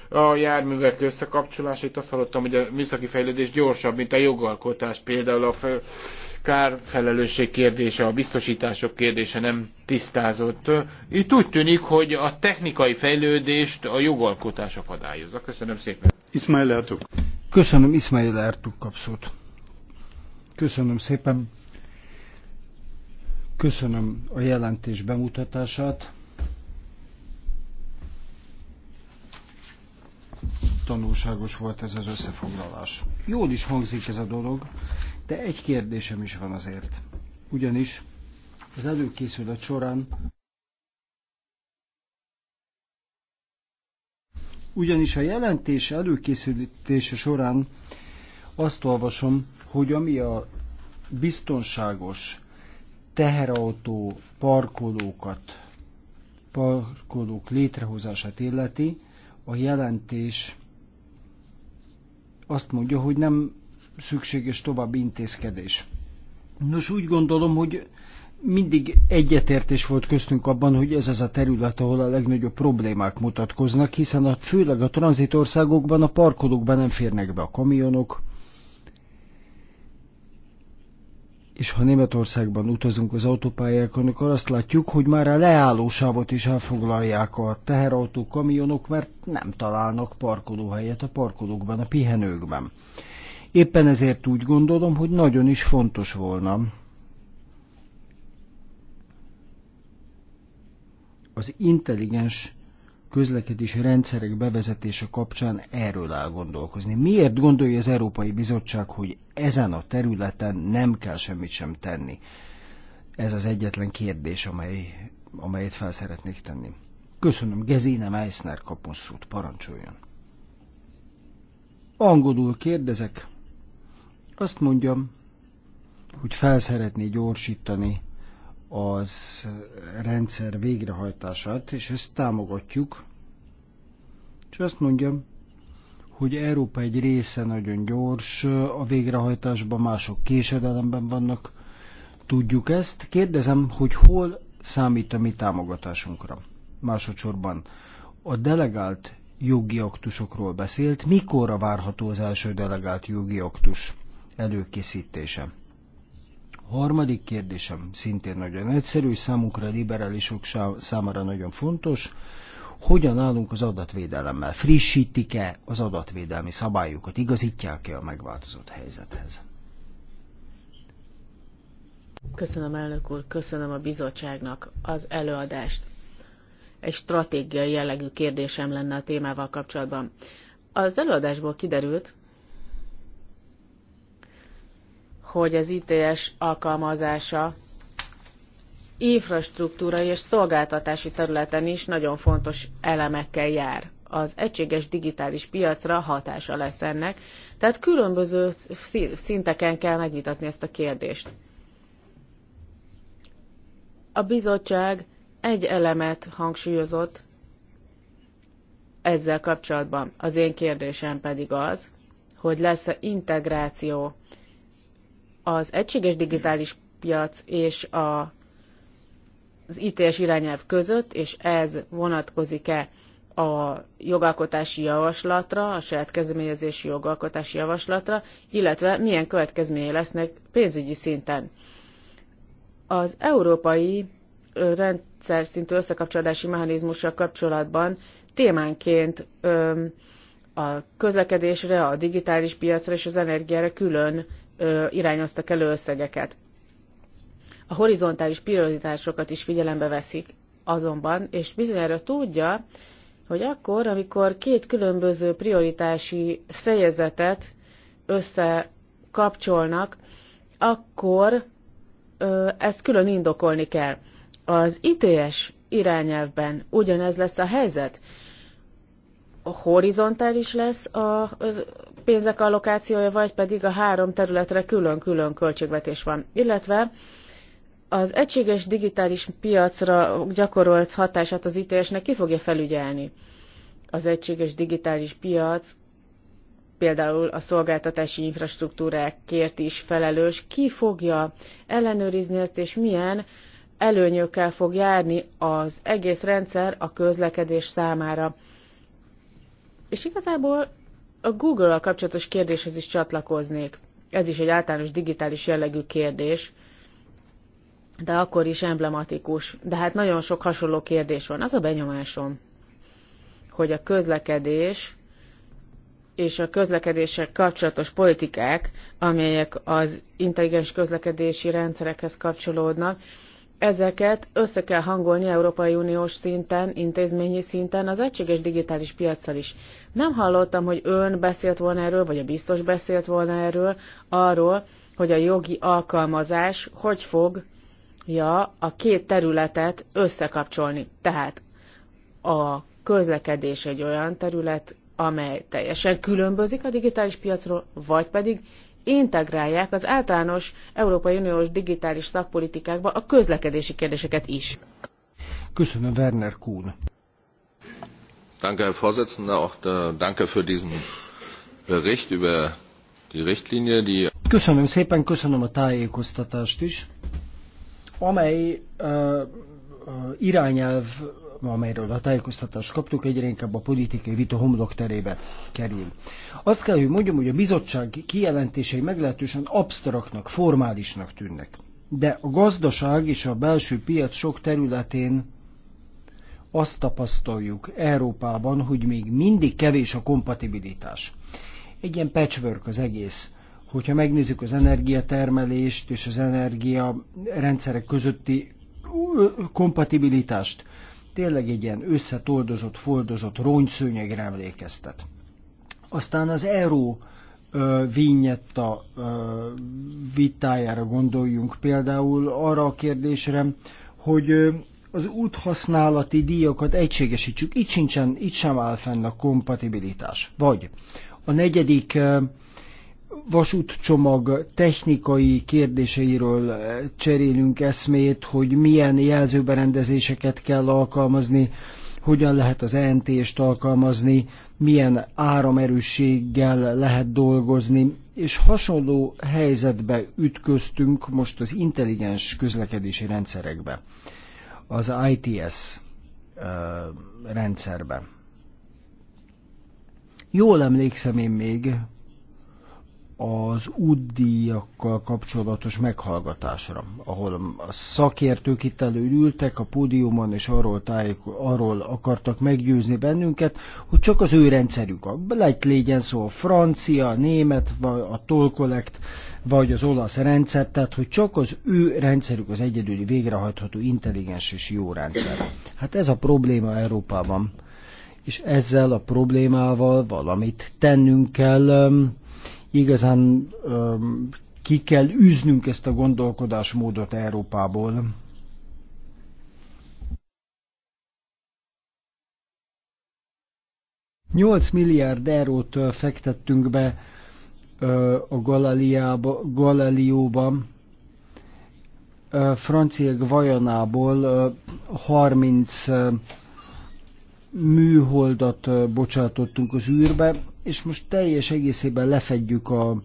A járművek összekapcsolásait azt hallottam, hogy a műszaki fejlődés gyorsabb, mint a jogalkotás. Például a Kár felelősség kérdése, a biztosítások kérdése nem tisztázott. Itt úgy tűnik, hogy a technikai fejlődést a jogalkotás akadályozza. Köszönöm szépen. Ismail Ertuk. Köszönöm, Ismail Ertuk kapszót. Köszönöm szépen. Köszönöm a jelentés bemutatását. Tanulságos volt ez az összefoglalás. Jól is hangzik ez a dolog, de egy kérdésem is van azért. Ugyanis az előkészület során ugyanis a jelentés előkészítése során azt olvasom, hogy ami a biztonságos teherautó parkolókat, parkolók létrehozását illeti, a jelentés azt mondja, hogy nem szükséges további intézkedés. Nos, úgy gondolom, hogy mindig egyetértés volt köztünk abban, hogy ez az a terület, ahol a legnagyobb problémák mutatkoznak, hiszen a, főleg a tranzitországokban a parkolókban nem férnek be a kamionok, és ha Németországban utazunk az autópályákon, akkor azt látjuk, hogy már a leállósávot is elfoglalják a teherautók, kamionok, mert nem találnak parkolóhelyet a parkolókban, a pihenőkben. Éppen ezért úgy gondolom, hogy nagyon is fontos volna az intelligens közlekedési rendszerek bevezetése kapcsán erről gondolkozni. Miért gondolja az Európai Bizottság, hogy ezen a területen nem kell semmit sem tenni? Ez az egyetlen kérdés, amely, amelyet fel szeretnék tenni. Köszönöm, Gezine Meissner kapon szót, parancsoljon. Angolul kérdezek, azt mondjam, hogy felszeretné gyorsítani az rendszer végrehajtását, és ezt támogatjuk. És azt mondjam, hogy Európa egy része nagyon gyors a végrehajtásban, mások késedelemben vannak. Tudjuk ezt. Kérdezem, hogy hol számít a mi támogatásunkra. Másodszorban a delegált jogi aktusokról beszélt. Mikorra várható az első delegált jogi aktus? előkészítése. A harmadik kérdésem szintén nagyon egyszerű, számukra liberálisok számára nagyon fontos, hogyan állunk az adatvédelemmel? Frissítik-e az adatvédelmi szabályokat? Igazítják-e a megváltozott helyzethez? Köszönöm, elnök úr, köszönöm a bizottságnak az előadást. Egy stratégiai jellegű kérdésem lenne a témával kapcsolatban. Az előadásból kiderült, hogy az ITS alkalmazása infrastruktúra és szolgáltatási területen is nagyon fontos elemekkel jár. Az egységes digitális piacra hatása lesz ennek, tehát különböző szinteken kell megvitatni ezt a kérdést. A bizottság egy elemet hangsúlyozott ezzel kapcsolatban. Az én kérdésem pedig az, hogy lesz-e integráció az egységes digitális piac és a, az ITS irányelv között, és ez vonatkozik-e a jogalkotási javaslatra, a saját kezdeményezési jogalkotási javaslatra, illetve milyen következményei lesznek pénzügyi szinten. Az európai rendszer szintű összekapcsolódási mechanizmussal kapcsolatban témánként a közlekedésre, a digitális piacra és az energiára külön irányoztak elő összegeket. A horizontális prioritásokat is figyelembe veszik azonban, és bizonyára tudja, hogy akkor, amikor két különböző prioritási fejezetet összekapcsolnak, akkor ö, ezt külön indokolni kell. Az ITS irányelvben ugyanez lesz a helyzet. A horizontális lesz a, az pénzek allokációja, vagy pedig a három területre külön-külön költségvetés van. Illetve az egységes digitális piacra gyakorolt hatását az ITS-nek ki fogja felügyelni? Az egységes digitális piac például a szolgáltatási infrastruktúrákért is felelős, ki fogja ellenőrizni ezt, és milyen előnyökkel fog járni az egész rendszer a közlekedés számára. És igazából a Google-al kapcsolatos kérdéshez is csatlakoznék. Ez is egy általános digitális jellegű kérdés, de akkor is emblematikus. De hát nagyon sok hasonló kérdés van. Az a benyomásom, hogy a közlekedés és a közlekedéssel kapcsolatos politikák, amelyek az intelligens közlekedési rendszerekhez kapcsolódnak, ezeket össze kell hangolni Európai Uniós szinten, intézményi szinten, az egységes digitális piaccal is. Nem hallottam, hogy ön beszélt volna erről, vagy a biztos beszélt volna erről, arról, hogy a jogi alkalmazás hogy fogja a két területet összekapcsolni. Tehát a közlekedés egy olyan terület, amely teljesen különbözik a digitális piacról, vagy pedig integrálják az általános Európai Uniós digitális szakpolitikákba a közlekedési kérdéseket is. Köszönöm, Werner Kuhn. Danke, Herr Vorsitzender, auch äh, danke für diesen Bericht über die Richtlinie, die... Köszönöm szépen, köszönöm a tájékoztatást is, amely uh, irányelv amelyről a tájékoztatást kaptuk, egyre inkább a politikai vita homlok terébe kerül. Azt kell, hogy mondjam, hogy a bizottság kijelentései meglehetősen absztraktnak, formálisnak tűnnek. De a gazdaság és a belső piac sok területén azt tapasztaljuk Európában, hogy még mindig kevés a kompatibilitás. Egy ilyen patchwork az egész hogyha megnézzük az energiatermelést és az energia rendszerek közötti kompatibilitást, tényleg egy ilyen összetoldozott, foldozott rongyszőnyegre emlékeztet. Aztán az euró vinyetta vitájára gondoljunk például arra a kérdésre, hogy az úthasználati díjakat egységesítsük. Itt sincsen, itt sem áll fenn a kompatibilitás. Vagy a negyedik vasútcsomag technikai kérdéseiről eh, cserélünk eszmét, hogy milyen jelzőberendezéseket kell alkalmazni, hogyan lehet az ENT-st alkalmazni, milyen áramerősséggel lehet dolgozni, és hasonló helyzetbe ütköztünk most az intelligens közlekedési rendszerekbe, az ITS eh, rendszerbe. Jól emlékszem én még, az útdíjakkal kapcsolatos meghallgatásra, ahol a szakértők itt előültek a pódiumon, és arról, tájék, arról akartak meggyőzni bennünket, hogy csak az ő rendszerük, a lejt legyen szó a francia, a német, vagy a tolkolekt, vagy az olasz rendszer, tehát hogy csak az ő rendszerük az egyedüli végrehajtható intelligens és jó rendszer. Hát ez a probléma Európában, és ezzel a problémával valamit tennünk kell, Igazán ki kell üznünk ezt a gondolkodásmódot Európából. Nyolc milliárd eurót fektettünk be a Galileóba, francia Gvajanából 30 műholdat bocsátottunk az űrbe, és most teljes egészében lefedjük a, a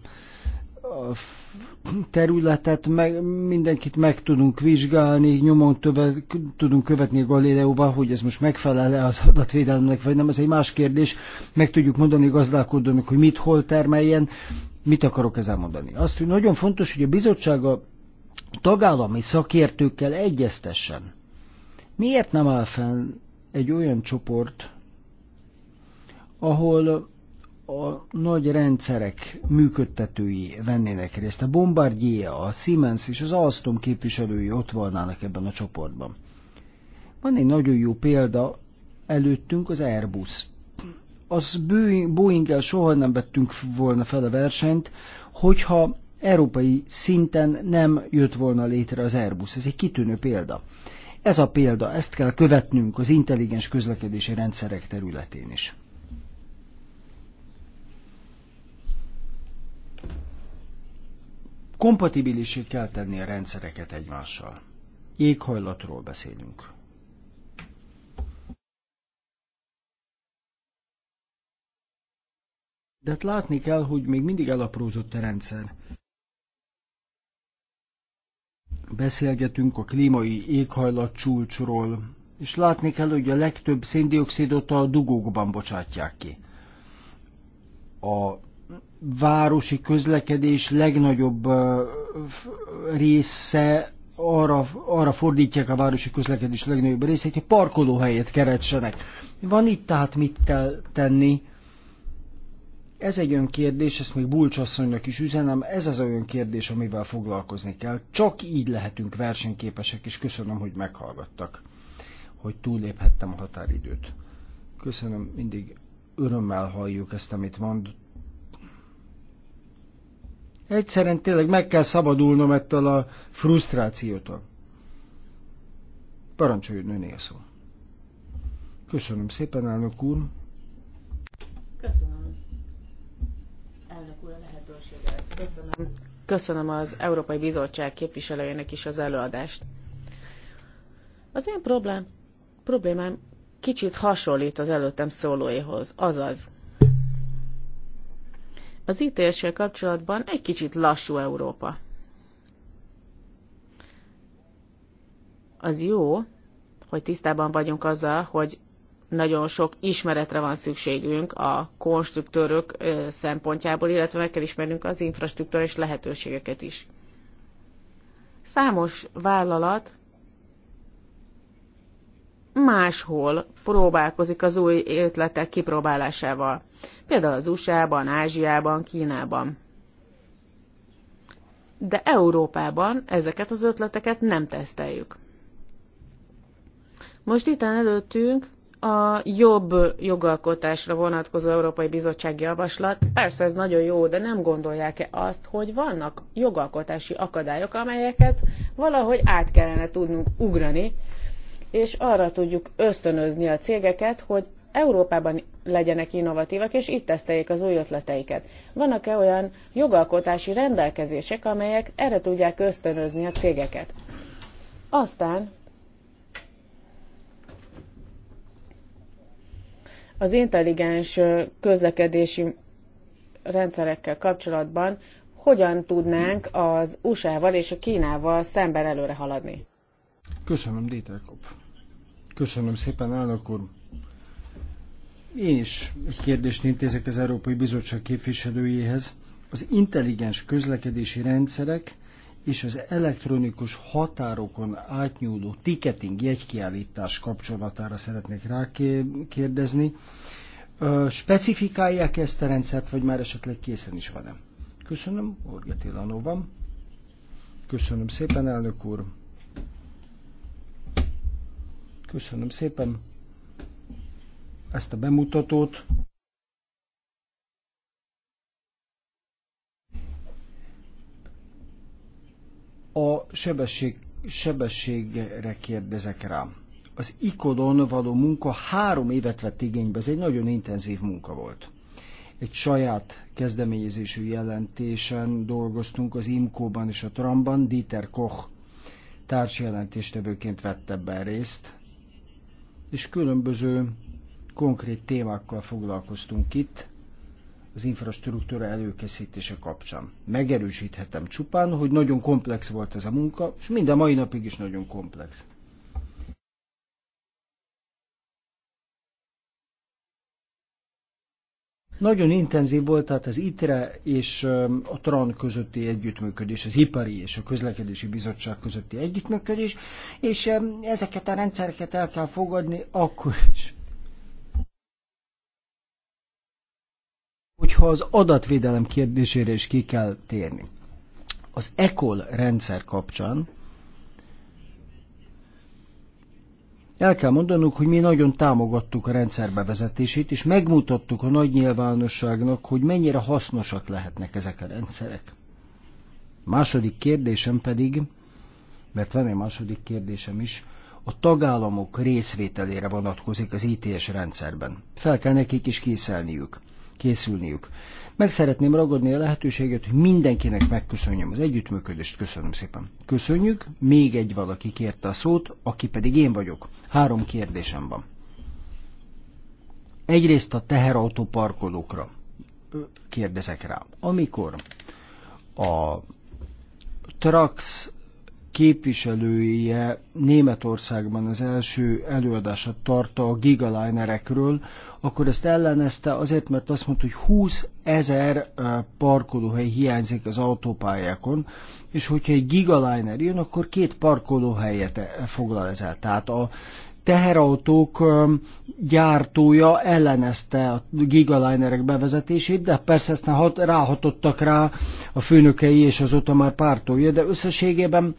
területet, meg, mindenkit meg tudunk vizsgálni, nyomon tövet, tudunk követni a Galileóval, hogy ez most megfelel-e az adatvédelmnek, vagy nem, ez egy más kérdés. Meg tudjuk mondani gazdálkodónak, hogy mit hol termeljen. Mit akarok ezzel mondani? Azt, hogy nagyon fontos, hogy a bizottság a tagállami szakértőkkel egyeztessen. Miért nem áll fenn egy olyan csoport, ahol a nagy rendszerek működtetői vennének részt. A Bombardier, a Siemens és az Alstom képviselői ott volnának ebben a csoportban. Van egy nagyon jó példa előttünk, az Airbus. Az Boeing-el soha nem vettünk volna fel a versenyt, hogyha európai szinten nem jött volna létre az Airbus. Ez egy kitűnő példa. Ez a példa, ezt kell követnünk az intelligens közlekedési rendszerek területén is. Kompatibilisé kell tenni a rendszereket egymással. Éghajlatról beszélünk. De hát látni kell, hogy még mindig elaprózott a rendszer. Beszélgetünk a klímai éghajlat csúcsról, és látni kell, hogy a legtöbb széndiokszidot a dugókban bocsátják ki. A városi közlekedés legnagyobb része arra, arra fordítják a városi közlekedés legnagyobb részét, hogy parkolóhelyet keretsenek. Van itt tehát mit kell tenni? Ez egy olyan kérdés, ezt még Bulcsasszonynak is üzenem, ez az olyan kérdés, amivel foglalkozni kell. Csak így lehetünk versenyképesek, és köszönöm, hogy meghallgattak, hogy túléphettem a határidőt. Köszönöm, mindig örömmel halljuk ezt, amit mond, Egyszerűen tényleg meg kell szabadulnom ettől a frusztrációtól. Parancsoljon nőné a szó. Köszönöm szépen, elnök úr. Köszönöm. Elnök úr, a lehetőséget. Köszönöm. Köszönöm az Európai Bizottság képviselőjének is az előadást. Az én problém, problémám kicsit hasonlít az előttem szólóéhoz, azaz az ítéléssel kapcsolatban egy kicsit lassú Európa. Az jó, hogy tisztában vagyunk azzal, hogy nagyon sok ismeretre van szükségünk a konstruktőrök szempontjából, illetve meg kell ismernünk az infrastruktúra és lehetőségeket is. Számos vállalat máshol próbálkozik az új ötletek kipróbálásával. Például az USA-ban, Ázsiában, Kínában. De Európában ezeket az ötleteket nem teszteljük. Most itt előttünk a jobb jogalkotásra vonatkozó Európai Bizottság javaslat. Persze ez nagyon jó, de nem gondolják-e azt, hogy vannak jogalkotási akadályok, amelyeket valahogy át kellene tudnunk ugrani, és arra tudjuk ösztönözni a cégeket, hogy Európában legyenek innovatívak, és itt teszteljék az új ötleteiket. Vannak-e olyan jogalkotási rendelkezések, amelyek erre tudják ösztönözni a cégeket? Aztán az intelligens közlekedési rendszerekkel kapcsolatban hogyan tudnánk az USA-val és a Kínával szemben előre haladni? Köszönöm, Dieter Kopp. Köszönöm szépen, elnök úr. Én is egy kérdést intézek az Európai Bizottság képviselőjéhez. Az intelligens közlekedési rendszerek és az elektronikus határokon átnyúló ticketing jegykiállítás kapcsolatára szeretnék rákérdezni. Specifikálják ezt a rendszert, vagy már esetleg készen is van-e? Köszönöm, Orga Köszönöm szépen, elnök úr. Köszönöm szépen ezt a bemutatót. A sebesség, sebességre kérdezek rám. Az ikodon való munka három évet vett igénybe, ez egy nagyon intenzív munka volt. Egy saját kezdeményezésű jelentésen dolgoztunk az IMCO-ban és a Tramban, Dieter Koch társjelentéstevőként vette ebben részt és különböző konkrét témákkal foglalkoztunk itt az infrastruktúra előkészítése kapcsán. Megerősíthetem csupán, hogy nagyon komplex volt ez a munka, és mind a mai napig is nagyon komplex. Nagyon intenzív volt tehát az ITRE és a TRAN közötti együttműködés, az Ipari és a Közlekedési Bizottság közötti együttműködés, és ezeket a rendszereket el kell fogadni akkor is, hogyha az adatvédelem kérdésére is ki kell térni. Az ECOL rendszer kapcsán El kell mondanunk, hogy mi nagyon támogattuk a rendszer bevezetését, és megmutattuk a nagy nyilvánosságnak, hogy mennyire hasznosak lehetnek ezek a rendszerek. Második kérdésem pedig, mert van egy második kérdésem is, a tagállamok részvételére vonatkozik az ITS rendszerben. Fel kell nekik is készelniük készülniük. Meg szeretném ragadni a lehetőséget, hogy mindenkinek megköszönjem az együttműködést. Köszönöm szépen. Köszönjük. Még egy valaki kérte a szót, aki pedig én vagyok. Három kérdésem van. Egyrészt a teherautó parkolókra kérdezek rá. Amikor a Trax képviselője Németországban az első előadását tartta a gigalinerekről, akkor ezt ellenezte azért, mert azt mondta, hogy 20 ezer parkolóhely hiányzik az autópályákon, és hogyha egy gigaliner jön, akkor két parkolóhelyet e, foglal ezzel. el. Tehát a teherautók gyártója ellenezte a gigalinerek bevezetését, de persze ezt ráhatottak rá a főnökei és azóta már pártolja, de összességében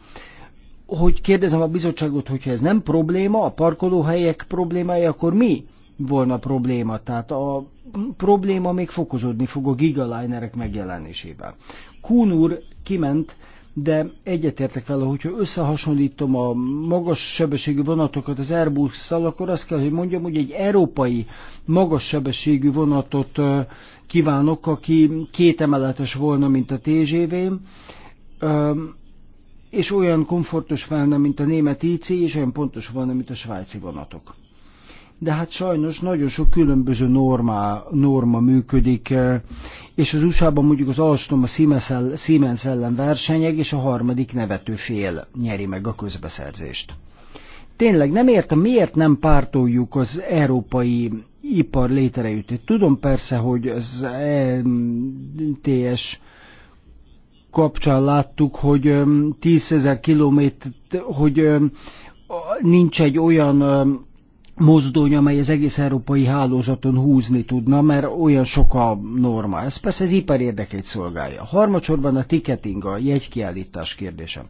hogy kérdezem a bizottságot, hogyha ez nem probléma, a parkolóhelyek problémája, akkor mi volna probléma? Tehát a probléma még fokozódni fog a gigalinerek megjelenésével. Kuhn úr kiment, de egyetértek vele, hogyha összehasonlítom a magas sebességű vonatokat az Airbus-szal, akkor azt kell, hogy mondjam, hogy egy európai magas sebességű vonatot kívánok, aki két emeletes volna, mint a TGV, és olyan komfortos volna, mint a német IC, és olyan pontos volna, mint a svájci vonatok de hát sajnos nagyon sok különböző norma norma működik, eh, és az USA-ban mondjuk az Alstom a Siemens ellen versenyeg, és a harmadik nevető fél nyeri meg a közbeszerzést. Tényleg nem értem, miért nem pártoljuk az európai ipar létrejöttét. Tudom persze, hogy az ETS kapcsán láttuk, hogy 10 eh, ezer kilométer, hogy eh, nincs egy olyan mozdony, amely az egész európai hálózaton húzni tudna, mert olyan sok a norma. Ez persze az ipar érdekét szolgálja. Harmadsorban a ticketing, a jegykiállítás kérdése.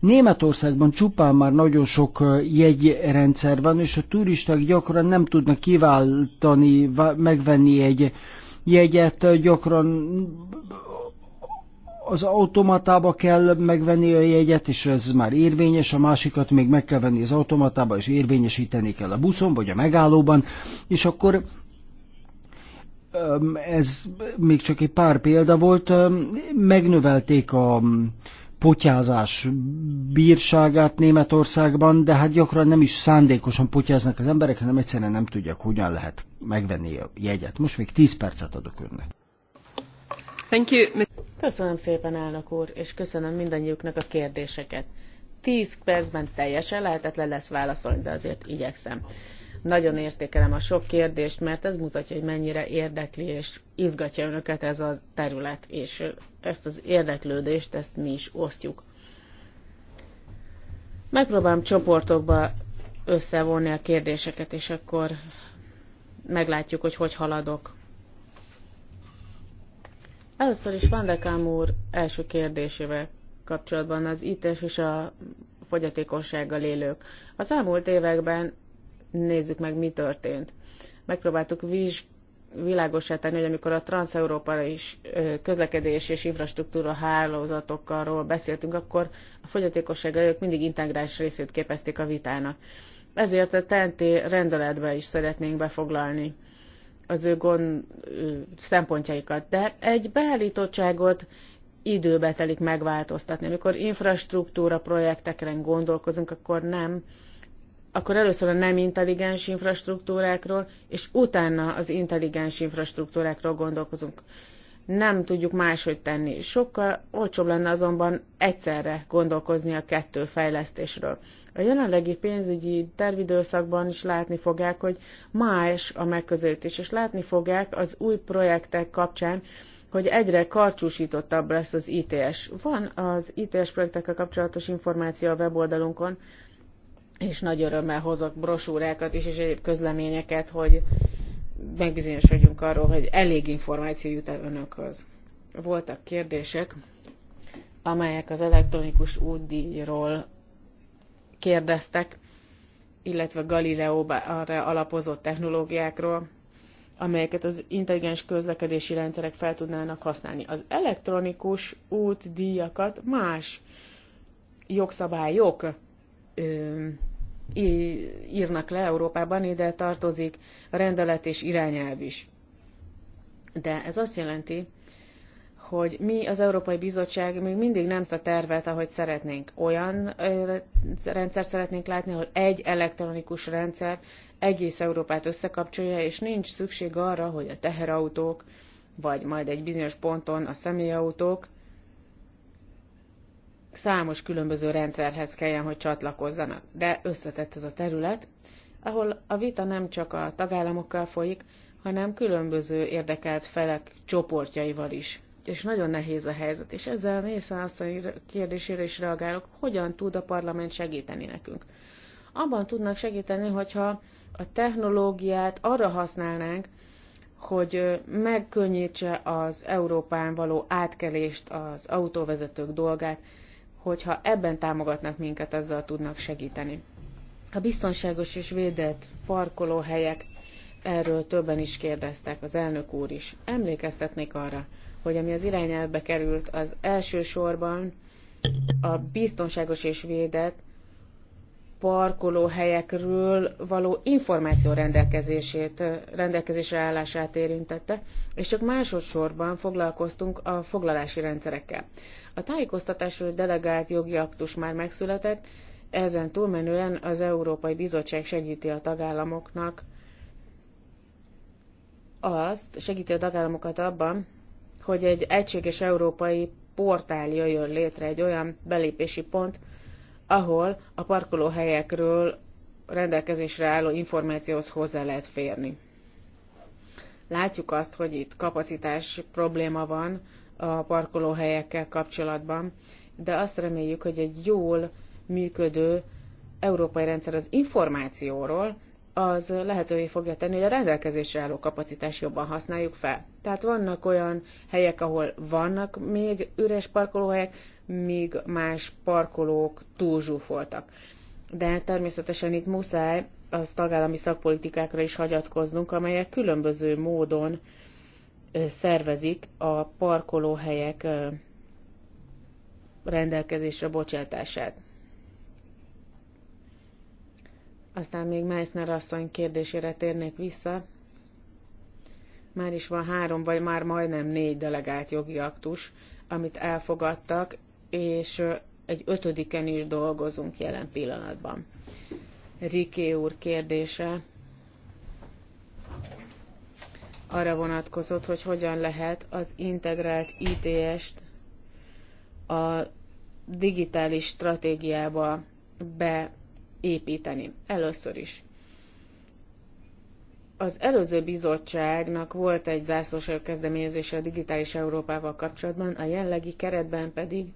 Németországban csupán már nagyon sok jegyrendszer van, és a turisták gyakran nem tudnak kiváltani, megvenni egy jegyet, gyakran az automatába kell megvenni a jegyet, és ez már érvényes, a másikat még meg kell venni az automatába, és érvényesíteni kell a buszon, vagy a megállóban, és akkor ez még csak egy pár példa volt, megnövelték a potyázás bírságát Németországban, de hát gyakran nem is szándékosan potyáznak az emberek, hanem egyszerűen nem tudják, hogyan lehet megvenni a jegyet. Most még 10 percet adok önnek. Köszönöm szépen, elnök úr, és köszönöm mindannyiuknak a kérdéseket. tz percben teljesen lehetetlen lesz válaszolni, de azért igyekszem. Nagyon értékelem a sok kérdést, mert ez mutatja, hogy mennyire érdekli és izgatja önöket ez a terület, és ezt az érdeklődést, ezt mi is osztjuk. Megpróbálom csoportokba összevonni a kérdéseket, és akkor meglátjuk, hogy hogy haladok. Először is Van Dekám úr első kérdésével kapcsolatban az ITS e és a fogyatékossággal élők. Az elmúlt években nézzük meg, mi történt. Megpróbáltuk vizs világosá tenni, hogy amikor a transeurópai közlekedés és infrastruktúra hálózatokkal beszéltünk, akkor a fogyatékosság előtt mindig integrális részét képezték a vitának. Ezért a TNT rendeletbe is szeretnénk befoglalni az ő gond szempontjaikat. De egy beállítottságot időbe telik megváltoztatni. Amikor infrastruktúra projektekre gondolkozunk, akkor nem, akkor először a nem intelligens infrastruktúrákról, és utána az intelligens infrastruktúrákról gondolkozunk nem tudjuk máshogy tenni. Sokkal olcsóbb lenne azonban egyszerre gondolkozni a kettő fejlesztésről. A jelenlegi pénzügyi tervidőszakban is látni fogják, hogy más a megközelítés, és látni fogják az új projektek kapcsán, hogy egyre karcsúsítottabb lesz az ITS. Van az ITS projektekkel kapcsolatos információ a weboldalunkon, és nagy örömmel hozok brosúrákat is, és egyéb közleményeket, hogy megbizonyosodjunk arról, hogy elég információ jut el önökhöz. Voltak kérdések, amelyek az elektronikus útdíjról kérdeztek, illetve galileo arra alapozott technológiákról, amelyeket az intelligens közlekedési rendszerek fel tudnának használni. Az elektronikus útdíjakat más jogszabályok ö, írnak le Európában, ide tartozik a rendelet és irányelv is. De ez azt jelenti, hogy mi az Európai Bizottság még mindig nem a tervet, ahogy szeretnénk. Olyan rendszert szeretnénk látni, ahol egy elektronikus rendszer egész Európát összekapcsolja, és nincs szükség arra, hogy a teherautók, vagy majd egy bizonyos ponton a személyautók számos különböző rendszerhez kelljen, hogy csatlakozzanak. De összetett ez a terület, ahol a vita nem csak a tagállamokkal folyik, hanem különböző érdekelt felek csoportjaival is. És nagyon nehéz a helyzet, és ezzel Mészen asszony kérdésére is reagálok, hogyan tud a parlament segíteni nekünk. Abban tudnak segíteni, hogyha a technológiát arra használnánk, hogy megkönnyítse az Európán való átkelést, az autóvezetők dolgát, hogyha ebben támogatnak minket, azzal tudnak segíteni. A biztonságos és védett parkolóhelyek, erről többen is kérdeztek, az elnök úr is. Emlékeztetnék arra, hogy ami az irányelvbe került, az elsősorban a biztonságos és védett parkolóhelyekről való információ rendelkezését, rendelkezésre állását érintette, és csak másodszorban foglalkoztunk a foglalási rendszerekkel. A tájékoztatásról delegált jogi aktus már megszületett, ezen túlmenően az Európai Bizottság segíti a tagállamoknak azt, segíti a tagállamokat abban, hogy egy egységes európai portál jöjjön létre, egy olyan belépési pont, ahol a parkolóhelyekről rendelkezésre álló információhoz hozzá lehet férni. Látjuk azt, hogy itt kapacitás probléma van a parkolóhelyekkel kapcsolatban, de azt reméljük, hogy egy jól működő európai rendszer az információról az lehetővé fogja tenni, hogy a rendelkezésre álló kapacitás jobban használjuk fel. Tehát vannak olyan helyek, ahol vannak még üres parkolóhelyek, míg más parkolók túlzsúfoltak. De természetesen itt muszáj az tagállami szakpolitikákra is hagyatkoznunk, amelyek különböző módon szervezik a parkolóhelyek rendelkezésre bocsátását. Aztán még Meissner asszony kérdésére térnék vissza. Már is van három, vagy már majdnem négy delegált jogi aktus, amit elfogadtak, és egy ötödiken is dolgozunk jelen pillanatban. Riké úr kérdése arra vonatkozott, hogy hogyan lehet az integrált ITS-t a digitális stratégiába be építeni. Először is. Az előző bizottságnak volt egy zászlós kezdeményezése a digitális Európával kapcsolatban, a jelenlegi keretben pedig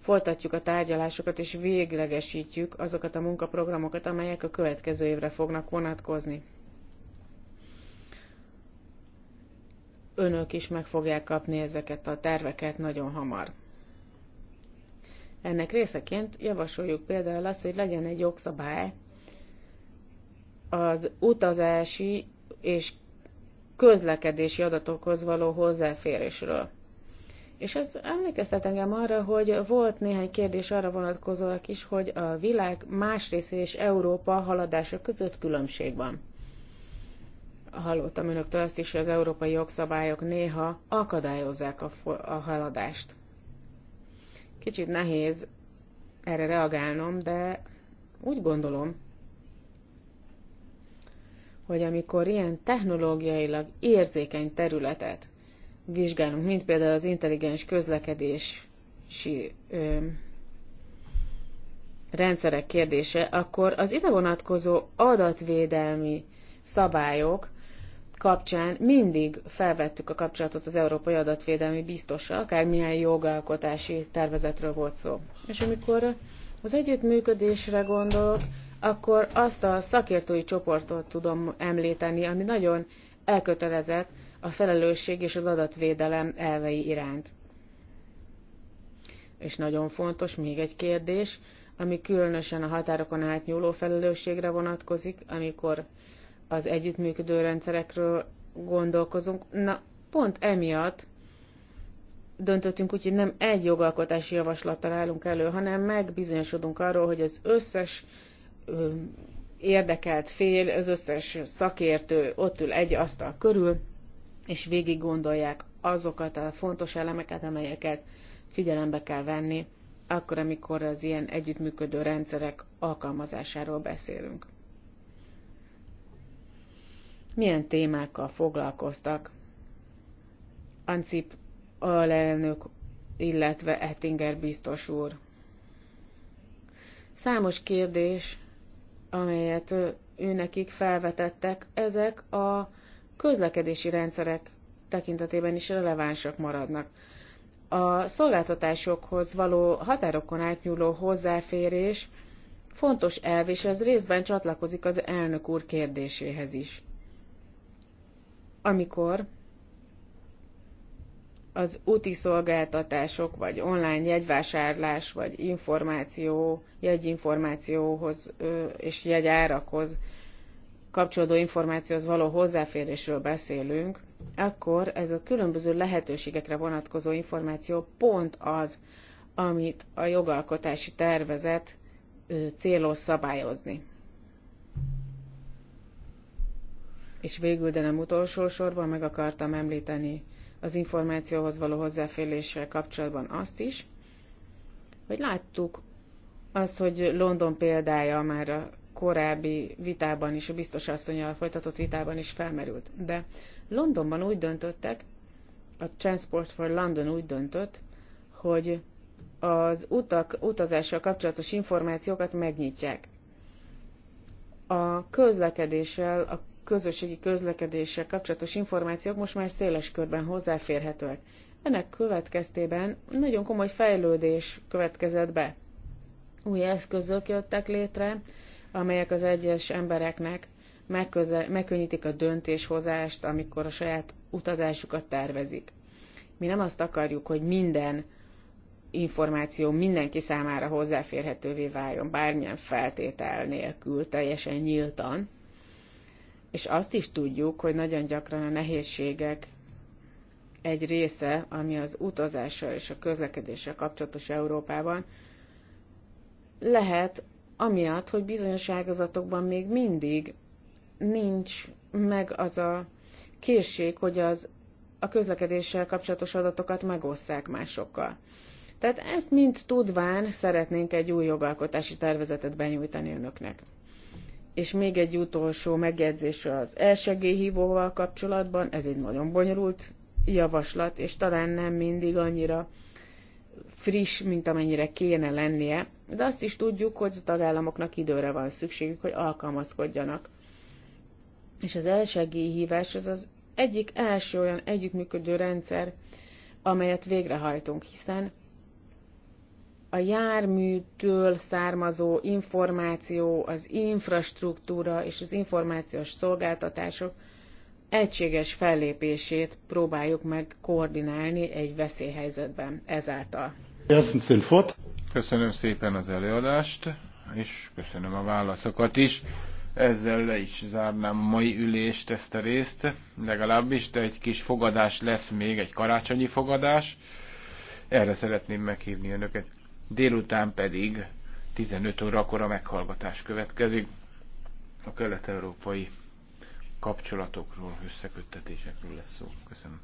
folytatjuk a tárgyalásokat és véglegesítjük azokat a munkaprogramokat, amelyek a következő évre fognak vonatkozni. Önök is meg fogják kapni ezeket a terveket nagyon hamar. Ennek részeként javasoljuk például azt, hogy legyen egy jogszabály az utazási és közlekedési adatokhoz való hozzáférésről. És ez emlékeztet engem arra, hogy volt néhány kérdés arra vonatkozóak is, hogy a világ más része és Európa haladása között különbség van. Hallottam önöktől azt is, hogy az európai jogszabályok néha akadályozzák a, a haladást. Kicsit nehéz erre reagálnom, de úgy gondolom, hogy amikor ilyen technológiailag érzékeny területet vizsgálunk, mint például az intelligens közlekedési ö, rendszerek kérdése, akkor az ide vonatkozó adatvédelmi szabályok kapcsán mindig felvettük a kapcsolatot az Európai Adatvédelmi Biztossal, akármilyen jogalkotási tervezetről volt szó. És amikor az együttműködésre gondolok, akkor azt a szakértői csoportot tudom említeni, ami nagyon elkötelezett a felelősség és az adatvédelem elvei iránt. És nagyon fontos még egy kérdés, ami különösen a határokon átnyúló felelősségre vonatkozik, amikor az együttműködő rendszerekről gondolkozunk. Na, pont emiatt döntöttünk úgy, hogy nem egy jogalkotási javaslattal állunk elő, hanem megbizonyosodunk arról, hogy az összes érdekelt fél, az összes szakértő ott ül egy asztal körül, és végig gondolják azokat a fontos elemeket, amelyeket figyelembe kell venni, akkor, amikor az ilyen együttműködő rendszerek alkalmazásáról beszélünk milyen témákkal foglalkoztak Ancip alelnök, illetve Ettinger biztos úr. Számos kérdés, amelyet ő nekik felvetettek, ezek a közlekedési rendszerek tekintetében is relevánsak maradnak. A szolgáltatásokhoz való határokon átnyúló hozzáférés fontos elv, és ez részben csatlakozik az elnök úr kérdéséhez is amikor az úti szolgáltatások, vagy online jegyvásárlás, vagy információ, jegyinformációhoz és jegyárakhoz kapcsolódó információhoz való hozzáférésről beszélünk, akkor ez a különböző lehetőségekre vonatkozó információ pont az, amit a jogalkotási tervezet célos szabályozni. És végül, de nem utolsó sorban meg akartam említeni az információhoz való hozzáféréssel kapcsolatban azt is, hogy láttuk azt, hogy London példája már a korábbi vitában is, a biztos asszonyjal folytatott vitában is felmerült. De Londonban úgy döntöttek, a Transport for London úgy döntött, hogy az utak, utazással kapcsolatos információkat megnyitják. A közlekedéssel, a közösségi közlekedéssel kapcsolatos információk most már széles körben hozzáférhetőek. Ennek következtében nagyon komoly fejlődés következett be. Új eszközök jöttek létre, amelyek az egyes embereknek megkönnyítik a döntéshozást, amikor a saját utazásukat tervezik. Mi nem azt akarjuk, hogy minden információ mindenki számára hozzáférhetővé váljon, bármilyen feltétel nélkül, teljesen nyíltan, és azt is tudjuk, hogy nagyon gyakran a nehézségek egy része, ami az utazással és a közlekedéssel kapcsolatos Európában, lehet amiatt, hogy bizonyos ágazatokban még mindig nincs meg az a készség, hogy az a közlekedéssel kapcsolatos adatokat megosszák másokkal. Tehát ezt mind tudván szeretnénk egy új jogalkotási tervezetet benyújtani önöknek. És még egy utolsó megjegyzés az elsegélyhívóval kapcsolatban. Ez egy nagyon bonyolult javaslat, és talán nem mindig annyira friss, mint amennyire kéne lennie, de azt is tudjuk, hogy a tagállamoknak időre van szükségük, hogy alkalmazkodjanak. És az elsegélyhívás az az egyik első olyan együttműködő rendszer, amelyet végrehajtunk, hiszen a járműtől származó információ, az infrastruktúra és az információs szolgáltatások egységes fellépését próbáljuk meg koordinálni egy veszélyhelyzetben ezáltal. Köszönöm szépen az előadást, és köszönöm a válaszokat is. Ezzel le is zárnám a mai ülést, ezt a részt legalábbis, de egy kis fogadás lesz még, egy karácsonyi fogadás. Erre szeretném meghívni önöket délután pedig 15 órakor a meghallgatás következik a kelet-európai kapcsolatokról, összeköttetésekről lesz szó. Köszönöm.